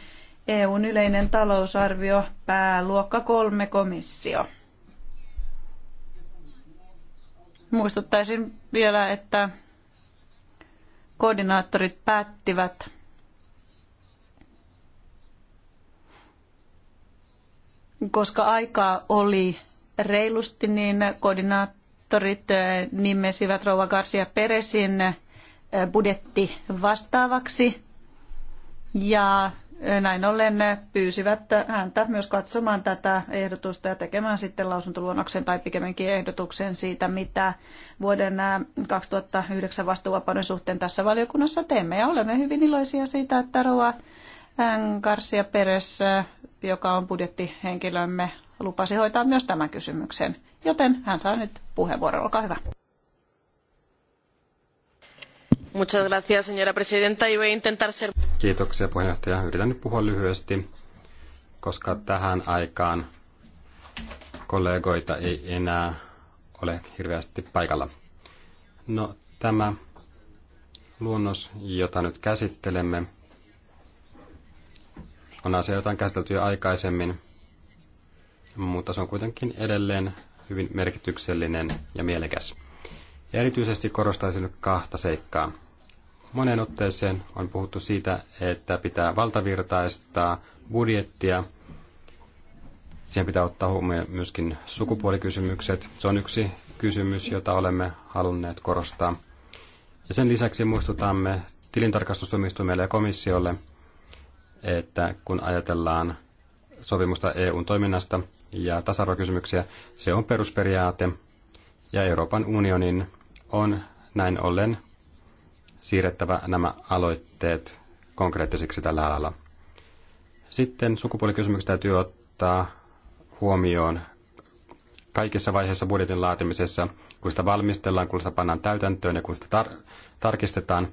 EUn yleinen talousarvio pääluokka kolme komissio. Muistuttaisin vielä, että koordinaattorit päättivät koska aikaa oli reilusti, niin koordinaattorit eh, nimesivät Rouva Garcia Peresin eh, budjetti vastaavaksi. Ja eh, näin ollen pyysivät häntä myös katsomaan tätä ehdotusta ja tekemään sitten lausuntoluonnoksen tai pikemminkin ehdotuksen siitä, mitä vuoden 2009 vastuuvapauden suhteen tässä valiokunnassa teemme. Ja olemme hyvin iloisia siitä, että Roa Garcia Peres, joka on budjettihenkilömme, lupasi hoitaa myös tämän kysymyksen. Joten hän saa nyt puheenvuoron. Olkaa hyvä. Muchas gracias, señora presidenta, y voy a intentar ser... Kiitoksia puheenjohtaja. Yritän nyt puhua lyhyesti, koska tähän aikaan kollegoita ei enää ole hirveästi paikalla. No, tämä luonnos, jota nyt käsittelemme, on asia, jota on käsitelty jo aikaisemmin mutta se on kuitenkin edelleen hyvin merkityksellinen ja mielekäs. Ja erityisesti korostaisin nyt kahta seikkaa. Moneen otteeseen on puhuttu siitä, että pitää valtavirtaistaa budjettia. Siihen pitää ottaa huomioon myöskin sukupuolikysymykset. Se on yksi kysymys, jota olemme halunneet korostaa. Ja sen lisäksi muistutamme tilintarkastustumistumille ja komissiolle, että kun ajatellaan sopimusta EUn toiminnasta ja tasa-arvokysymyksiä, se on perusperiaate. Ja Euroopan unionin on näin ollen siirrettävä nämä aloitteet konkreettisiksi tällä alalla. Sitten sukupuolikysymykset täytyy ottaa huomioon kaikissa vaiheissa budjetin laatimisessa, kun sitä valmistellaan, kun sitä pannaan täytäntöön ja kun sitä tar- tarkistetaan.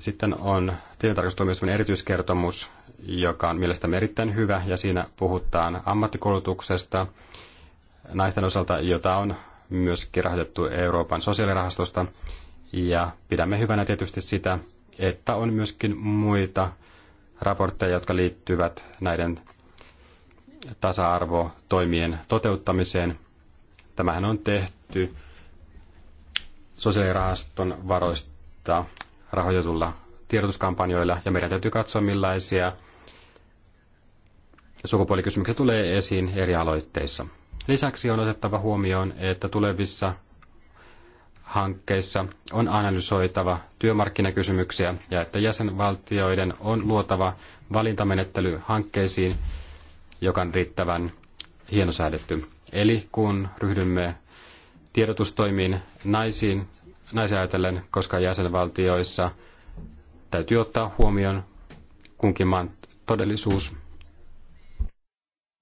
Sitten on tilintarkastustoimistojen erityiskertomus joka on mielestäni erittäin hyvä, ja siinä puhutaan ammattikoulutuksesta naisten osalta, jota on myös rahoitettu Euroopan sosiaalirahastosta, ja pidämme hyvänä tietysti sitä, että on myöskin muita raportteja, jotka liittyvät näiden tasa-arvotoimien toteuttamiseen. Tämähän on tehty sosiaalirahaston varoista rahoitetulla tiedotuskampanjoilla, ja meidän täytyy katsoa, millaisia Sukupuolikysymykset tulee esiin eri aloitteissa. Lisäksi on otettava huomioon, että tulevissa hankkeissa on analysoitava työmarkkinakysymyksiä ja että jäsenvaltioiden on luotava valintamenettely hankkeisiin, joka on riittävän hienosäädetty. Eli kun ryhdymme tiedotustoimiin naisiin, naisia ajatellen, koska jäsenvaltioissa täytyy ottaa huomioon kunkin maan todellisuus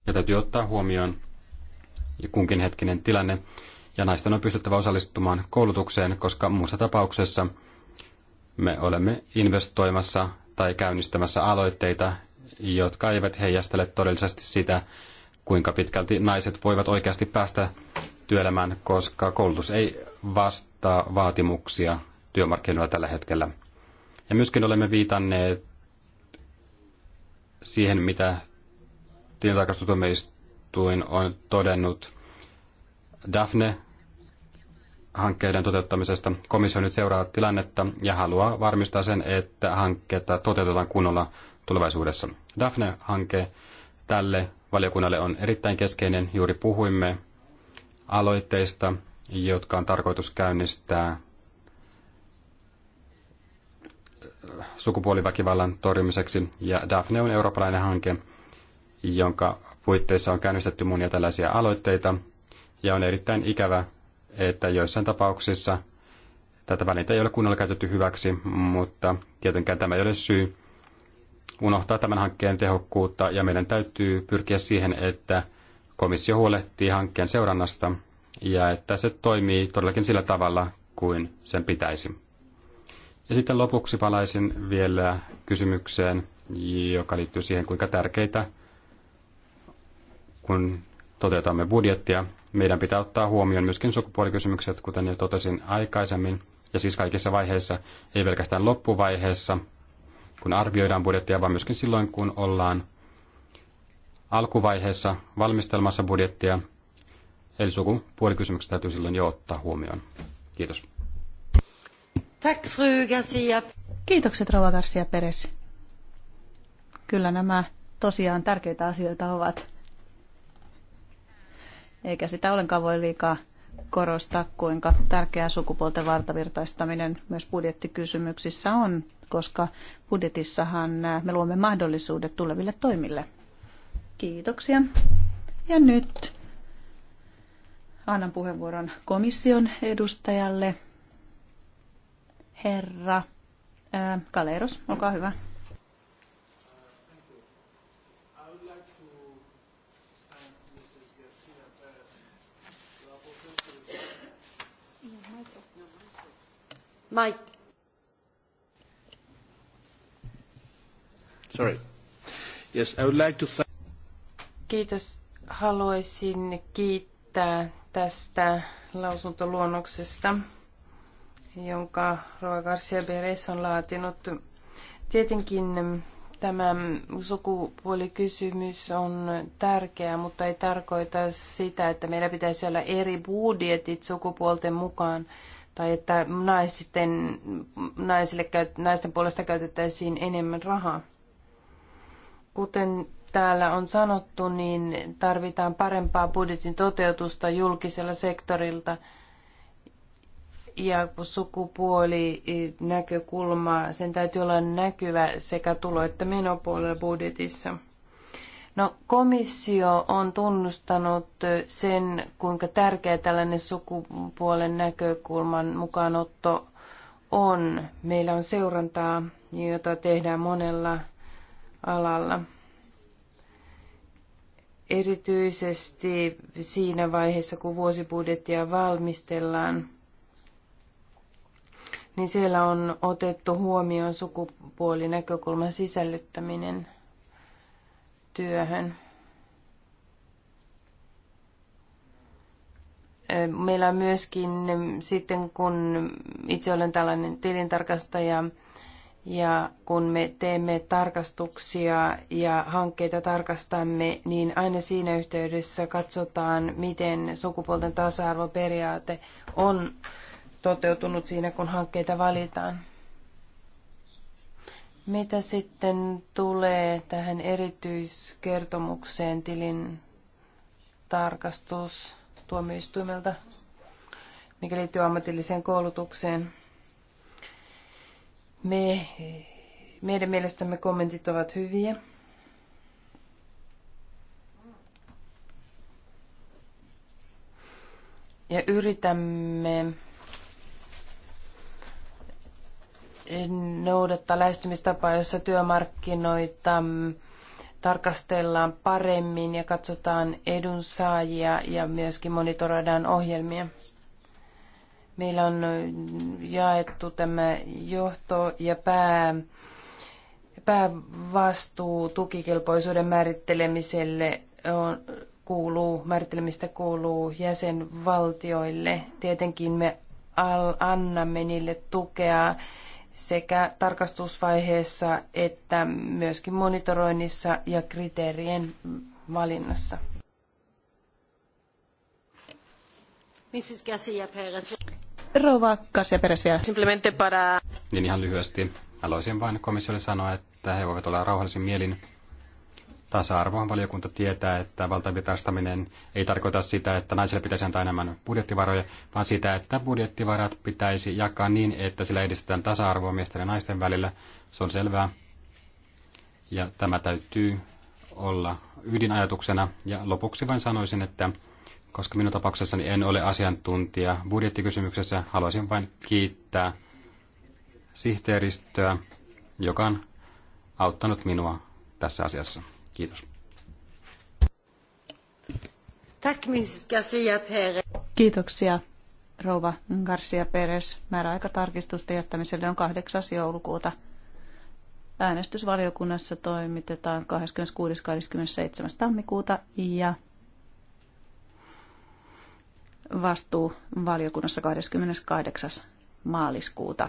ja täytyy ottaa huomioon kunkin hetkinen tilanne, ja naisten on pystyttävä osallistumaan koulutukseen, koska muussa tapauksessa me olemme investoimassa tai käynnistämässä aloitteita, jotka eivät heijastele todellisesti sitä, kuinka pitkälti naiset voivat oikeasti päästä työelämään, koska koulutus ei vastaa vaatimuksia työmarkkinoilla tällä hetkellä. Ja myöskin olemme viitanneet siihen, mitä tilintarkastustuomioistuin on todennut Daphne hankkeiden toteuttamisesta. Komissio nyt seuraa tilannetta ja haluaa varmistaa sen, että hankkeita toteutetaan kunnolla tulevaisuudessa. Daphne-hanke tälle valiokunnalle on erittäin keskeinen. Juuri puhuimme aloitteista, jotka on tarkoitus käynnistää sukupuoliväkivallan torjumiseksi. Ja Daphne on eurooppalainen hanke, jonka puitteissa on käynnistetty monia tällaisia aloitteita. Ja on erittäin ikävä, että joissain tapauksissa tätä välintä ei ole kunnolla käytetty hyväksi, mutta tietenkään tämä ei ole syy unohtaa tämän hankkeen tehokkuutta ja meidän täytyy pyrkiä siihen, että komissio huolehtii hankkeen seurannasta ja että se toimii todellakin sillä tavalla kuin sen pitäisi. Ja sitten lopuksi palaisin vielä kysymykseen, joka liittyy siihen, kuinka tärkeitä kun toteutamme budjettia, meidän pitää ottaa huomioon myöskin sukupuolikysymykset, kuten jo totesin aikaisemmin, ja siis kaikissa vaiheissa, ei pelkästään loppuvaiheessa, kun arvioidaan budjettia, vaan myöskin silloin, kun ollaan alkuvaiheessa valmistelmassa budjettia. Eli sukupuolikysymykset täytyy silloin jo ottaa huomioon. Kiitos. Tack, fru Garcia. Kiitokset, Rova Garcia Peres. Kyllä nämä tosiaan tärkeitä asioita ovat eikä sitä ollenkaan voi liikaa korostaa, kuinka tärkeää sukupuolten valtavirtaistaminen myös budjettikysymyksissä on, koska budjetissahan äh, me luomme mahdollisuudet tuleville toimille. Kiitoksia. Ja nyt annan puheenvuoron komission edustajalle. Herra äh, Kaleros, olkaa hyvä. Mike. Sorry. Yes, I would like to thank... Kiitos. Haluaisin kiittää tästä lausuntoluonnoksesta, jonka Roa Garcia Beres on laatinut. Tietenkin tämä sukupuolikysymys on tärkeä, mutta ei tarkoita sitä, että meillä pitäisi olla eri budjetit sukupuolten mukaan tai että naisten, naisille, naisten puolesta käytettäisiin enemmän rahaa. Kuten täällä on sanottu, niin tarvitaan parempaa budjetin toteutusta julkisella sektorilta ja sukupuoli näkökulmaa, sen täytyy olla näkyvä sekä tulo- että menopuolella budjetissa. No komissio on tunnustanut sen, kuinka tärkeä tällainen sukupuolen näkökulman mukaanotto on. Meillä on seurantaa, jota tehdään monella alalla. Erityisesti siinä vaiheessa, kun vuosibudjettia valmistellaan, niin siellä on otettu huomioon sukupuolinäkökulman sisällyttäminen – työhön. Meillä on myöskin mm, sitten, kun itse olen tällainen tilintarkastaja, ja kun me teemme tarkastuksia ja hankkeita tarkastamme, niin aina siinä yhteydessä katsotaan, miten sukupuolten tasa-arvoperiaate on toteutunut siinä, kun hankkeita valitaan. Mitä sitten tulee tähän erityiskertomukseen tilin tarkastus tuomioistuimelta, mikä liittyy ammatilliseen koulutukseen? Me, meidän mielestämme kommentit ovat hyviä. Ja yritämme noudattaa lähestymistapaa, jossa työmarkkinoita mm, tarkastellaan paremmin ja katsotaan edunsaajia ja myöskin monitoroidaan ohjelmia. Meillä on jaettu tämä johto ja pää, päävastuu tukikelpoisuuden määrittelemiselle on, kuuluu, määrittelemistä kuuluu jäsenvaltioille. Tietenkin me annamme niille tukea sekä tarkastusvaiheessa että myöskin monitoroinnissa ja kriteerien valinnassa. Mrs. Garcia Perez. Rouva Garcia Perez vielä. Simplemente para... Niin ihan lyhyesti. Haluaisin vain komissiolle sanoa, että he voivat olla rauhallisin mielin tasa arvoon valiokunta tietää, että valtavirtaistaminen ei tarkoita sitä, että naisille pitäisi antaa enemmän budjettivaroja, vaan sitä, että budjettivarat pitäisi jakaa niin, että sillä edistetään tasa-arvoa miesten ja naisten välillä. Se on selvää. Ja tämä täytyy olla ydinajatuksena. Ja lopuksi vain sanoisin, että koska minun tapauksessani en ole asiantuntija budjettikysymyksessä, haluaisin vain kiittää sihteeristöä, joka on auttanut minua tässä asiassa. Kiitos. Kiitoksia, rouva Garcia Perez. Määräaikatarkistusta jättämiselle on 8. joulukuuta. Äänestysvaliokunnassa toimitetaan 26.–27. tammikuuta ja vastuu valiokunnassa 28. maaliskuuta.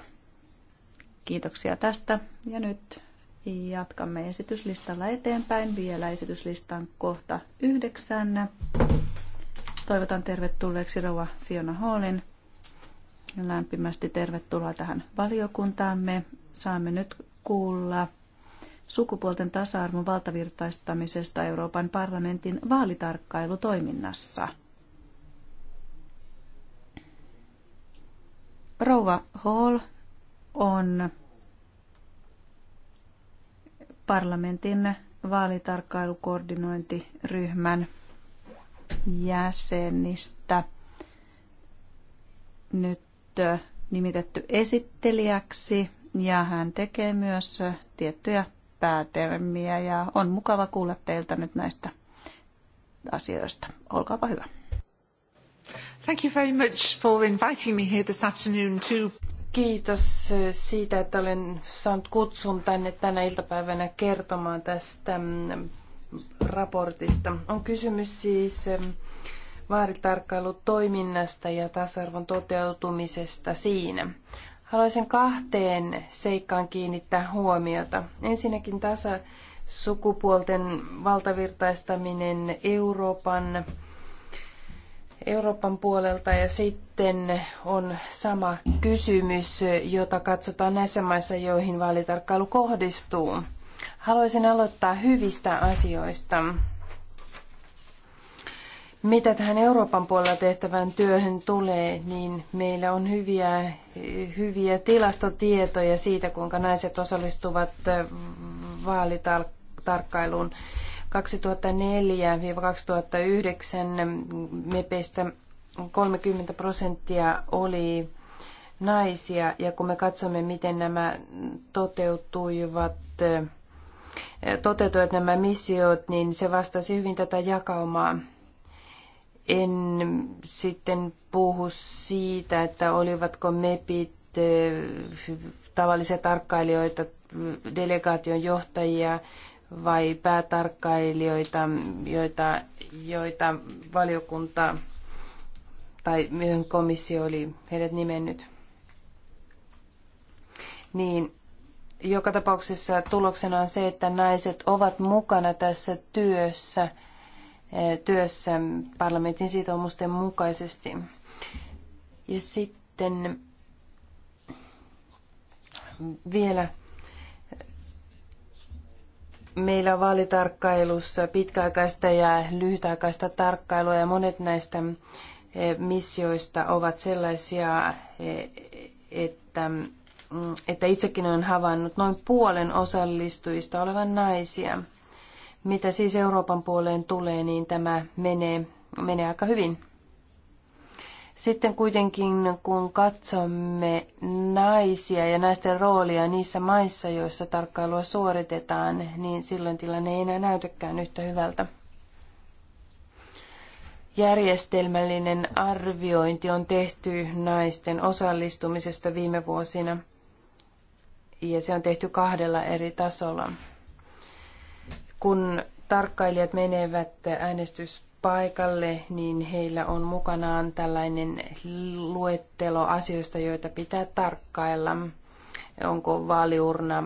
Kiitoksia tästä ja nyt Jatkamme esityslistalla eteenpäin vielä esityslistan kohta yhdeksän. Toivotan tervetulleeksi rouva Fiona Hallin. Lämpimästi tervetuloa tähän valiokuntaamme. Saamme nyt kuulla sukupuolten tasa-arvon valtavirtaistamisesta Euroopan parlamentin vaalitarkkailutoiminnassa. Rouva Hall on parlamentin vaalitarkkailukoordinointiryhmän jäsenistä nyt nimitetty esittelijäksi ja hän tekee myös tiettyjä päätelmiä ja on mukava kuulla teiltä nyt näistä asioista. Olkaapa hyvä. Thank you very much for inviting me here this afternoon to... Kiitos siitä, että olen saanut kutsun tänne tänä iltapäivänä kertomaan tästä mm, raportista. On kysymys siis mm, vaaritarkkailutoiminnasta ja tasa-arvon toteutumisesta siinä. Haluaisin kahteen seikkaan kiinnittää huomiota. Ensinnäkin tasa sukupuolten valtavirtaistaminen Euroopan Euroopan puolelta ja sitten on sama kysymys, jota katsotaan näissä maissa, joihin vaalitarkkailu kohdistuu. Haluaisin aloittaa hyvistä asioista. Mitä tähän Euroopan puolella tehtävään työhön tulee, niin meillä on hyviä, hyviä tilastotietoja siitä, kuinka naiset osallistuvat vaalitarkkailuun. Vaalitark- 2004-2009 mepeistä 30 prosenttia oli naisia, ja kun me katsomme, miten nämä toteutuivat, toteutuivat nämä missiot, niin se vastasi hyvin tätä jakaumaa. En sitten puhu siitä, että olivatko mepit eh, tavallisia tarkkailijoita, delegaation johtajia, vai päätarkkailijoita, joita, joita valiokunta tai komissio oli heidät nimennyt. Niin joka tapauksessa tuloksena on se, että naiset ovat mukana tässä työssä, eh, työssä parlamentin sitoumusten mukaisesti. Ja sitten vielä Meillä vaalitarkkailussa pitkäaikaista ja lyhytaikaista tarkkailua ja monet näistä eh, missioista ovat sellaisia, eh, että, mm, että itsekin olen havainnut noin puolen osallistujista olevan naisia. Mitä siis Euroopan puoleen tulee, niin tämä menee, menee aika hyvin. Sitten kuitenkin, kun katsomme naisia ja naisten roolia niissä maissa, joissa tarkkailua suoritetaan, niin silloin tilanne ei enää näytäkään yhtä hyvältä. Järjestelmällinen arviointi on tehty naisten osallistumisesta viime vuosina, ja se on tehty kahdella eri tasolla. Kun tarkkailijat menevät äänestys paikalle, niin heillä on mukanaan tällainen luettelo asioista, joita pitää tarkkailla. Onko vaaliurna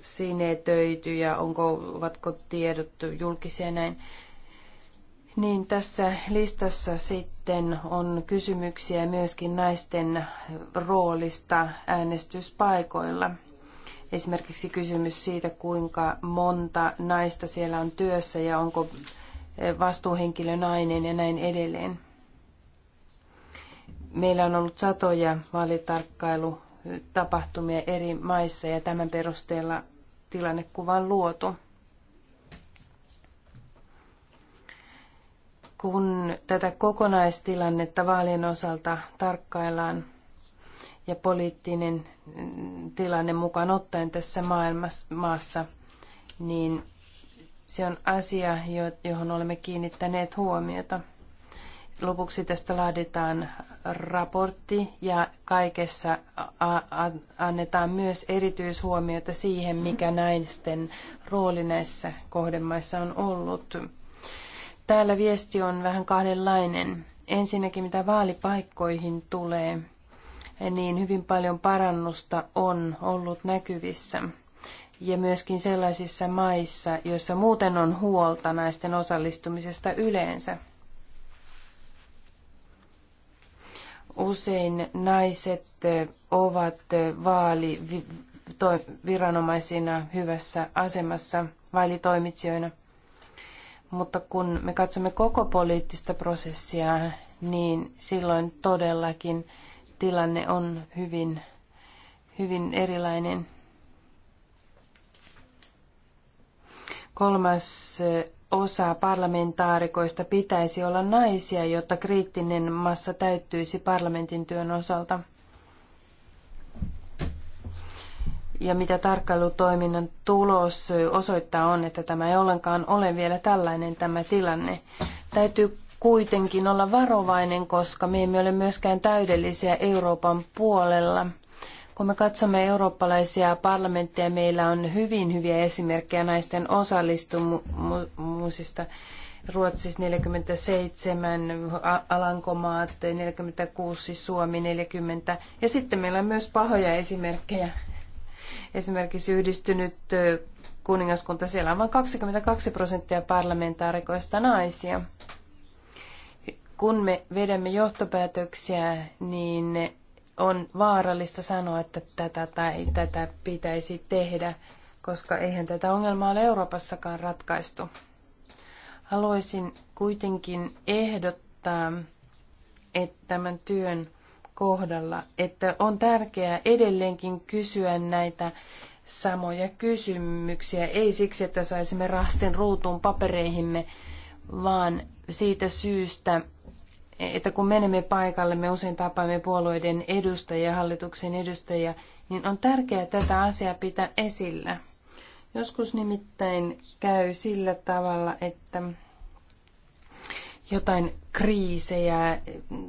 sinetöity ja onko, ovatko tiedot julkisia näin. Niin tässä listassa sitten on kysymyksiä myöskin naisten roolista äänestyspaikoilla. Esimerkiksi kysymys siitä, kuinka monta naista siellä on työssä ja onko vastuuhenkilö nainen ja näin edelleen. Meillä on ollut satoja vaalitarkkailutapahtumia eri maissa ja tämän perusteella tilannekuva on luotu. Kun tätä kokonaistilannetta vaalien osalta tarkkaillaan ja poliittinen tilanne mukaan ottaen tässä maailmassa, maassa, niin se on asia, johon olemme kiinnittäneet huomiota. Lopuksi tästä laaditaan raportti ja kaikessa annetaan myös erityishuomiota siihen, mikä naisten rooli näissä kohdemaissa on ollut. Täällä viesti on vähän kahdenlainen. Ensinnäkin mitä vaalipaikkoihin tulee, niin hyvin paljon parannusta on ollut näkyvissä ja myöskin sellaisissa maissa, joissa muuten on huolta naisten osallistumisesta yleensä. Usein naiset ovat vaaliviranomaisina hyvässä asemassa vaalitoimitsijoina. Mutta kun me katsomme koko poliittista prosessia, niin silloin todellakin tilanne on hyvin, hyvin erilainen. kolmas eh, osa parlamentaarikoista pitäisi olla naisia, jotta kriittinen massa täyttyisi parlamentin työn osalta. Ja mitä tarkkailutoiminnan tulos osoittaa on, että tämä ei ollenkaan ole vielä tällainen tämä tilanne. Täytyy kuitenkin olla varovainen, koska me emme ole myöskään täydellisiä Euroopan puolella – kun me katsomme eurooppalaisia parlamentteja, meillä on hyvin hyviä esimerkkejä naisten osallistumisesta. Ruotsissa 47, Alankomaat 46, Suomi 40. Ja sitten meillä on myös pahoja esimerkkejä. Esimerkiksi yhdistynyt kuningaskunta, siellä on vain 22 prosenttia parlamentaarikoista naisia. Kun me vedämme johtopäätöksiä, niin on vaarallista sanoa, että tätä tai tätä pitäisi tehdä, koska eihän tätä ongelmaa ole Euroopassakaan ratkaistu. Haluaisin kuitenkin ehdottaa, että tämän työn kohdalla, että on tärkeää edelleenkin kysyä näitä samoja kysymyksiä, ei siksi, että saisimme rasten ruutuun papereihimme, vaan siitä syystä, että kun menemme paikalle, me usein tapaamme puolueiden edustajia, hallituksen edustajia, niin on tärkeää tätä asiaa pitää esillä. Joskus nimittäin käy sillä tavalla, että jotain kriisejä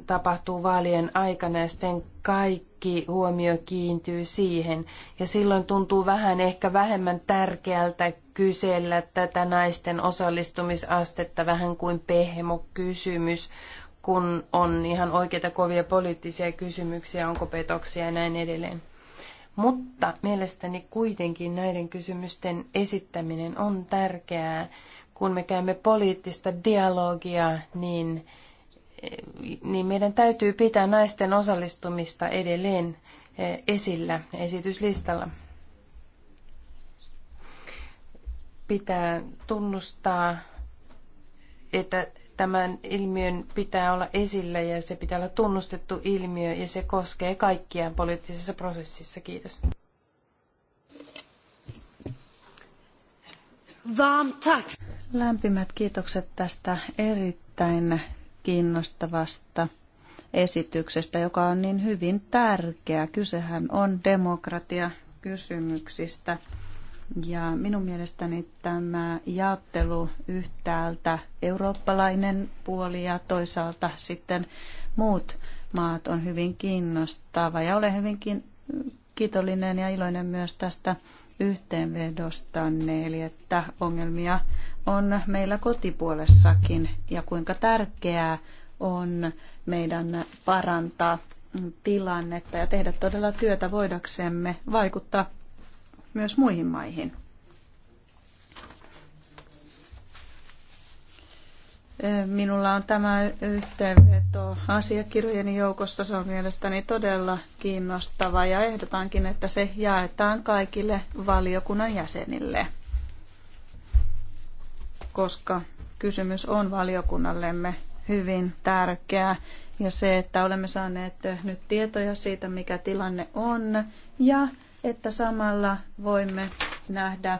tapahtuu vaalien aikana ja sitten kaikki huomio kiintyy siihen. Ja silloin tuntuu vähän ehkä vähemmän tärkeältä kysellä tätä naisten osallistumisastetta vähän kuin pehmo kysymys, kun on ihan oikeita kovia poliittisia kysymyksiä, onko petoksia ja näin edelleen. Mutta mielestäni kuitenkin näiden kysymysten esittäminen on tärkeää, kun me käymme poliittista dialogia, niin, niin meidän täytyy pitää naisten osallistumista edelleen eh, esillä esityslistalla. Pitää tunnustaa, että tämän ilmiön pitää olla esillä ja se pitää olla tunnustettu ilmiö ja se koskee kaikkia poliittisessa prosessissa. Kiitos. Lämpimät kiitokset tästä erittäin kiinnostavasta esityksestä, joka on niin hyvin tärkeä. Kysehän on demokratiakysymyksistä. kysymyksistä ja minun mielestäni tämä jaottelu yhtäältä eurooppalainen puoli ja toisaalta sitten muut maat on hyvin kiinnostava. Ja olen hyvinkin kiitollinen ja iloinen myös tästä yhteenvedostanne, eli että ongelmia on meillä kotipuolessakin ja kuinka tärkeää on meidän parantaa tilannetta ja tehdä todella työtä voidaksemme vaikuttaa myös muihin maihin. Minulla on tämä yhteenveto asiakirjojeni joukossa. Se on mielestäni todella kiinnostava ja ehdotankin, että se jaetaan kaikille valiokunnan jäsenille, koska kysymys on valiokunnallemme hyvin tärkeä. Ja se, että olemme saaneet nyt tietoja siitä, mikä tilanne on ja että samalla voimme nähdä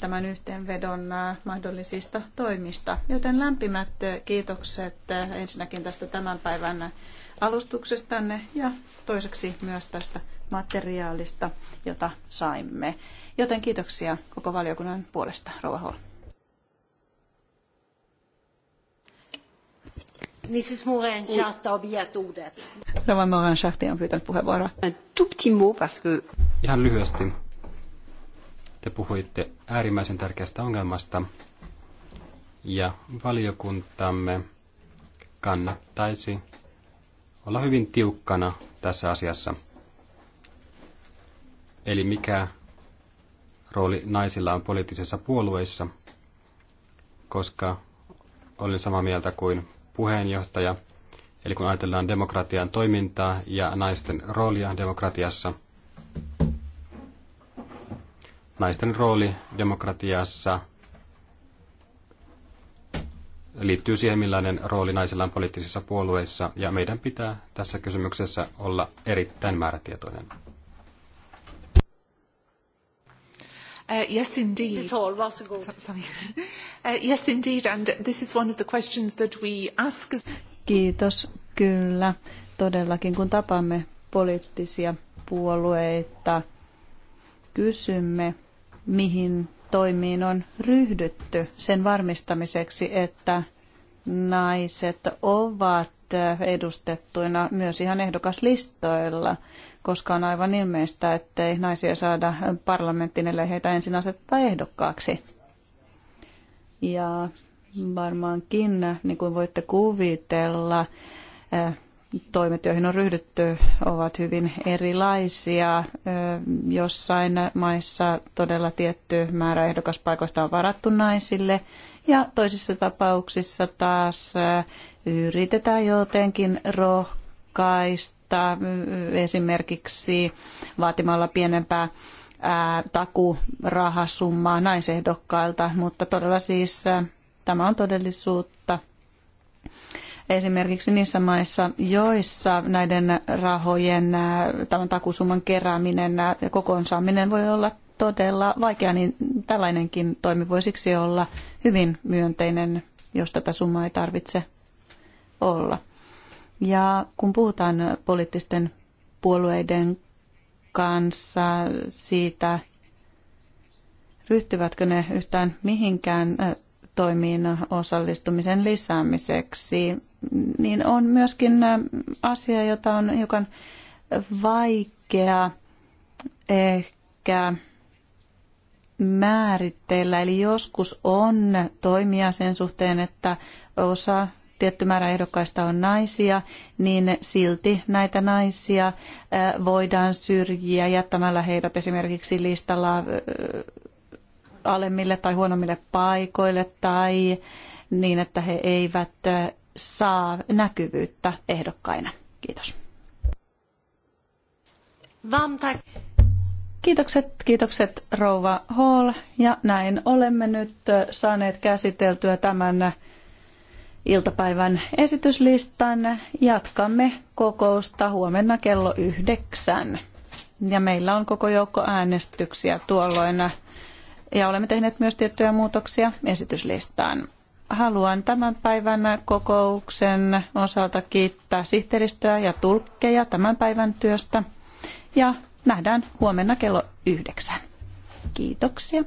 tämän yhteenvedon mahdollisista toimista. Joten lämpimät kiitokset ensinnäkin tästä tämän päivän alustuksestanne ja toiseksi myös tästä materiaalista, jota saimme. Joten kiitoksia koko valiokunnan puolesta, Rouva Holm. Mrs. Morin Charta on vielä uudet. Rova Morin Charti on pyytänyt puheenvuoroa. Ihan lyhyesti. Te puhuitte äärimmäisen tärkeästä ongelmasta ja valiokuntamme kannattaisi olla hyvin tiukkana tässä asiassa. Eli mikä rooli naisilla on poliittisissa puolueissa, koska olen samaa mieltä kuin puheenjohtaja. Eli kun ajatellaan demokratian toimintaa ja naisten roolia demokratiassa, naisten rooli demokratiassa liittyy siihen, millainen rooli naisilla on poliittisissa puolueissa, ja meidän pitää tässä kysymyksessä olla erittäin määrätietoinen. Uh, yes, indeed. all was Uh, yes, indeed, and this is one of the questions that we ask. Kiitos, kyllä. Todellakin, kun tapaamme poliittisia puolueita, kysymme, mihin toimiin on ryhdytty sen varmistamiseksi, että naiset ovat Äh, edustettuina myös ihan ehdokaslistoilla, koska on aivan ilmeistä, ettei naisia saada parlamenttiin, ellei heitä ensin aseteta ehdokkaaksi. Ja varmaankin, niin kuin voitte kuvitella, äh, toimet, joihin on ryhdytty, ovat hyvin erilaisia. Jossain maissa todella tietty määrä ehdokaspaikoista on varattu naisille ja toisissa tapauksissa taas yritetään jotenkin rohkaista esimerkiksi vaatimalla pienempää ää, takurahasummaa naisehdokkailta, mutta todella siis tämä on todellisuutta. Esimerkiksi niissä maissa, joissa näiden rahojen, ää, tämän takusumman kerääminen ja kokoonsaaminen voi olla todella vaikea, niin tällainenkin toimi voi siksi olla hyvin myönteinen, jos tätä summaa ei tarvitse olla. Ja kun puhutaan poliittisten puolueiden kanssa siitä, ryhtyvätkö ne yhtään mihinkään toimiin osallistumisen lisäämiseksi, niin on myöskin asia, jota on hiukan vaikea ehkä määritteillä. Eli joskus on toimia sen suhteen, että osa tietty määrä ehdokkaista on naisia, niin silti näitä naisia äh, voidaan syrjiä jättämällä heidät esimerkiksi listalla äh, alemmille tai huonommille paikoille tai niin, että he eivät äh, saa näkyvyyttä ehdokkaina. Kiitos. Kiitokset, kiitokset rouva Hall. Ja näin olemme nyt saaneet käsiteltyä tämän iltapäivän esityslistan. Jatkamme kokousta huomenna kello yhdeksän. Ja meillä on koko joukko äänestyksiä tuolloin. Ja olemme tehneet myös tiettyjä muutoksia esityslistaan. Haluan tämän päivän kokouksen osalta kiittää sihteeristöä ja tulkkeja tämän päivän työstä. Ja nähdään huomenna kello yhdeksän. Kiitoksia.